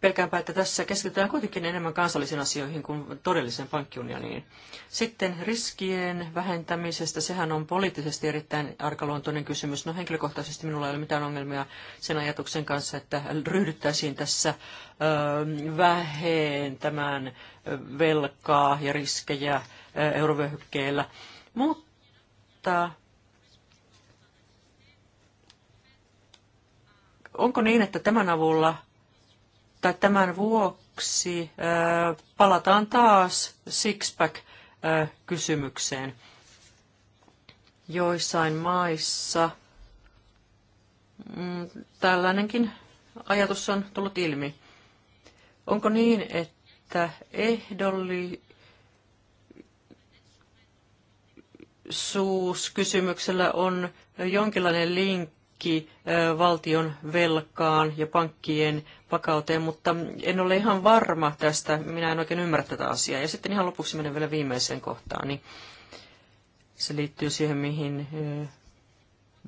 pelkäänpä, että tässä keskitytään kuitenkin enemmän kansallisiin asioihin kuin todelliseen pankkiunioniin. Sitten riskien vähentämisestä, sehän on poliittisesti erittäin arkaluontoinen kysymys. No henkilökohtaisesti minulla ei ole mitään ongelmia sen ajatuksen kanssa, että ryhdyttäisiin tässä vähentämään velkaa ja riskejä eurovyöhykkeellä. Mutta onko niin, että tämän avulla tai tämän vuoksi palataan taas sixpack-kysymykseen? Joissain maissa mm, tällainenkin ajatus on tullut ilmi. Onko niin, että ehdolli, Suuskysymyksellä on jonkinlainen linkki valtion velkaan ja pankkien vakauteen, mutta en ole ihan varma tästä. Minä en oikein ymmärrä tätä asiaa. Ja sitten ihan lopuksi menen vielä viimeiseen kohtaan. Niin se liittyy siihen, mihin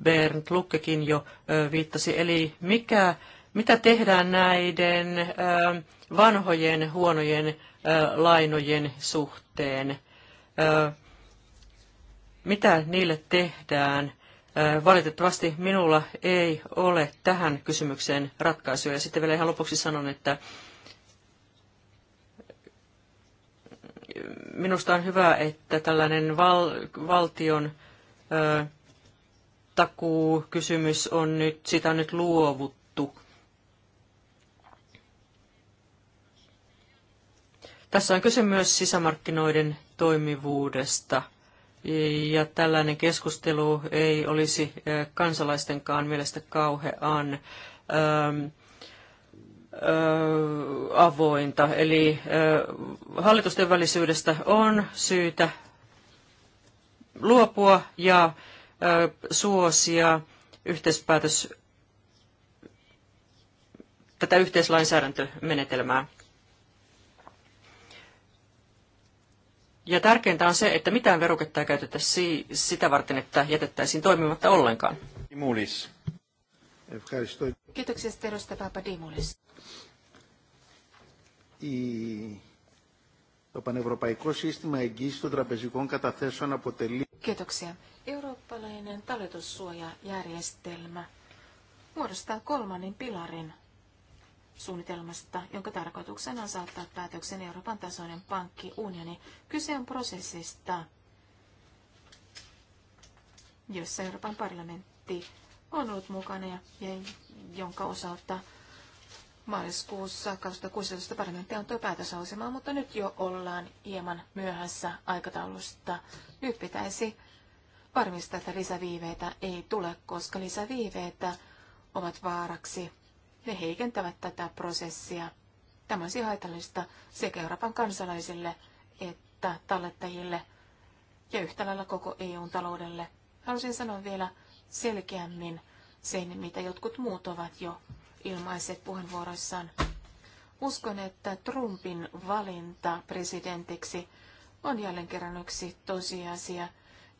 Bernd Lukkekin jo viittasi. Eli mikä, mitä tehdään näiden vanhojen huonojen lainojen suhteen? mitä niille tehdään. Valitettavasti minulla ei ole tähän kysymykseen ratkaisuja. Sitten vielä ihan lopuksi sanon, että minusta on hyvä, että tällainen val, valtion ö, takuukysymys on nyt, sitä on nyt luovuttu. Tässä on kyse myös sisämarkkinoiden toimivuudesta ja tällainen keskustelu ei olisi eh, kansalaistenkaan mielestä kauhean ähm, äh, avointa. Eli äh, hallitusten välisyydestä on syytä luopua ja äh, suosia yhteispäätös tätä yhteislainsäädäntömenetelmää. Ja tärkeintä on se, että mitään veruketta ei käytetä si- sitä varten, että jätettäisiin toimimatta ollenkaan. Dimulis. Kiitoksia, edustaja Papadimulis. Το πανευρωπαϊκό σύστημα εγγύησης των τραπεζικών καταθέσεων αποτελεί... Kiitoksia. Eurooppalainen talletussuojajärjestelmä muodostaa kolmannen pilarin suunnitelmasta, jonka tarkoituksena on saattaa päätöksen Euroopan tasoinen pankkiunioni. Kyse on prosessista, jossa Euroopan parlamentti on ollut mukana ja, jonka osalta maaliskuussa 2016 parlamentti antoi päätösausemaa, mutta nyt jo ollaan hieman myöhässä aikataulusta. Nyt pitäisi varmistaa, että lisäviiveitä ei tule, koska lisäviiveitä ovat vaaraksi ne heikentävät tätä prosessia. Tämä olisi haitallista sekä Euroopan kansalaisille että tallettajille ja yhtä lailla koko EUn taloudelle. Haluaisin sanoa vielä selkeämmin sen, mitä jotkut muut ovat jo ilmaiset puheenvuoroissaan. Uskon, että Trumpin valinta presidentiksi on jälleen kerran yksi tosiasia,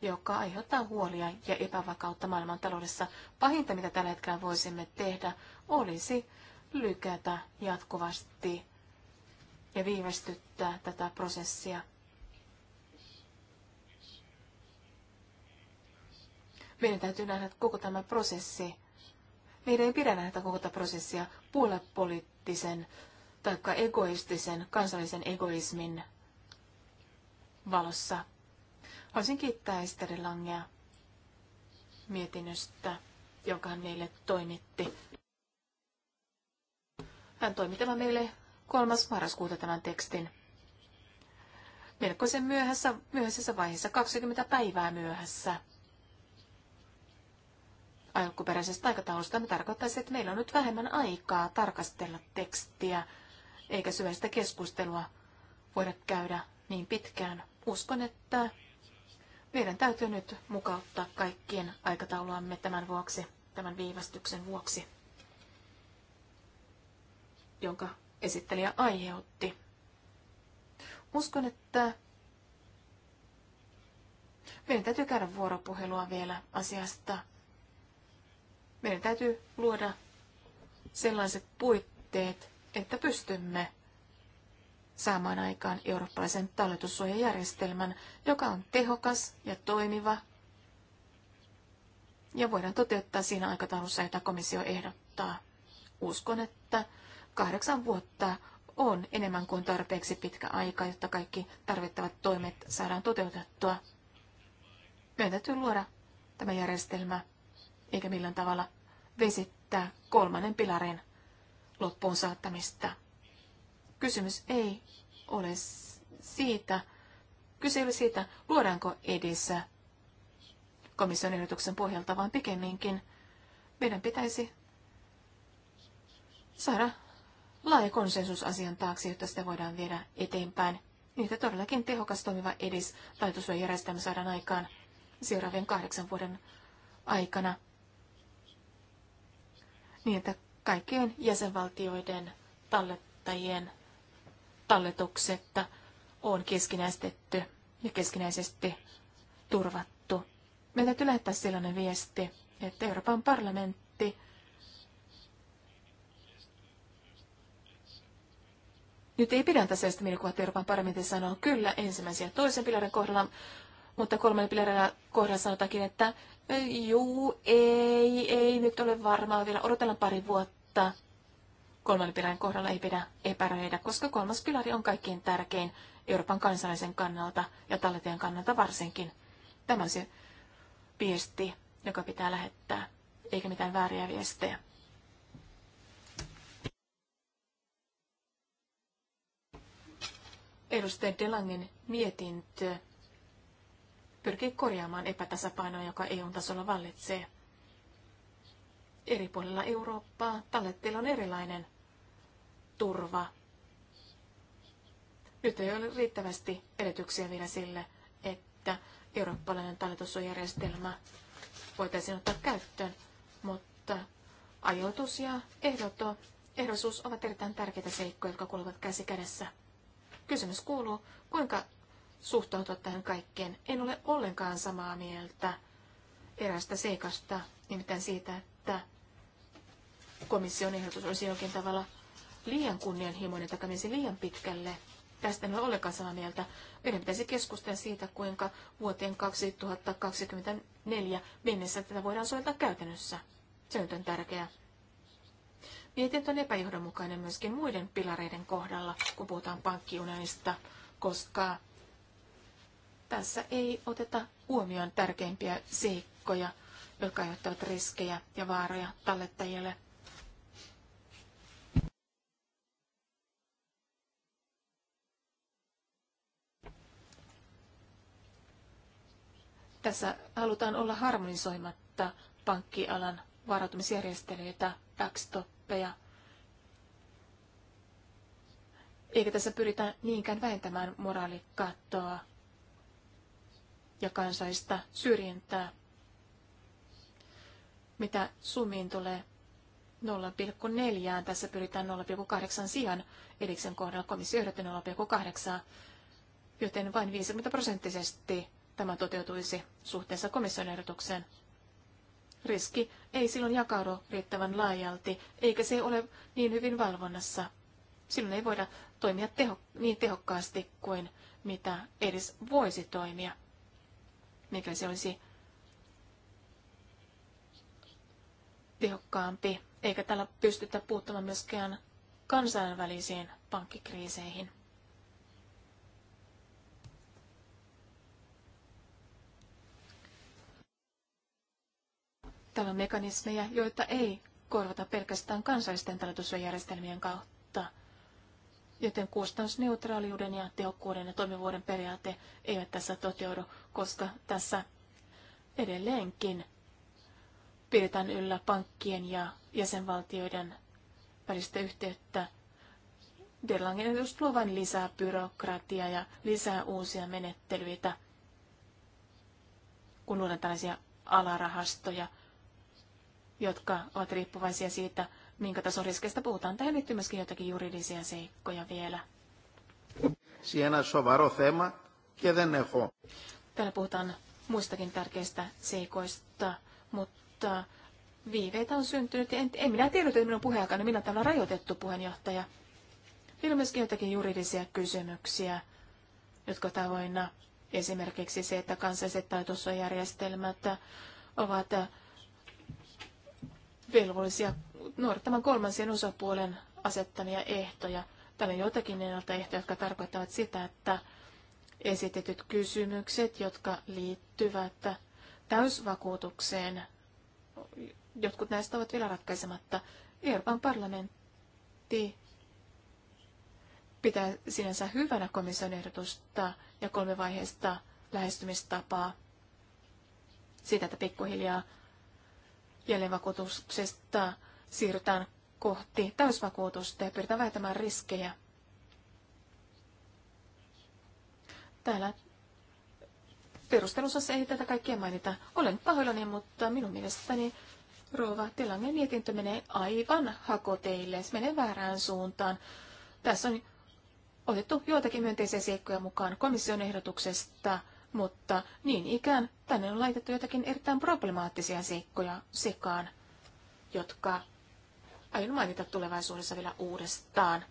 joka aiheuttaa huolia ja epävakautta maailmantaloudessa. Pahinta, mitä tällä hetkellä voisimme tehdä, olisi lykätä jatkuvasti ja viivästyttää tätä prosessia. Meidän täytyy nähdä koko tämä prosessi. Meidän ei pidä nähdä koko tätä prosessia puolepoliittisen tai egoistisen kansallisen egoismin valossa. Haluaisin kiittää Esteri Langea mietinnöstä, joka hän meille toimitti. Hän toimi tämän meille 3. marraskuuta tämän tekstin. Melkoisen myöhässä, myöhäisessä vaiheessa, 20 päivää myöhässä. Alkuperäisestä aikataulusta me tarkoittaisi, että meillä on nyt vähemmän aikaa tarkastella tekstiä, eikä syvästä keskustelua voida käydä niin pitkään. Uskon, että meidän täytyy nyt mukauttaa kaikkien aikatauluamme tämän vuoksi, tämän viivästyksen vuoksi jonka esittelijä aiheutti. Uskon, että meidän täytyy käydä vuoropuhelua vielä asiasta. Meidän täytyy luoda sellaiset puitteet, että pystymme saamaan aikaan eurooppalaisen talletussuojajärjestelmän, joka on tehokas ja toimiva ja voidaan toteuttaa siinä aikataulussa, jota komissio ehdottaa. Uskon, että Kahdeksan vuotta on enemmän kuin tarpeeksi pitkä aika, jotta kaikki tarvittavat toimet saadaan toteutettua. Meidän täytyy luoda tämä järjestelmä, eikä millään tavalla vesittää kolmannen pilarin loppuun saattamista. Kysymys ei ole siitä, kyse ei ole siitä, luodaanko edessä. komission ehdotuksen pohjalta, vaan pikemminkin meidän pitäisi saada laaja konsensus asian taakse, jotta sitä voidaan viedä eteenpäin. Niitä todellakin tehokas toimiva edis laitosuojajärjestelmä saadaan aikaan seuraavien kahdeksan vuoden aikana. Niin, että kaikkien jäsenvaltioiden tallettajien talletukset on keskinäistetty ja keskinäisesti turvattu. Meidän täytyy lähettää sellainen viesti, että Euroopan parlamentti Nyt ei pidä antaa sellaista mielikuvaa, Euroopan parlamentin sanoa. kyllä ensimmäisen ja toisen pilarin kohdalla, mutta kolmannen pilarin kohdalla sanotaankin, että juu, ei, ei nyt ole varmaa vielä, odotellaan pari vuotta. Kolmannen pilarin kohdalla ei pidä epäröidä, koska kolmas pilari on kaikkein tärkein Euroopan kansalaisen kannalta ja talletajan kannalta varsinkin. Tämä on se viesti, joka pitää lähettää, eikä mitään vääriä viestejä. edustaja Delangen mietintö pyrkii korjaamaan epätasapainoa, joka EU-tasolla vallitsee. Eri puolilla Eurooppaa tallettilla on erilainen turva. Nyt ei ole riittävästi edellytyksiä vielä sille, että eurooppalainen talletussuojärjestelmä voitaisiin ottaa käyttöön, mutta ajoitus ja ehdoto, ehdollisuus ovat erittäin tärkeitä seikkoja, jotka kuuluvat käsi kädessä. Kysymys kuuluu, kuinka suhtautua tähän kaikkeen. En ole ollenkaan samaa mieltä erästä seikasta, nimittäin siitä, että komission ehdotus olisi jokin tavalla liian kunnianhimoinen tai menisi liian pitkälle. Tästä en ole ollenkaan samaa mieltä. Meidän pitäisi keskustella siitä, kuinka vuoteen 2024 mennessä tätä voidaan soveltaa käytännössä. Se nyt on tärkeää. Mietintö on epäjohdonmukainen myöskin muiden pilareiden kohdalla, kun puhutaan pankkiunionista, koska tässä ei oteta huomioon tärkeimpiä seikkoja, jotka aiheuttavat riskejä ja vaaroja tallettajille. Tässä halutaan olla harmonisoimatta pankkialan varautumisjärjestelyitä, backstoppeja. Eikä tässä pyritä niinkään vähentämään moraalikattoa ja kansaista syrjintää. Mitä sumiin tulee 0,4, tässä pyritään 0,8 sijaan ediksen kohdalla komissio ehdotti 0,8, joten vain 50 prosenttisesti tämä toteutuisi suhteessa komission ehdotukseen riski ei silloin jakaudu riittävän laajalti, eikä se ole niin hyvin valvonnassa. Silloin ei voida toimia teho, niin tehokkaasti kuin mitä edes voisi toimia, mikä se olisi tehokkaampi, eikä tällä pystytä puuttumaan myöskään kansainvälisiin pankkikriiseihin. Täällä on mekanismeja, joita ei korvata pelkästään kansallisten talletussuojajärjestelmien kautta. Joten kustannusneutraaliuden ja tehokkuuden ja toimivuuden periaate eivät tässä toteudu, koska tässä edelleenkin pidetään yllä pankkien ja jäsenvaltioiden välistä yhteyttä. Derlangen edus luo vain lisää byrokratiaa ja lisää uusia menettelyitä, kun luodaan tällaisia alarahastoja – jotka ovat riippuvaisia siitä, minkä tason riskeistä puhutaan. Tähän liittyy myöskin jotakin juridisia seikkoja vielä. Täällä puhutaan muistakin tärkeistä seikoista, mutta viiveitä on syntynyt. En, en minä tiedä, että minun puheenjohtajana minä tavalla rajoitettu puheenjohtaja. Meillä on myöskin jotakin juridisia kysymyksiä, jotka tavoina esimerkiksi se, että kansalliset taitosuojajärjestelmät ovat velvollisia noudattamaan kolmansien osapuolen asettamia ehtoja. Täällä on joitakin näiltä ehtoja, jotka tarkoittavat sitä, että esitetyt kysymykset, jotka liittyvät täysvakuutukseen, jotkut näistä ovat vielä ratkaisematta. Euroopan parlamentti pitää sinänsä hyvänä komission ehdotusta ja kolmivaiheista lähestymistapaa siitä, että pikkuhiljaa jälleenvakuutuksesta siirrytään kohti täysvakuutusta ja pyritään vähentämään riskejä. Täällä perustelussa ei tätä kaikkea mainita. Olen pahoillani, mutta minun mielestäni rova Tilangen mietintö menee aivan hakoteille. Se menee väärään suuntaan. Tässä on otettu joitakin myönteisiä seikkoja mukaan komission ehdotuksesta – mutta niin ikään tänne on laitettu jotakin erittäin problemaattisia seikkoja sekaan, jotka aion mainita tulevaisuudessa vielä uudestaan.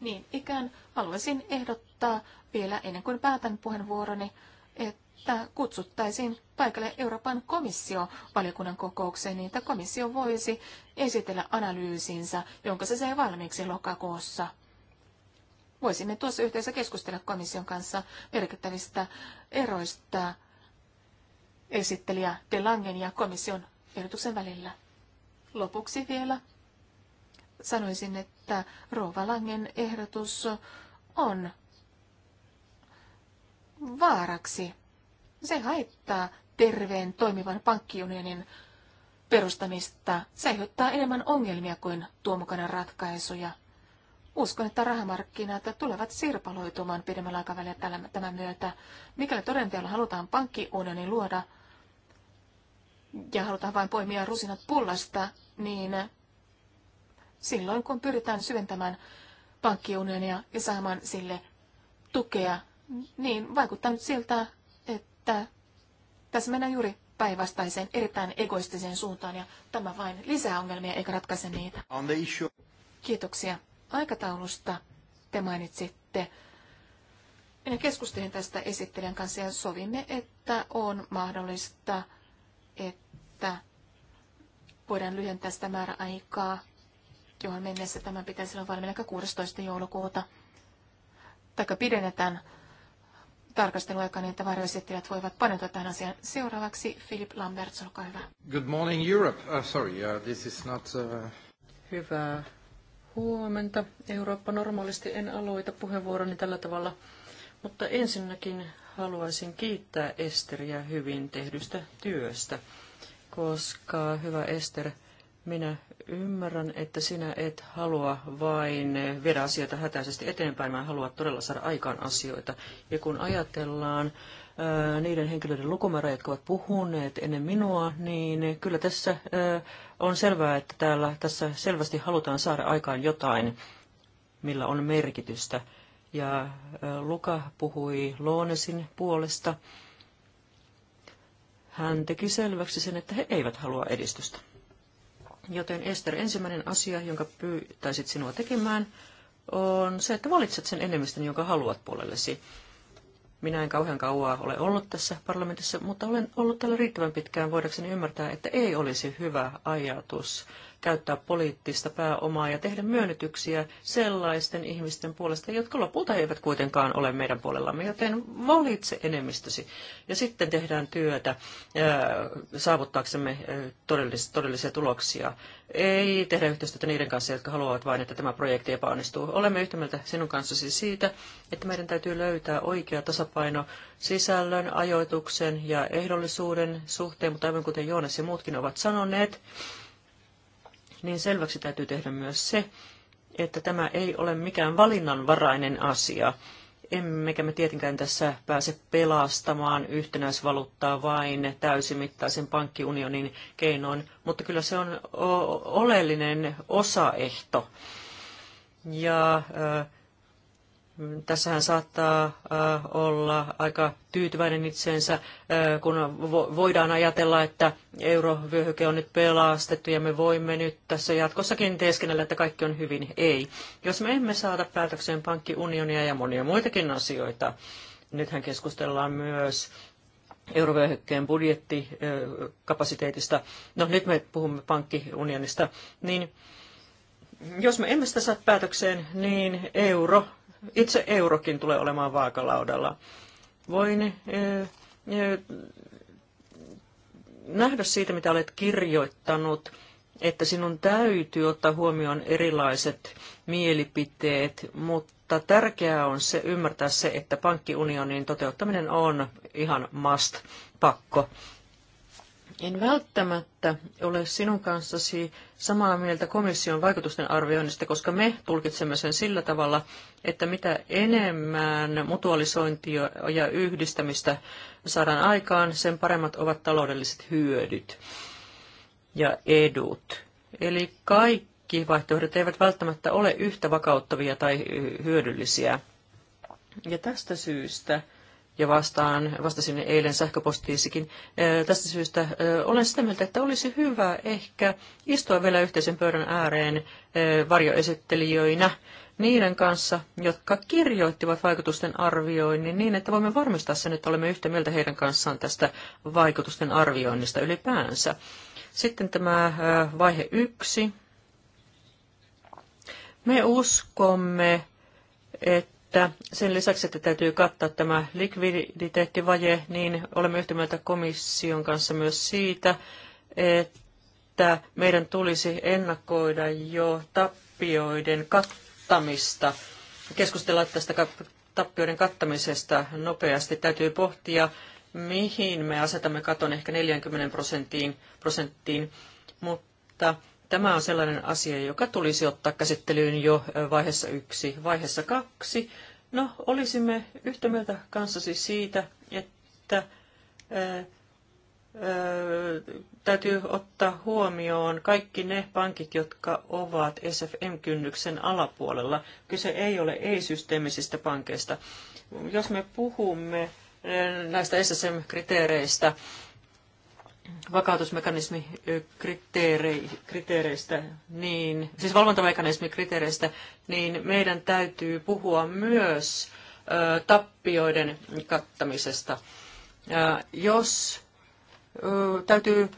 Niin ikään haluaisin ehdottaa vielä ennen kuin päätän puheenvuoroni, että kutsuttaisiin paikalle Euroopan komissio valiokunnan kokoukseen, niin että komissio voisi esitellä analyysinsä, jonka se sai valmiiksi lokakuussa – voisimme tuossa yhteydessä keskustella komission kanssa merkittävistä eroista esittelijä De Langen ja komission ehdotuksen välillä. Lopuksi vielä sanoisin, että Rova Langen ehdotus on vaaraksi. Se haittaa terveen toimivan pankkiunionin perustamista. Se aiheuttaa enemmän ongelmia kuin tuomukana ratkaisuja. Uskon, että rahamarkkinat tulevat sirpaloitumaan pidemmällä aikavälillä tämän myötä. Mikäli todenteella halutaan pankkiunioni luoda ja halutaan vain poimia rusinat pullasta, niin silloin kun pyritään syventämään pankkiunionia ja saamaan sille tukea, niin vaikuttaa nyt siltä, että tässä mennään juuri päinvastaiseen, erittäin egoistiseen suuntaan, ja tämä vain lisää ongelmia eikä ratkaise niitä. Kiitoksia. Aikataulusta te mainitsitte. Minä keskustelin tästä esittelijän kanssa ja sovimme, että on mahdollista, että voidaan lyhentää sitä määräaikaa, johon mennessä tämän pitäisi olla valmiina 16. joulukuuta. Taikka pidennetään tarkasteluaika niin, että varjoesittelijät voivat paneutua tähän asiaan. Seuraavaksi Philip Lambert, olkaa hyvä. Good morning Europe. Uh, sorry, uh, this is not... Uh... Hyvää Huomenta. Eurooppa normaalisti en aloita puheenvuoroni tällä tavalla, mutta ensinnäkin haluaisin kiittää Esteriä hyvin tehdystä työstä, koska hyvä Ester, minä ymmärrän, että sinä et halua vain viedä asioita hätäisesti eteenpäin, vaan haluat todella saada aikaan asioita. Ja kun ajatellaan niiden henkilöiden lukumäärä, jotka ovat puhuneet ennen minua, niin kyllä tässä on selvää, että täällä, tässä selvästi halutaan saada aikaan jotain, millä on merkitystä. Ja Luka puhui Loonesin puolesta. Hän teki selväksi sen, että he eivät halua edistystä. Joten Ester, ensimmäinen asia, jonka pyytäisit sinua tekemään, on se, että valitset sen enemmistön, jonka haluat puolellesi. Minä en kauhean kauaa ole ollut tässä parlamentissa, mutta olen ollut täällä riittävän pitkään voidakseni ymmärtää, että ei olisi hyvä ajatus käyttää poliittista pääomaa ja tehdä myönnytyksiä sellaisten ihmisten puolesta, jotka lopulta eivät kuitenkaan ole meidän puolellamme, joten valitse enemmistösi. Ja sitten tehdään työtä saavuttaaksemme todellisia, todellisia tuloksia. Ei tehdä yhteistyötä niiden kanssa, jotka haluavat vain, että tämä projekti epäonnistuu. Olemme yhtä mieltä sinun kanssasi siitä, että meidän täytyy löytää oikea tasapaino sisällön, ajoituksen ja ehdollisuuden suhteen, mutta aivan kuten Joonas ja muutkin ovat sanoneet, niin selväksi täytyy tehdä myös se, että tämä ei ole mikään valinnanvarainen asia. Emmekä me tietenkään tässä pääse pelastamaan yhtenäisvaluuttaa vain täysimittaisen pankkiunionin keinoin, mutta kyllä se on oleellinen osaehto. Ja äh, Tässähän saattaa olla aika tyytyväinen itsensä, kun voidaan ajatella, että eurovyöhyke on nyt pelastettu ja me voimme nyt tässä jatkossakin teeskennellä, että kaikki on hyvin. Ei. Jos me emme saada päätökseen pankkiunionia ja monia muitakin asioita, nythän keskustellaan myös eurovyöhykkeen budjettikapasiteetista, no nyt me puhumme pankkiunionista, niin jos me emme sitä saa päätökseen, niin euro itse eurokin tulee olemaan vaakalaudalla. Voin nähdä siitä, mitä olet kirjoittanut, että sinun täytyy ottaa huomioon erilaiset mielipiteet, mutta tärkeää on se ymmärtää se, että pankkiunionin toteuttaminen on ihan must pakko. En välttämättä ole sinun kanssasi samaa mieltä komission vaikutusten arvioinnista, koska me tulkitsemme sen sillä tavalla, että mitä enemmän mutualisointia ja yhdistämistä saadaan aikaan, sen paremmat ovat taloudelliset hyödyt ja edut. Eli kaikki vaihtoehdot eivät välttämättä ole yhtä vakauttavia tai hyödyllisiä. Ja tästä syystä ja vastaan, vastasin eilen sähköpostiisikin. Tästä syystä olen sitä mieltä, että olisi hyvä ehkä istua vielä yhteisen pöydän ääreen varjoesittelijöinä niiden kanssa, jotka kirjoittivat vaikutusten arvioinnin niin, että voimme varmistaa sen, että olemme yhtä mieltä heidän kanssaan tästä vaikutusten arvioinnista ylipäänsä. Sitten tämä vaihe yksi. Me uskomme, että että sen lisäksi, että täytyy kattaa tämä likviditeettivaje, niin olemme yhtä mieltä komission kanssa myös siitä, että meidän tulisi ennakoida jo tappioiden kattamista, keskustella tästä tappioiden kattamisesta nopeasti. Täytyy pohtia, mihin me asetamme katon ehkä 40 prosenttiin, prosenttiin mutta Tämä on sellainen asia, joka tulisi ottaa käsittelyyn jo vaiheessa yksi. Vaiheessa kaksi. No, olisimme yhtä mieltä kanssasi siitä, että ää, täytyy ottaa huomioon kaikki ne pankit, jotka ovat SFM-kynnyksen alapuolella. Kyse ei ole ei-systeemisistä pankeista. Jos me puhumme näistä SSM-kriteereistä, vakautusmekanismi kriteereistä, niin, siis valvontamekanismi kriteereistä, niin meidän täytyy puhua myös tappioiden kattamisesta. Jos täytyy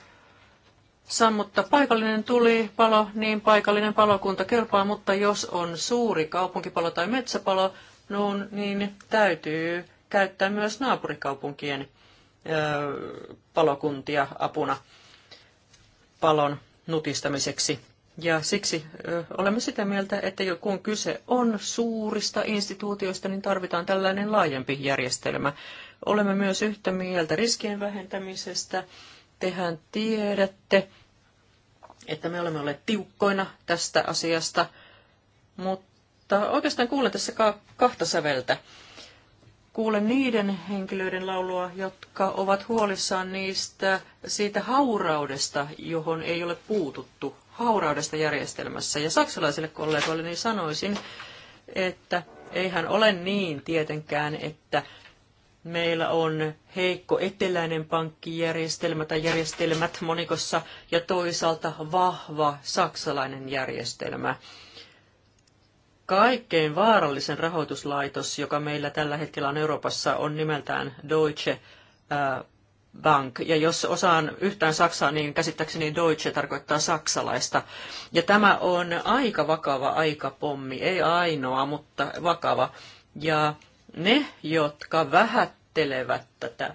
sammuttaa paikallinen tuli, palo, niin paikallinen palokunta kelpaa, mutta jos on suuri kaupunkipalo tai metsäpalo, no, niin täytyy käyttää myös naapurikaupunkien palokuntia apuna palon nutistamiseksi. Ja siksi olemme sitä mieltä, että kun kyse on suurista instituutioista, niin tarvitaan tällainen laajempi järjestelmä. Olemme myös yhtä mieltä riskien vähentämisestä. Tehän tiedätte, että me olemme olleet tiukkoina tästä asiasta, mutta oikeastaan kuulen tässä ka- kahta säveltä kuule niiden henkilöiden laulua, jotka ovat huolissaan niistä siitä hauraudesta, johon ei ole puututtu, hauraudesta järjestelmässä. Ja saksalaisille kollegoille niin sanoisin, että eihän ole niin tietenkään, että meillä on heikko eteläinen pankkijärjestelmä tai järjestelmät monikossa ja toisaalta vahva saksalainen järjestelmä. Kaikkein vaarallisen rahoituslaitos, joka meillä tällä hetkellä on Euroopassa, on nimeltään Deutsche Bank. Ja jos osaan yhtään Saksaa, niin käsittääkseni Deutsche tarkoittaa saksalaista. Ja tämä on aika vakava aikapommi, ei ainoa, mutta vakava. Ja ne, jotka vähättelevät tätä,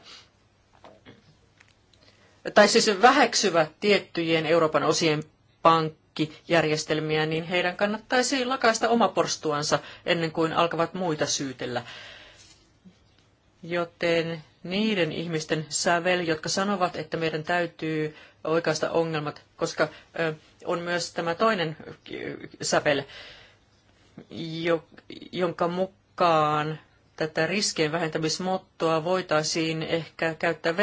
tai siis väheksyvät tiettyjen Euroopan osien pankkia, pankkijärjestelmiä, niin heidän kannattaisi lakaista oma porstuansa ennen kuin alkavat muita syytellä. Joten niiden ihmisten sävel, jotka sanovat, että meidän täytyy oikaista ongelmat, koska on myös tämä toinen sävel, jonka mukaan tätä riskien vähentämismottoa voitaisiin ehkä käyttää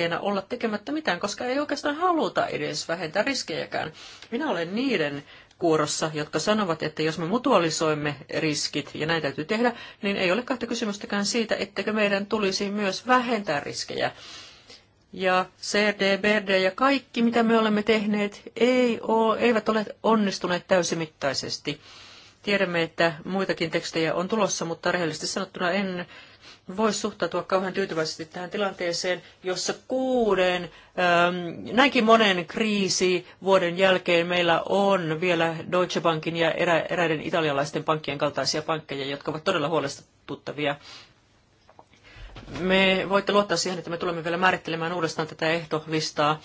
lääkkeenä olla tekemättä mitään, koska ei oikeastaan haluta edes vähentää riskejäkään. Minä olen niiden kuorossa, jotka sanovat, että jos me mutualisoimme riskit, ja näin täytyy tehdä, niin ei ole kahta kysymystäkään siitä, etteikö meidän tulisi myös vähentää riskejä. Ja CRD, BRD ja kaikki, mitä me olemme tehneet, ei ole, eivät ole onnistuneet täysimittaisesti. Tiedämme, että muitakin tekstejä on tulossa, mutta rehellisesti sanottuna en voi suhtautua kauhean tyytyväisesti tähän tilanteeseen, jossa kuuden, ähm, näinkin monen kriisi vuoden jälkeen meillä on vielä Deutsche Bankin ja erä, eräiden italialaisten pankkien kaltaisia pankkeja, jotka ovat todella huolestuttavia. Me voitte luottaa siihen, että me tulemme vielä määrittelemään uudestaan tätä ehtolistaa,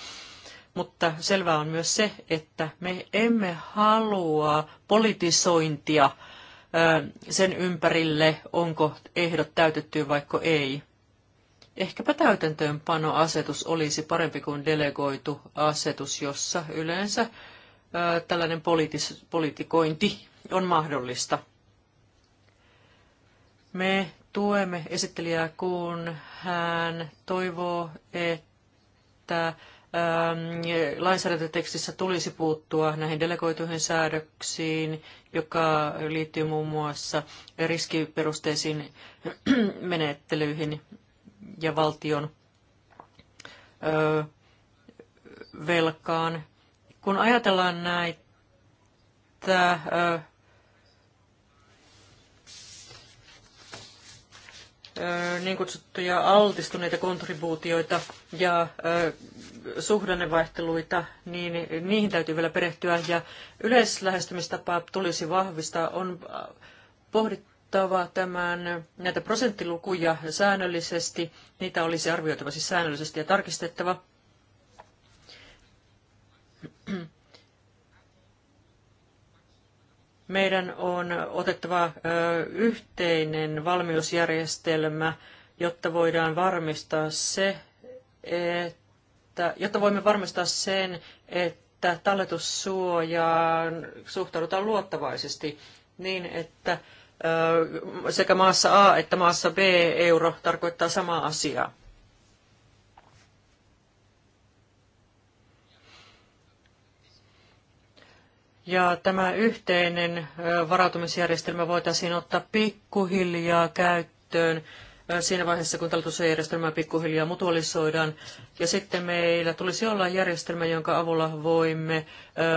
mutta selvää on myös se, että me emme halua politisointia äh, sen ympärille, onko ehdot täytetty vaikka ei. Ehkäpä täytäntöönpanoasetus olisi parempi kuin delegoitu asetus, jossa yleensä tällainen poliitis, politikointi on mahdollista. Me tuemme esittelijää, kun hän toivoo, että lainsäädäntötekstissä tulisi puuttua näihin delegoituihin säädöksiin, joka liittyy muun muassa riskiperusteisiin [CLEARS THROAT] menettelyihin ja valtion velkaan. Kun ajatellaan näitä niin kutsuttuja altistuneita kontribuutioita ja suhdannevaihteluita, niin niihin täytyy vielä perehtyä. Ja yleislähestymistapaa tulisi vahvistaa. On pohdittava tämän, näitä prosenttilukuja säännöllisesti. Niitä olisi arvioitava siis säännöllisesti ja tarkistettava. Meidän on otettava yhteinen valmiusjärjestelmä, jotta voidaan varmistaa se, että, jotta voimme varmistaa sen, että talletussuojaan suhtaudutaan luottavaisesti niin, että sekä maassa A että maassa B euro tarkoittaa samaa asiaa. Ja tämä yhteinen varautumisjärjestelmä voitaisiin ottaa pikkuhiljaa käyttöön siinä vaiheessa, kun talletusjärjestelmää pikkuhiljaa mutualisoidaan. Ja sitten meillä tulisi olla järjestelmä, jonka avulla voimme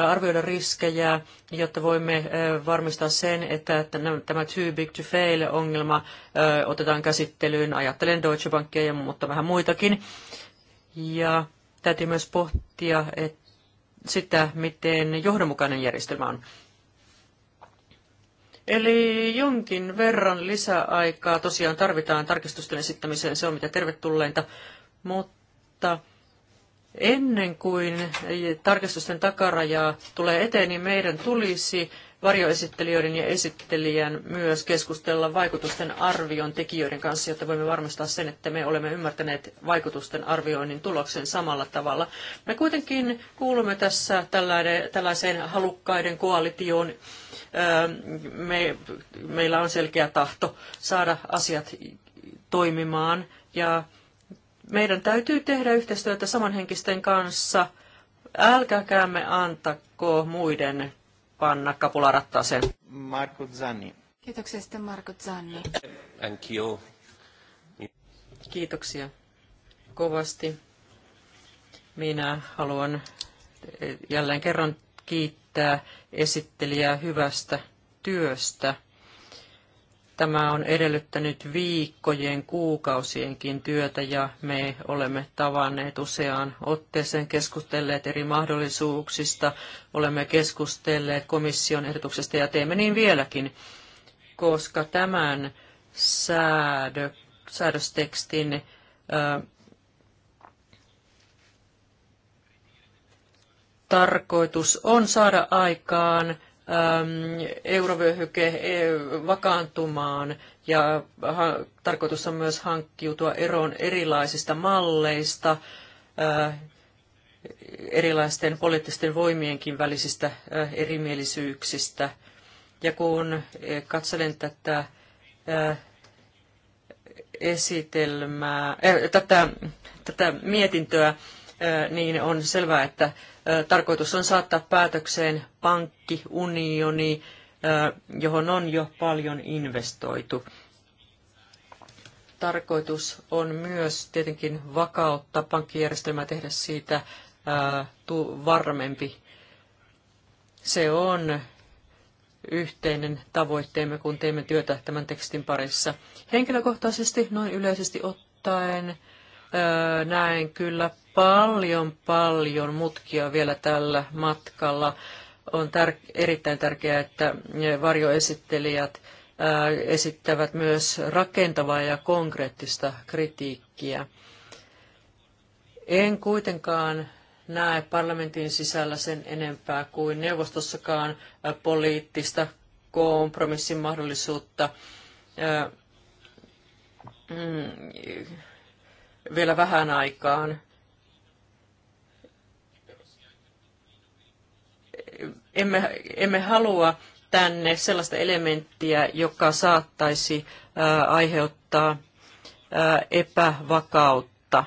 arvioida riskejä, jotta voimme varmistaa sen, että tämä too big to fail ongelma otetaan käsittelyyn. Ajattelen Deutsche Bankia, mutta vähän muitakin. Ja täytyy myös pohtia, että sitä, miten johdonmukainen järjestelmä on. Eli jonkin verran lisäaikaa tosiaan tarvitaan tarkistusten esittämiseen, se on mitä tervetulleinta, mutta ennen kuin tarkistusten takarajaa tulee eteen, niin meidän tulisi varjoesittelijöiden ja esittelijän myös keskustella vaikutusten arvion tekijöiden kanssa, jotta voimme varmistaa sen, että me olemme ymmärtäneet vaikutusten arvioinnin tuloksen samalla tavalla. Me kuitenkin kuulumme tässä tällaiseen halukkaiden koalitioon. Öö, me, meillä on selkeä tahto saada asiat toimimaan ja meidän täytyy tehdä yhteistyötä samanhenkisten kanssa. Älkääkäämme antako muiden panna rattaaseen. Marco Zanni. Kiitoksia sitten Marco Zanni. you. Kiitoksia kovasti. Minä haluan jälleen kerran kiittää esittelijää hyvästä työstä. Tämä on edellyttänyt viikkojen, kuukausienkin työtä ja me olemme tavanneet useaan otteeseen, keskustelleet eri mahdollisuuksista, olemme keskustelleet komission ehdotuksesta ja teemme niin vieläkin, koska tämän säädö, säädöstekstin ö, tarkoitus on saada aikaan Ähm, eurovyöhyke e, vakaantumaan ja tarkoitus on myös hankkiutua eroon erilaisista malleista, äh, erilaisten poliittisten voimienkin välisistä äh, erimielisyyksistä. Ja kun e, katselen tätä äh, esitelmää, ää, tätä, tätä mietintöä, niin on selvää, että Tarkoitus on saattaa päätökseen pankkiunioni, johon on jo paljon investoitu. Tarkoitus on myös tietenkin vakauttaa pankkijärjestelmää, tehdä siitä varmempi. Se on yhteinen tavoitteemme, kun teemme työtä tämän tekstin parissa. Henkilökohtaisesti, noin yleisesti ottaen, Öö, näen kyllä paljon paljon mutkia vielä tällä matkalla. On tär- erittäin tärkeää, että varjoesittelijät öö, esittävät myös rakentavaa ja konkreettista kritiikkiä. En kuitenkaan näe parlamentin sisällä sen enempää kuin neuvostossakaan öö, poliittista kompromissin mahdollisuutta. Mm, vielä vähän aikaan. Emme, emme halua tänne sellaista elementtiä, joka saattaisi ää, aiheuttaa ää, epävakautta.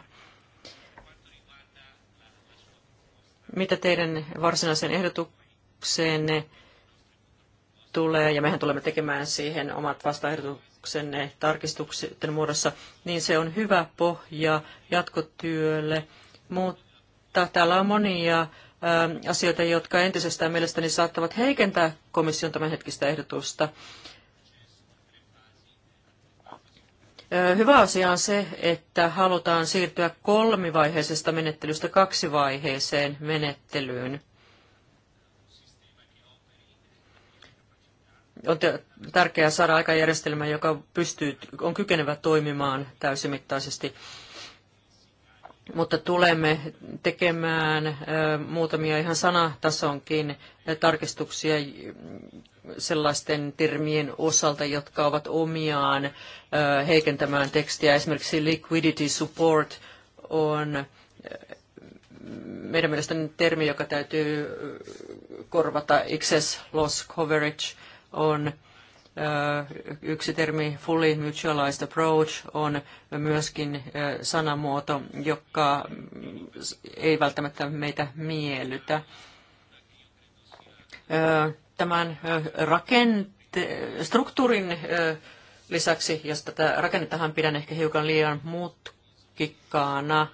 Mitä teidän varsinaisen ehdotukseenne tulee, ja mehän tulemme tekemään siihen omat vastaehdotukset, ehdotuksenne tarkistuksen muodossa, niin se on hyvä pohja jatkotyölle, mutta täällä on monia ähm, asioita, jotka entisestään mielestäni saattavat heikentää komission tämänhetkistä ehdotusta. Äh, hyvä asia on se, että halutaan siirtyä kolmivaiheisesta menettelystä kaksivaiheiseen menettelyyn. on tärkeää saada aikajärjestelmä, joka pystyy, on kykenevä toimimaan täysimittaisesti. Mutta tulemme tekemään muutamia ihan sanatasonkin tarkistuksia sellaisten termien osalta, jotka ovat omiaan heikentämään tekstiä. Esimerkiksi liquidity support on meidän mielestäni termi, joka täytyy korvata excess loss coverage – on yksi termi fully mutualized approach on myöskin sanamuoto, joka ei välttämättä meitä miellytä. Tämän rakente- struktuurin lisäksi, jos tätä rakennettahan pidän ehkä hiukan liian mutkikkaana,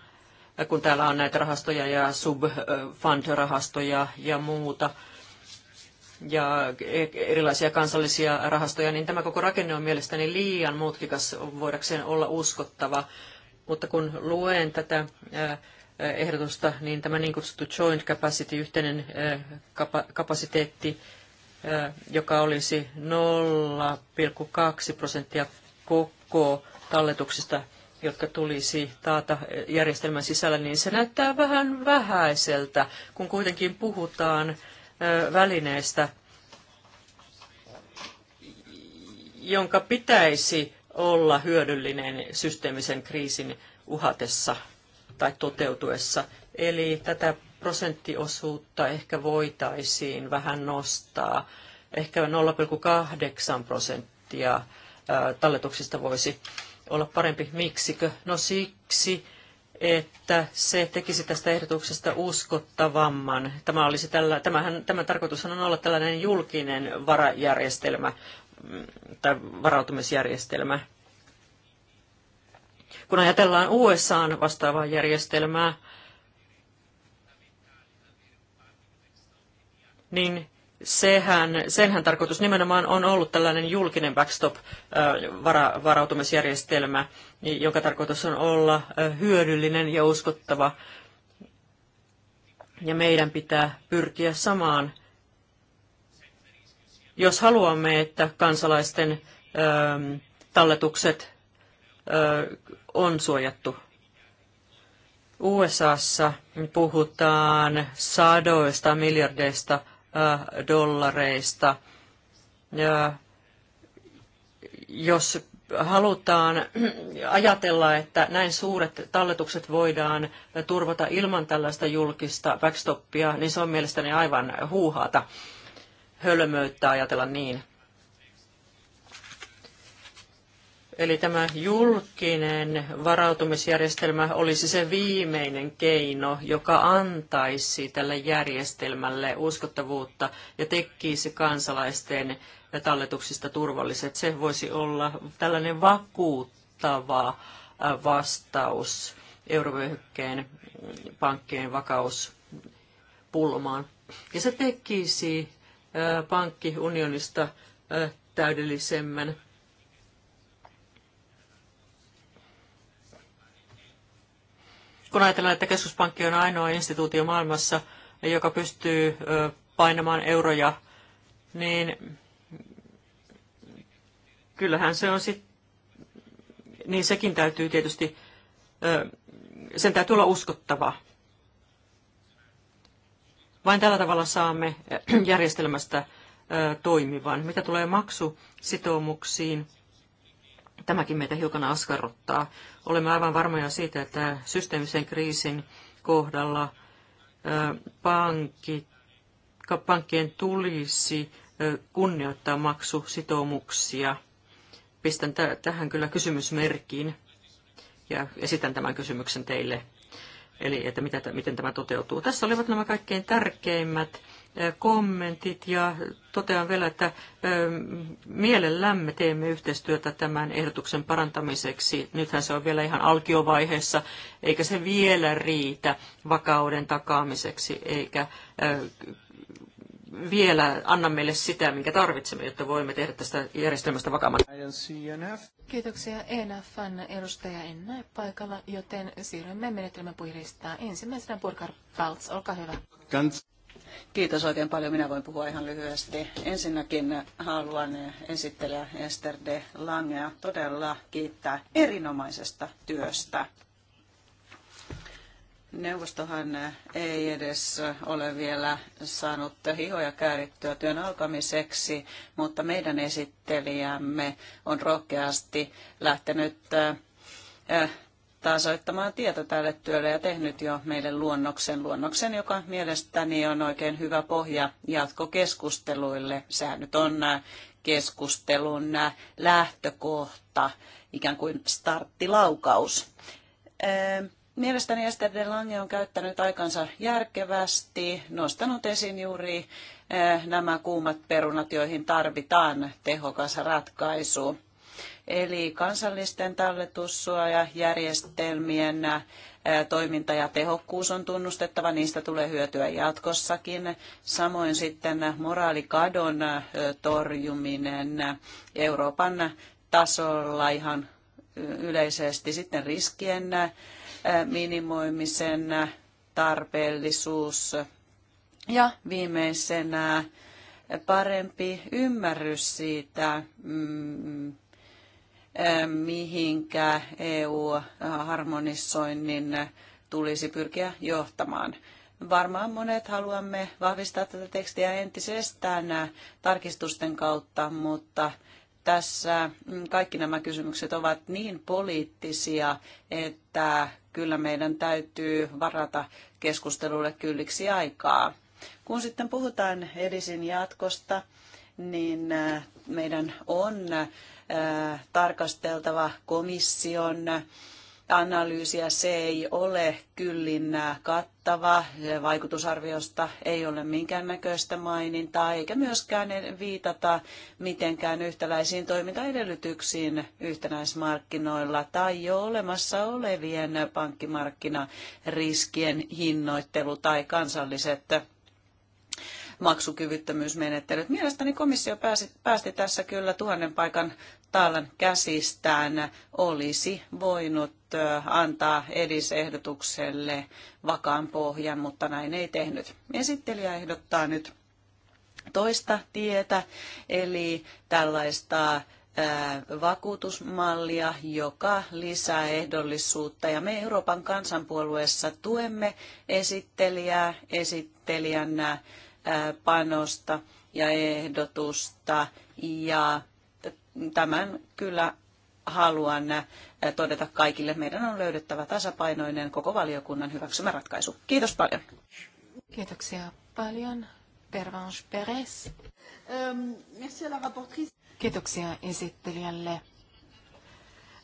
kun täällä on näitä rahastoja ja subfund-rahastoja ja muuta, ja erilaisia kansallisia rahastoja, niin tämä koko rakenne on mielestäni liian mutkikas voidakseen olla uskottava. Mutta kun luen tätä ehdotusta, niin tämä niin kutsuttu joint capacity, yhteinen kapasiteetti, joka olisi 0,2 prosenttia koko talletuksista, jotka tulisi taata järjestelmän sisällä, niin se näyttää vähän vähäiseltä, kun kuitenkin puhutaan välineestä, jonka pitäisi olla hyödyllinen systeemisen kriisin uhatessa tai toteutuessa. Eli tätä prosenttiosuutta ehkä voitaisiin vähän nostaa. Ehkä 0,8 prosenttia talletuksista voisi olla parempi. Miksikö? No siksi, että se tekisi tästä ehdotuksesta uskottavamman. Tämä olisi tällä, tämähän, tämän tarkoitushan on olla tällainen julkinen varajärjestelmä mm, tai varautumisjärjestelmä. Kun ajatellaan USAn vastaavaa järjestelmää, niin sehän, senhän tarkoitus nimenomaan on ollut tällainen julkinen backstop-varautumisjärjestelmä, jonka tarkoitus on olla hyödyllinen ja uskottava. Ja meidän pitää pyrkiä samaan, jos haluamme, että kansalaisten talletukset on suojattu USAssa puhutaan sadoista miljardeista dollareista. Ja jos halutaan ajatella, että näin suuret talletukset voidaan turvata ilman tällaista julkista backstoppia, niin se on mielestäni aivan huuhaata hölmöyttä ajatella niin. Eli tämä julkinen varautumisjärjestelmä olisi se viimeinen keino, joka antaisi tälle järjestelmälle uskottavuutta ja tekisi kansalaisten talletuksista turvalliset. Se voisi olla tällainen vakuuttava äh, vastaus eurovyöhykkeen pankkien vakauspulmaan. Ja se tekisi äh, pankkiunionista äh, täydellisemmän kun ajatellaan, että keskuspankki on ainoa instituutio maailmassa, joka pystyy painamaan euroja, niin kyllähän se on sitten, niin sekin täytyy tietysti, sen täytyy olla uskottava. Vain tällä tavalla saamme järjestelmästä toimivan. Mitä tulee maksusitoumuksiin, Tämäkin meitä hiukan askarruttaa. Olemme aivan varmoja siitä, että systeemisen kriisin kohdalla pankit, pankkien tulisi kunnioittaa maksusitoumuksia. Pistän tähän kyllä kysymysmerkiin ja esitän tämän kysymyksen teille, eli että mitä, miten tämä toteutuu. Tässä olivat nämä kaikkein tärkeimmät kommentit ja totean vielä, että mielellämme teemme yhteistyötä tämän ehdotuksen parantamiseksi. Nythän se on vielä ihan alkiovaiheessa, eikä se vielä riitä vakauden takaamiseksi, eikä vielä anna meille sitä, minkä tarvitsemme, jotta voimme tehdä tästä järjestelmästä vakaamman. Kiitoksia ENFn edustaja en näe paikalla, joten siirrymme menettelemään Ensimmäisenä Burkhard Paltz, olkaa hyvä. Kans. Kiitos oikein paljon. Minä voin puhua ihan lyhyesti. Ensinnäkin haluan esittelijä Ester de Langea todella kiittää erinomaisesta työstä. Neuvostohan ei edes ole vielä saanut hihoja käärittyä työn alkamiseksi, mutta meidän esittelijämme on rohkeasti lähtenyt äh, tasoittamaan tietä tälle työlle ja tehnyt jo meille luonnoksen. Luonnoksen, joka mielestäni on oikein hyvä pohja jatkokeskusteluille. Sehän nyt on äh, keskustelun äh, lähtökohta, ikään kuin starttilaukaus. Ähm, mielestäni Ester de Lange on käyttänyt aikansa järkevästi, nostanut esiin juuri äh, nämä kuumat perunat, joihin tarvitaan tehokas ratkaisu eli kansallisten talletussuojajärjestelmien toiminta ja tehokkuus on tunnustettava, niistä tulee hyötyä jatkossakin. Samoin sitten moraalikadon torjuminen Euroopan tasolla ihan yleisesti sitten riskien minimoimisen tarpeellisuus ja viimeisenä parempi ymmärrys siitä, mm, mihinkä EU-harmonisoinnin tulisi pyrkiä johtamaan. Varmaan monet haluamme vahvistaa tätä tekstiä entisestään tarkistusten kautta, mutta tässä mm, kaikki nämä kysymykset ovat niin poliittisia, että kyllä meidän täytyy varata keskustelulle kylliksi aikaa. Kun sitten puhutaan Edisin jatkosta, niin meidän on tarkasteltava komission analyysiä. Se ei ole kyllin kattava, vaikutusarviosta ei ole minkäännäköistä mainintaa, eikä myöskään viitata mitenkään yhtäläisiin toimintaedellytyksiin yhtenäismarkkinoilla tai jo olemassa olevien pankkimarkkinariskien hinnoittelu tai kansalliset maksukyvyttömyysmenettelyt. Mielestäni komissio pääsi, päästi tässä kyllä tuhannen paikan taalan käsistään. Olisi voinut antaa edisehdotukselle vakaan pohjan, mutta näin ei tehnyt. Esittelijä ehdottaa nyt toista tietä, eli tällaista vakuutusmallia, joka lisää ehdollisuutta. Ja me Euroopan kansanpuolueessa tuemme esittelijää, esittelijän panosta ja ehdotusta ja tämän kyllä haluan todeta kaikille. Meidän on löydettävä tasapainoinen koko valiokunnan hyväksymä ratkaisu. Kiitos paljon. Kiitoksia paljon. Pervanche Perez. Ähm, Kiitoksia esittelijälle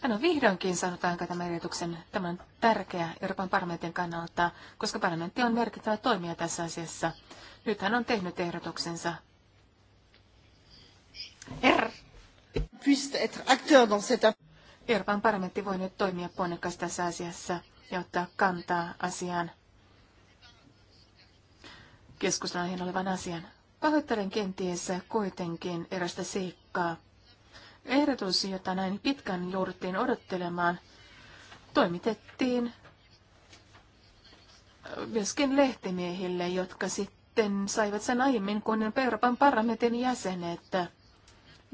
hän on vihdoinkin saanut aikaan tämän ehdotuksen. tämän tärkeä Euroopan parlamentin kannalta, koska parlamentti on merkittävä toimija tässä asiassa. Nyt hän on tehnyt ehdotuksensa. Er. Euroopan parlamentti voi nyt toimia ponnekkaasti tässä asiassa ja ottaa kantaa asiaan keskustelun olevan asian. Pahoittelen kenties kuitenkin erästä seikkaa Ehdotus, jota näin pitkän jouduttiin odottelemaan, toimitettiin myöskin lehtimiehille, jotka sitten saivat sen aiemmin kuin Euroopan parlamentin jäsenet.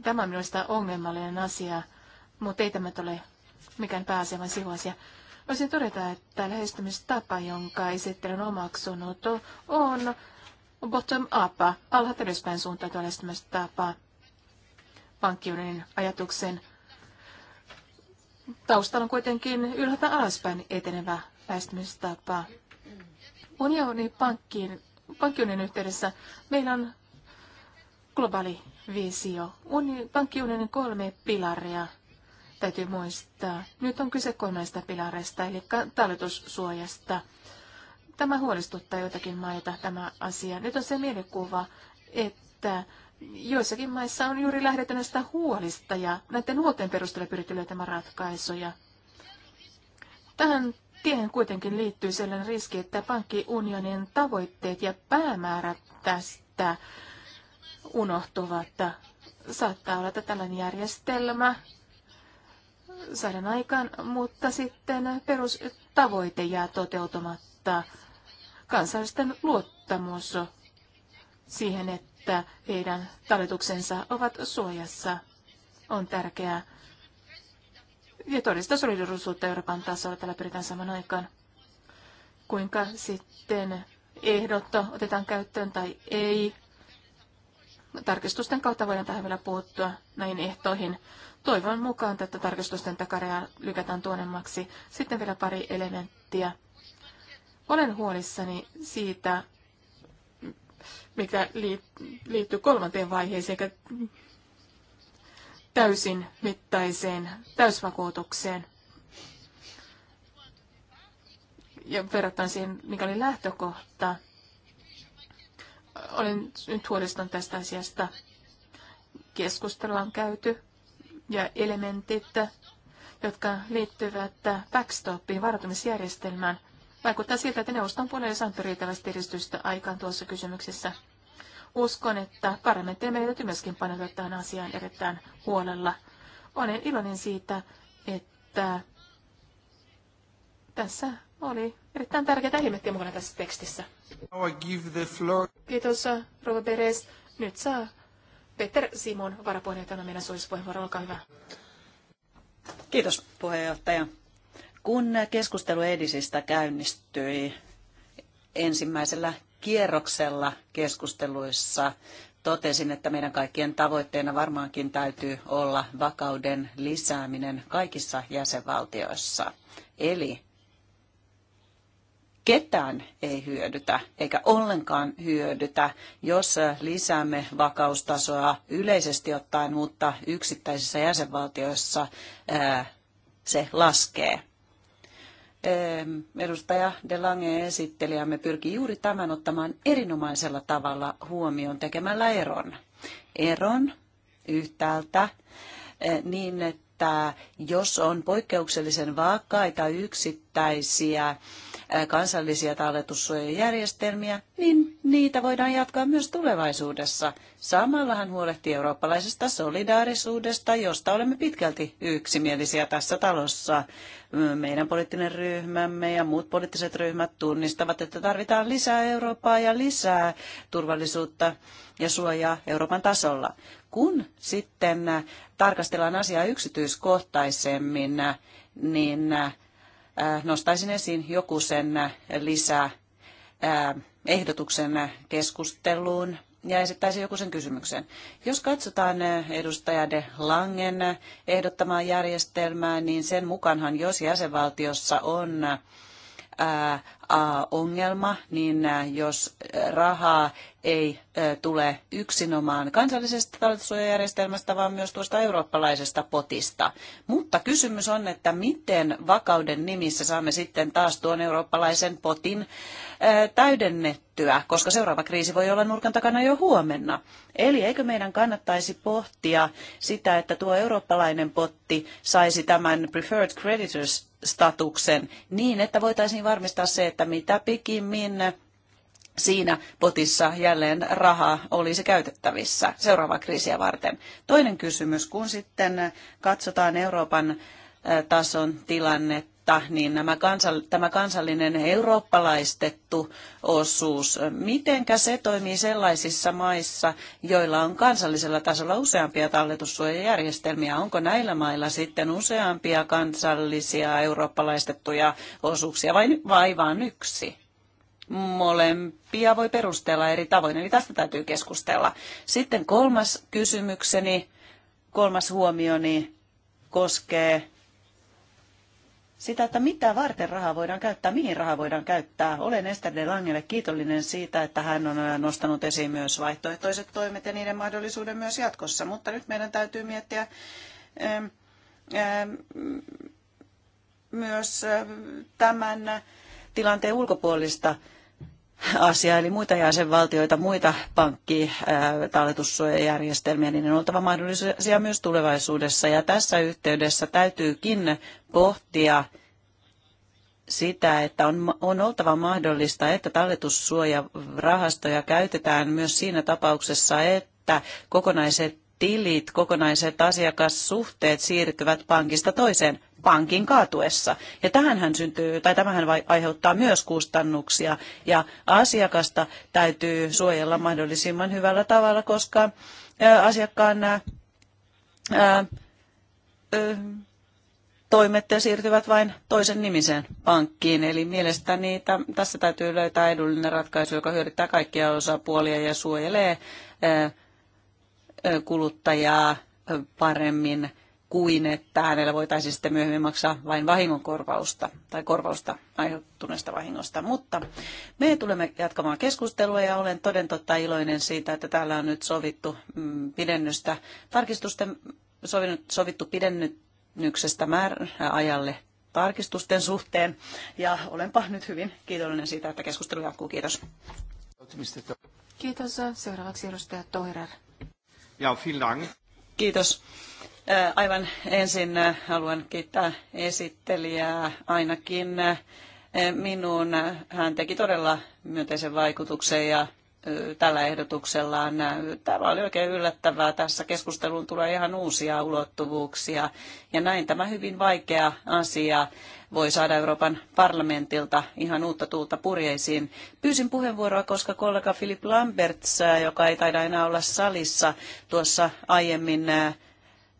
Tämä on minusta ongelmallinen asia, mutta ei tämä ole mikään pääasiavan sivuasia. Voisin todeta, että lähestymistapa, jonka esittelen omaksunut, on bottom-up, alhaalta ylöspäin suuntautuva lähestymistapa pankkiunionin ajatuksen. Taustalla on kuitenkin ylhäältä alaspäin etenevä lähestymistapa. Unionin pankkiin, pankkiunionin yhteydessä meillä on globaali visio. Uni, pankkiunionin kolme pilaria täytyy muistaa. Nyt on kyse kolmesta pilareista, eli talletussuojasta. Tämä huolestuttaa jotakin maita, tämä asia. Nyt on se mielikuva, että Joissakin maissa on juuri lähdetty näistä huolista ja näiden huolten perusteella pyritty löytämään ratkaisuja. Tähän tiehen kuitenkin liittyy sellainen riski, että pankkiunionin tavoitteet ja päämäärät tästä unohtuvat. Saattaa olla, että tällainen järjestelmä saadaan aikaan, mutta sitten perustavoite jää toteutumatta. Kansallisten luottamus siihen, että että heidän talletuksensa ovat suojassa. On tärkeää. Ja todellista solidarisuutta Euroopan tasolla tällä pyritään saman aikaan. Kuinka sitten ehdotto otetaan käyttöön tai ei. Tarkistusten kautta voidaan tähän vielä puuttua näihin ehtoihin. Toivon mukaan tätä tarkistusten takareja lykätään tuonemmaksi. Sitten vielä pari elementtiä. Olen huolissani siitä, mikä liittyy kolmanteen vaiheeseen, eli täysin mittaiseen täysvakuutukseen. Ja verrattuna siihen, mikä oli lähtökohta, olen nyt huolestunut tästä asiasta. Keskustelua on käyty ja elementit, jotka liittyvät backstopiin varautumisjärjestelmään – Vaikuttaa siltä, että neuvoston puolella ei saanut riittävästi edistystä aikaan tuossa kysymyksessä. Uskon, että parlamentti meidän täytyy myöskin paneutua tähän asiaan erittäin huolella. Olen iloinen siitä, että tässä oli erittäin tärkeää ilmettiä mukana tässä tekstissä. Kiitos, Rova Beres. Nyt saa Peter Simon varapuheenjohtajana meidän suosipuheenvuoro. Olkaa hyvä. Kiitos puheenjohtaja. Kun keskustelu Edisistä käynnistyi ensimmäisellä kierroksella keskusteluissa, totesin, että meidän kaikkien tavoitteena varmaankin täytyy olla vakauden lisääminen kaikissa jäsenvaltioissa. Eli ketään ei hyödytä, eikä ollenkaan hyödytä, jos lisäämme vakaustasoa yleisesti ottaen, mutta yksittäisissä jäsenvaltioissa se laskee edustaja Delange esittelijämme pyrkii juuri tämän ottamaan erinomaisella tavalla huomioon tekemällä eron. Eron yhtäältä e, niin, että jos on poikkeuksellisen vaakkaita yksittäisiä kansallisia talletussuojajärjestelmiä, niin niitä voidaan jatkaa myös tulevaisuudessa. Samalla hän huolehtii eurooppalaisesta solidaarisuudesta, josta olemme pitkälti yksimielisiä tässä talossa. Meidän poliittinen ryhmämme ja muut poliittiset ryhmät tunnistavat, että tarvitaan lisää Eurooppaa ja lisää turvallisuutta ja suojaa Euroopan tasolla. Kun sitten tarkastellaan asiaa yksityiskohtaisemmin, niin Äh, nostaisin esiin joku sen äh, lisää äh, ehdotuksen keskusteluun ja esittäisin joku sen kysymyksen. Jos katsotaan edustaja De Langen ehdottamaa järjestelmää, niin sen mukaanhan, jos jäsenvaltiossa on ongelma, niin jos rahaa ei tule yksinomaan kansallisesta talletussuojajärjestelmästä, vaan myös tuosta eurooppalaisesta potista. Mutta kysymys on, että miten vakauden nimissä saamme sitten taas tuon eurooppalaisen potin täydennettyä, koska seuraava kriisi voi olla nurkan takana jo huomenna. Eli eikö meidän kannattaisi pohtia sitä, että tuo eurooppalainen potti saisi tämän preferred creditors statuksen niin, että voitaisiin varmistaa se, että mitä pikimmin siinä potissa jälleen raha olisi käytettävissä seuraavaa kriisiä varten. Toinen kysymys, kun sitten katsotaan Euroopan tason tilannetta, niin nämä kansal, tämä kansallinen eurooppalaistettu osuus, mitenkä se toimii sellaisissa maissa, joilla on kansallisella tasolla useampia talletussuojajärjestelmiä? Onko näillä mailla sitten useampia kansallisia eurooppalaistettuja osuuksia vai, vai vain yksi? molempia voi perustella eri tavoin, eli tästä täytyy keskustella. Sitten kolmas kysymykseni, kolmas huomioni koskee sitä, että mitä varten rahaa voidaan käyttää, mihin rahaa voidaan käyttää. Olen Ester de Langelle kiitollinen siitä, että hän on äh, nostanut esiin myös vaihtoehtoiset toimet ja niiden mahdollisuuden myös jatkossa. Mutta nyt meidän täytyy miettiä ähm, ähm, myös äh, tämän tilanteen ulkopuolista asia, eli muita jäsenvaltioita, muita pankki- talletussuojajärjestelmiä, niin on oltava mahdollisia myös tulevaisuudessa. Ja tässä yhteydessä täytyykin pohtia sitä, että on, on oltava mahdollista, että talletussuojarahastoja käytetään myös siinä tapauksessa, että kokonaiset tilit, kokonaiset asiakassuhteet siirtyvät pankista toiseen pankin kaatuessa. Ja tähänhän syntyy, tai tämähän aiheuttaa myös kustannuksia, ja asiakasta täytyy suojella mahdollisimman hyvällä tavalla, koska asiakkaan nämä toimet siirtyvät vain toisen nimisen pankkiin. Eli mielestäni tässä täytyy löytää edullinen ratkaisu, joka hyödyttää kaikkia osapuolia ja suojelee kuluttajaa paremmin kuin että hänellä voitaisiin sitten myöhemmin maksaa vain vahingonkorvausta tai korvausta aiheutuneesta vahingosta. Mutta me tulemme jatkamaan keskustelua ja olen toden totta iloinen siitä, että täällä on nyt sovittu mm, pidennystä tarkistusten sovittu pidennyksestä määräajalle tarkistusten suhteen. Ja olenpa nyt hyvin kiitollinen siitä, että keskustelu jatkuu. Kiitos. Kiitos. Seuraavaksi edustaja Toirer. Ja, vielen Dank. Kiitos. Aivan ensin haluan kiittää esittelijää ainakin minun. Hän teki todella myönteisen vaikutuksen ja tällä ehdotuksellaan. Tämä oli oikein yllättävää. Tässä keskusteluun tulee ihan uusia ulottuvuuksia. Ja näin tämä hyvin vaikea asia voi saada Euroopan parlamentilta ihan uutta tuulta purjeisiin. Pyysin puheenvuoroa, koska kollega Philip Lamberts, äh, joka ei taida enää olla salissa, tuossa aiemmin äh,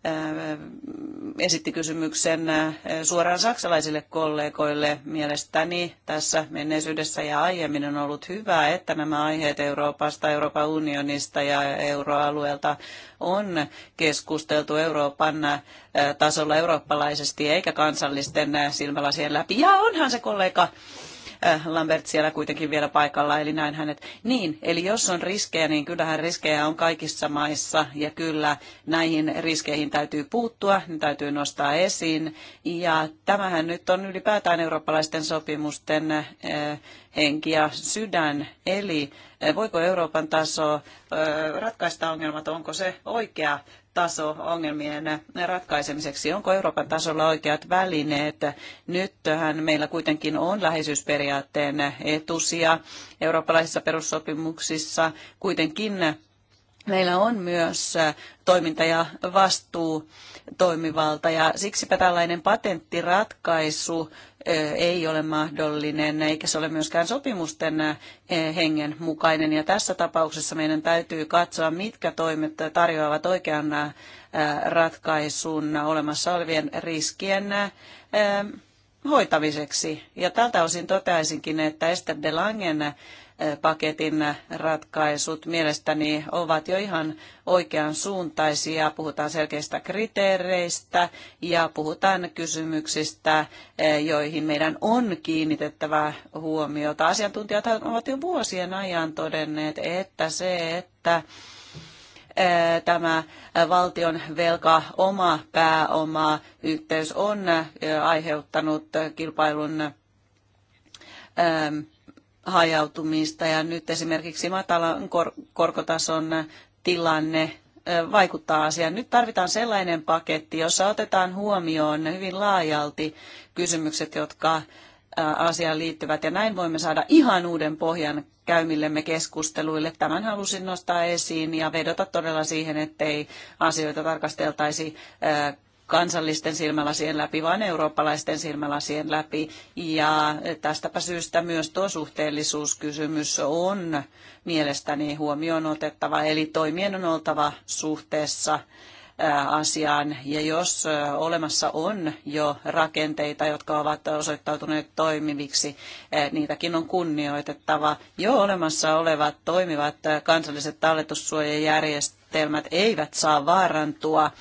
Äh, esitti kysymyksen äh, suoraan saksalaisille kollegoille. Mielestäni tässä menneisyydessä ja aiemmin on ollut hyvä, että nämä aiheet Euroopasta, Euroopan unionista ja euroalueelta on keskusteltu Euroopan äh, tasolla eurooppalaisesti eikä kansallisten silmälasien läpi. Ja onhan se kollega Äh, Lambert siellä kuitenkin vielä paikalla, eli näin hänet. Niin, eli jos on riskejä, niin kyllähän riskejä on kaikissa maissa, ja kyllä näihin riskeihin täytyy puuttua, ne täytyy nostaa esiin, ja tämähän nyt on ylipäätään eurooppalaisten sopimusten äh, henki ja sydän. Eli eh, voiko Euroopan taso eh, ratkaista ongelmat, onko se oikea taso ongelmien ratkaisemiseksi? Onko Euroopan tasolla oikeat välineet? Nythän meillä kuitenkin on läheisyysperiaatteen etusia eurooppalaisissa perussopimuksissa. Kuitenkin meillä on myös eh, toiminta- ja vastuutoimivalta ja siksipä tällainen patenttiratkaisu ei ole mahdollinen, eikä se ole myöskään sopimusten hengen mukainen. Ja tässä tapauksessa meidän täytyy katsoa, mitkä toimet tarjoavat oikean ratkaisun olemassa olevien riskien hoitamiseksi. Ja tältä osin toteaisinkin, että Esther de Langen paketin ratkaisut mielestäni ovat jo ihan oikean suuntaisia. Puhutaan selkeistä kriteereistä ja puhutaan kysymyksistä, eh, joihin meidän on kiinnitettävä huomiota. Asiantuntijat ovat jo vuosien ajan todenneet, että se, että eh, tämä valtion velka oma pääoma yhteys on eh, aiheuttanut kilpailun hajautumista ja nyt esimerkiksi matalan kor- korkotason tilanne vaikuttaa asiaan. Nyt tarvitaan sellainen paketti, jossa otetaan huomioon hyvin laajalti kysymykset, jotka asiaan liittyvät. Ja näin voimme saada ihan uuden pohjan käymillemme keskusteluille. Tämän halusin nostaa esiin ja vedota todella siihen, ettei asioita tarkasteltaisi kansallisten silmälasien läpi, vaan eurooppalaisten silmälasien läpi. Ja tästäpä syystä myös tuo suhteellisuuskysymys on mielestäni huomioon otettava, eli toimien on oltava suhteessa asiaan. Ja jos olemassa on jo rakenteita, jotka ovat osoittautuneet toimiviksi, niitäkin on kunnioitettava. Jo olemassa olevat toimivat kansalliset talletussuojajärjestelmät järjestelmät eivät saa vaarantua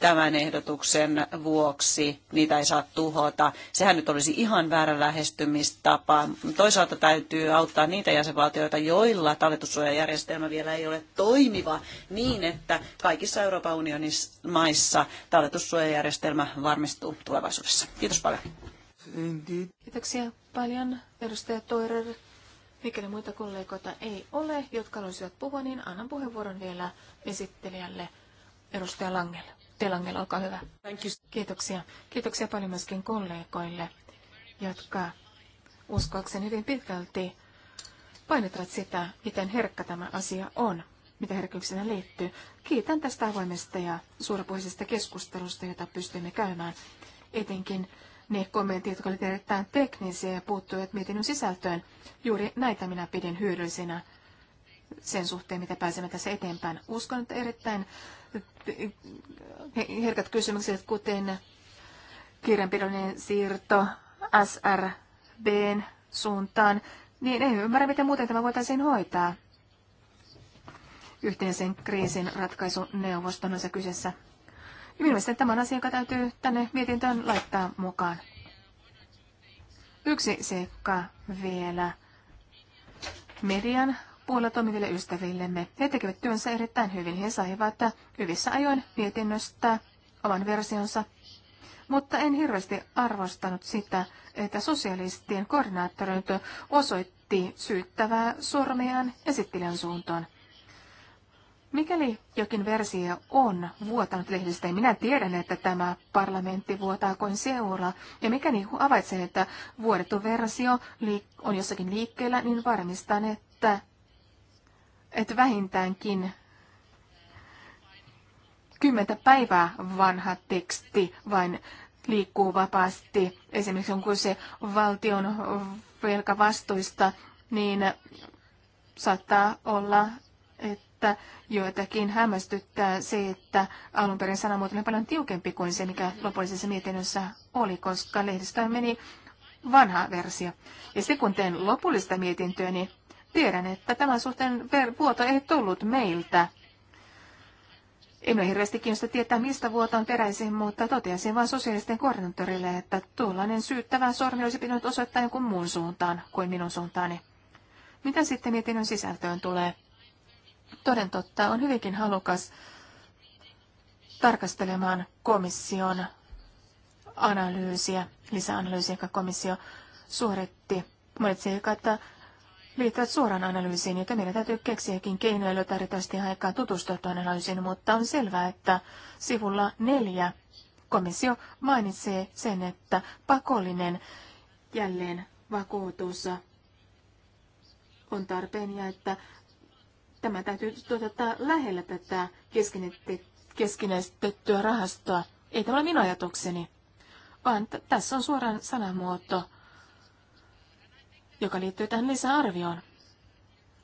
tämän ehdotuksen vuoksi, niitä ei saa tuhota. Sehän nyt olisi ihan väärä lähestymistapa. Toisaalta täytyy auttaa niitä jäsenvaltioita, joilla talletussuojajärjestelmä vielä ei ole toimiva, niin että kaikissa Euroopan unionin maissa talletussuojajärjestelmä varmistuu tulevaisuudessa. Kiitos paljon. Kiitoksia paljon, edustaja Toirer. Mikäli muita kollegoita ei ole, jotka haluaisivat puhua, niin annan puheenvuoron vielä esittelijälle edustaja Langelle. Te Langella, olkaa hyvä. Thank you. Kiitoksia. Kiitoksia paljon myöskin kollegoille, jotka uskoakseni hyvin pitkälti painottavat sitä, miten herkkä tämä asia on, mitä herkkyyksenä liittyy. Kiitän tästä avoimesta ja suorapuheisesta keskustelusta, jota pystymme käymään etenkin ne niin, kommentit, jotka olivat erittäin teknisiä ja puuttuivat mietinnön sisältöön. Juuri näitä minä pidin hyödyllisinä sen suhteen, mitä pääsemme tässä eteenpäin. Uskon, että erittäin herkät kysymykset, kuten kirjanpidollinen siirto SRBn suuntaan, niin ei ymmärrä, miten muuten tämä voitaisiin hoitaa. Yhteisen kriisin ratkaisuneuvoston on se kyseessä Minun mielestäni tämän asian, joka täytyy tänne mietintöön laittaa mukaan. Yksi seikka vielä median puolella toimiville ystävillemme. He tekevät työnsä erittäin hyvin. He saivat hyvissä ajoin mietinnöstä oman versionsa. Mutta en hirveästi arvostanut sitä, että sosialistien koordinaattorit osoitti syyttävää sormeaan esittelijän suuntaan. Mikäli jokin versio on vuotanut lehdistä, ja niin minä tiedän, että tämä parlamentti vuotaa kuin seura, ja mikäli havaitsee, että vuodettu versio on jossakin liikkeellä, niin varmistan, että, että vähintäänkin kymmentä päivää vanha teksti vain liikkuu vapaasti. Esimerkiksi on se valtion velkavastuista, niin saattaa olla, että että joitakin hämmästyttää se, että alun perin sanamuoto oli paljon tiukempi kuin se, mikä lopullisessa mietinnössä oli, koska lehdistä meni vanha versio. Ja sitten kun teen lopullista mietintöä, niin tiedän, että tämän suhteen vuoto ei tullut meiltä. Ei ole hirveästi kiinnosta tietää, mistä vuoto on peräisin, mutta totesin vain sosiaalisten koordinaattorille, että tuollainen syyttävä sormi olisi pitänyt osoittaa jonkun muun suuntaan kuin minun suuntaani. Mitä sitten mietinnön sisältöön tulee? toden totta on hyvinkin halukas tarkastelemaan komission analyysiä, lisäanalyysiä, jonka komissio suoritti. Monet seikat liittyvät suoraan analyysiin, joten meidän täytyy keksiäkin keinoja löytää riittävästi aikaa tutustua tuon analyysiin, mutta on selvää, että sivulla neljä komissio mainitsee sen, että pakollinen jälleen vakuutus on tarpeen ja että Tämä täytyy toteuttaa lähellä tätä keskinäistettyä rahastoa. Ei tämä ole minun ajatukseni, vaan tässä on suoraan sanamuoto, joka liittyy tähän lisäarvioon.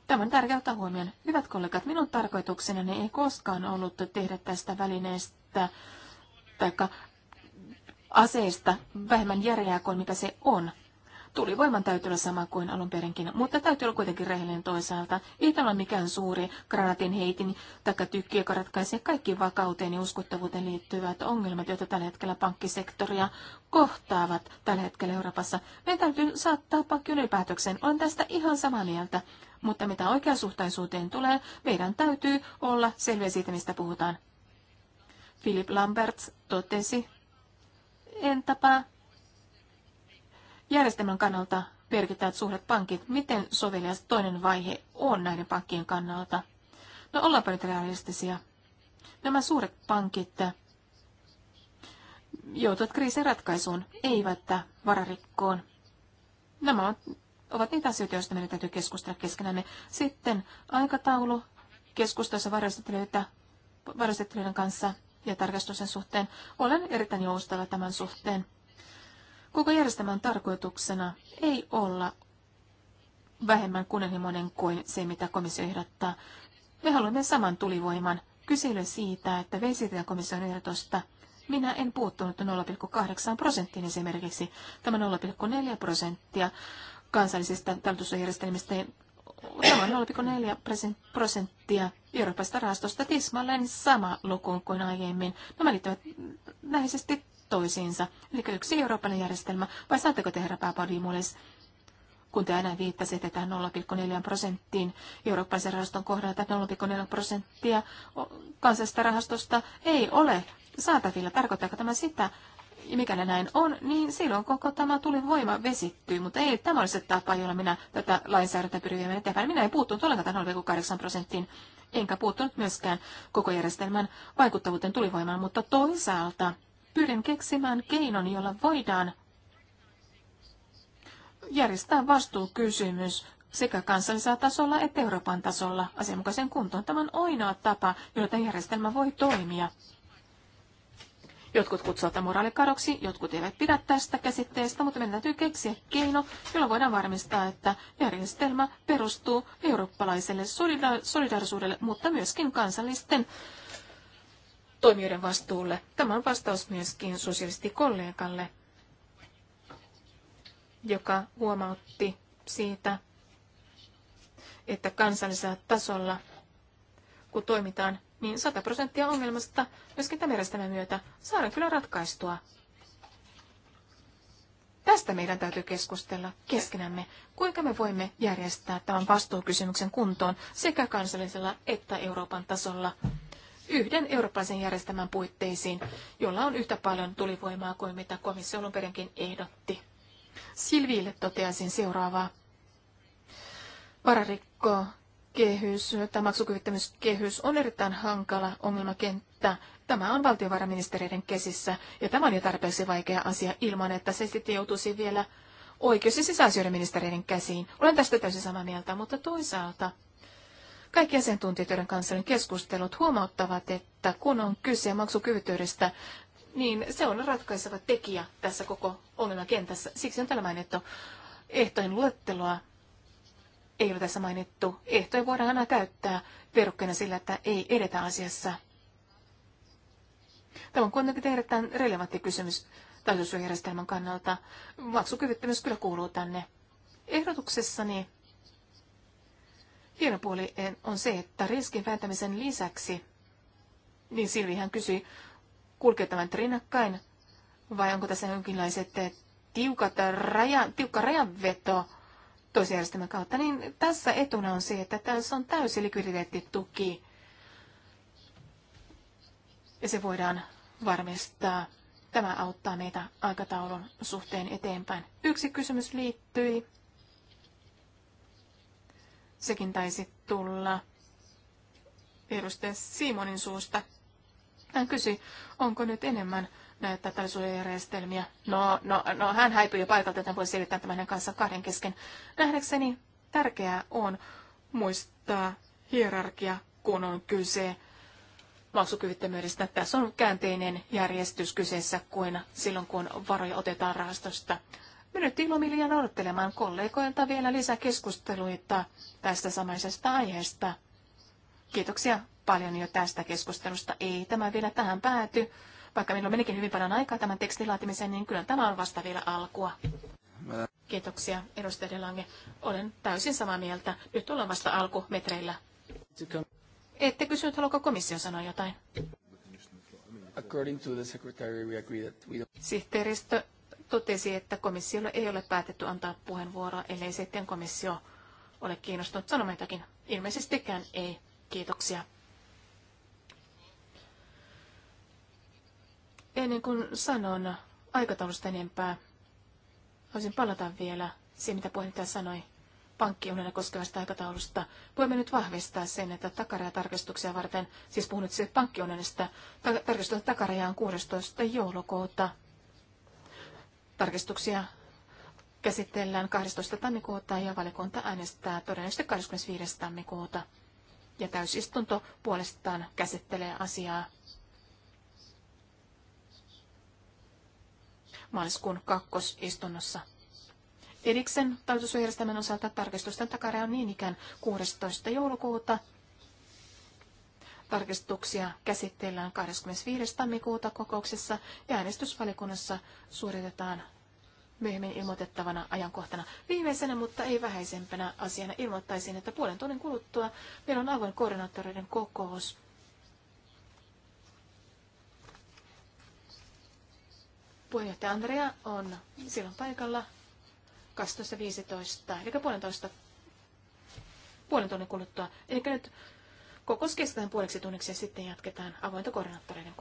Tämä on tärkeää ottaa huomioon. Hyvät kollegat, minun tarkoitukseni ei koskaan ollut tehdä tästä välineestä tai aseesta vähemmän järjää kuin mitä se on. Tuli täytyy olla sama kuin alun perinkin, mutta täytyy olla kuitenkin rehellinen toisaalta. Ei tämä ole mikään suuri granatin heitin tai tykki, joka ratkaisee kaikki vakauteen ja uskottavuuteen liittyvät ongelmat, joita tällä hetkellä pankkisektoria kohtaavat tällä hetkellä Euroopassa. Meidän täytyy saattaa pankki ylipäätökseen. Olen tästä ihan samaa mieltä. Mutta mitä oikeasuhtaisuuteen tulee, meidän täytyy olla selviä siitä, mistä puhutaan. Philip Lamberts totesi, entäpä järjestelmän kannalta merkittävät suuret pankit, miten sovelias toinen vaihe on näiden pankkien kannalta? No ollaanpa nyt realistisia. Nämä suuret pankit joutuvat kriisin ratkaisuun, eivät vararikkoon. Nämä ovat niitä asioita, joista meidän täytyy keskustella keskenämme. Sitten aikataulu keskustelussa varastettelijoiden kanssa ja tarkastuksen suhteen. Olen erittäin joustava tämän suhteen. Koko järjestelmän tarkoituksena ei olla vähemmän kunnianhimoinen kuin se, mitä komissio ehdottaa. Me haluamme saman tulivoiman. Kysely siitä, että vesitetään komission ehdotusta. Minä en puuttunut 0,8 prosenttiin esimerkiksi. Tämä 0,4 prosenttia kansallisista talutusjärjestelmistä Tämä on 0,4 prosenttia Euroopasta rahastosta tismalleen sama luku kuin aiemmin. Nämä liittyvät läheisesti toisiinsa, eli yksi eurooppalainen järjestelmä, vai saatteko te, herra kun te aina viittasitte tähän 0,4 prosenttiin eurooppalaisen rahaston kohdalla, että 0,4 prosenttia kansallisesta rahastosta ei ole saatavilla. Tarkoittaako tämä sitä, ja mikäli näin on, niin silloin koko tämä tuli voima vesittyy, mutta ei tämä olisi se tapa, jolla minä tätä lainsäädäntöä pyrin eteenpäin. Minä en puuttunut ollenkaan tähän 0,8 prosenttiin, enkä puuttunut myöskään koko järjestelmän vaikuttavuuteen tulivoimaan, mutta toisaalta Pyrin keksimään keinon, jolla voidaan järjestää vastuukysymys sekä kansallisella tasolla että Euroopan tasolla asianmukaisen kuntoon. Tämä on ainoa tapa, jolla tämä järjestelmä voi toimia. Jotkut kutsuvat tätä moraalikadoksi, jotkut eivät pidä tästä käsitteestä, mutta meidän täytyy keksiä keino, jolla voidaan varmistaa, että järjestelmä perustuu eurooppalaiselle solidaarisuudelle, mutta myöskin kansallisten toimijoiden vastuulle. Tämä on vastaus myöskin sosialistikollegalle, joka huomautti siitä, että kansallisella tasolla, kun toimitaan, niin 100 prosenttia ongelmasta myöskin tämän järjestelmän myötä saadaan kyllä ratkaistua. Tästä meidän täytyy keskustella keskenämme, kuinka me voimme järjestää tämän vastuukysymyksen kuntoon sekä kansallisella että Euroopan tasolla yhden eurooppalaisen järjestelmän puitteisiin, jolla on yhtä paljon tulivoimaa kuin mitä komissio alun perinkin ehdotti. Silviille toteaisin seuraavaa. Vararikko kehys tai maksukyvyttömyyskehys on erittäin hankala ongelmakenttä. Tämä on valtiovarainministeriöiden käsissä ja tämä on jo tarpeeksi vaikea asia ilman, että se sitten joutuisi vielä oikeus- ja sisäasioiden ministeriöiden käsiin. Olen tästä täysin samaa mieltä, mutta toisaalta kaikki asiantuntijoiden kanssa keskustelut huomauttavat, että kun on kyse maksukyvytöydestä, niin se on ratkaiseva tekijä tässä koko ongelmakentässä. Siksi on tällä mainittu ehtojen luetteloa. Ei ole tässä mainittu. Ehtoja voidaan aina käyttää verukkeena sillä, että ei edetä asiassa. Tämä on kuitenkin erittäin relevantti kysymys taitoisuusjärjestelmän kannalta. Maksukyvyttömyys kyllä kuuluu tänne. Ehdotuksessani Hieno puoli eh, on se, että riskin vääntämisen lisäksi, niin Silvi hän kysyi, kulkee tämän rinnakkain vai onko tässä jonkinlaiset eh, tiukat raja, tiukka rajanveto toisen järjestelmän kautta, niin tässä etuna on se, että tässä on täysi likviditeettituki ja se voidaan varmistaa. Tämä auttaa meitä aikataulun suhteen eteenpäin. Yksi kysymys liittyi Sekin taisi tulla edustaja Simonin suusta. Hän kysyi, onko nyt enemmän näitä talisuojajärjestelmiä. No, no, no, hän häipyi jo paikalta, hän voi selittää tämän hänen kanssa kahden kesken. Nähdäkseni tärkeää on muistaa hierarkia, kun on kyse maksukyvyttömyydestä. Tässä on käänteinen järjestys kyseessä kuin silloin, kun varoja otetaan rahastosta. Me nyt ilomielian odottelemaan kollegoilta vielä lisäkeskusteluita tästä samaisesta aiheesta. Kiitoksia paljon jo tästä keskustelusta. Ei tämä vielä tähän pääty. Vaikka minulla menikin hyvin paljon aikaa tämän tekstin laatimiseen, niin kyllä tämä on vasta vielä alkua. Kiitoksia, edustaja Lange. Olen täysin samaa mieltä. Nyt ollaan vasta alkumetreillä. Ette kysynyt, haluaako komissio sanoa jotain? Sihteeristö totesi, että komissiolle ei ole päätetty antaa puheenvuoroa, ellei sitten komissio ole kiinnostunut sanomaan jotakin. Ilmeisestikään ei. Kiitoksia. Ennen kuin sanon aikataulusta enempää, voisin palata vielä siihen, mitä puheenjohtaja sanoi pankkiunionia koskevasta aikataulusta. Voimme nyt vahvistaa sen, että takarajatarkistuksia varten, siis puhun nyt siitä pankkiunionista, ta- tarkistusta takaraja on 16. joulukuuta Tarkistuksia käsitellään 12. tammikuuta ja valikunta äänestää todennäköisesti 25. tammikuuta. Ja täysistunto puolestaan käsittelee asiaa maaliskuun kakkosistunnossa. Eriksen talutusjärjestelmän osalta tarkistusten takaraja on niin ikään 16. joulukuuta Tarkistuksia käsitellään 25. tammikuuta kokouksessa ja äänestysvalikunnassa suoritetaan myöhemmin ilmoitettavana ajankohtana. Viimeisenä, mutta ei vähäisempänä asiana ilmoittaisin, että puolen tunnin kuluttua meillä on avoin koordinaattoreiden kokous. Puheenjohtaja Andrea on silloin paikalla 12.15, eli puolentoista puolen tunnin kuluttua. Eli nyt Kokous kestää puoleksi tunniksi ja sitten jatketaan avointa koordinaattoreiden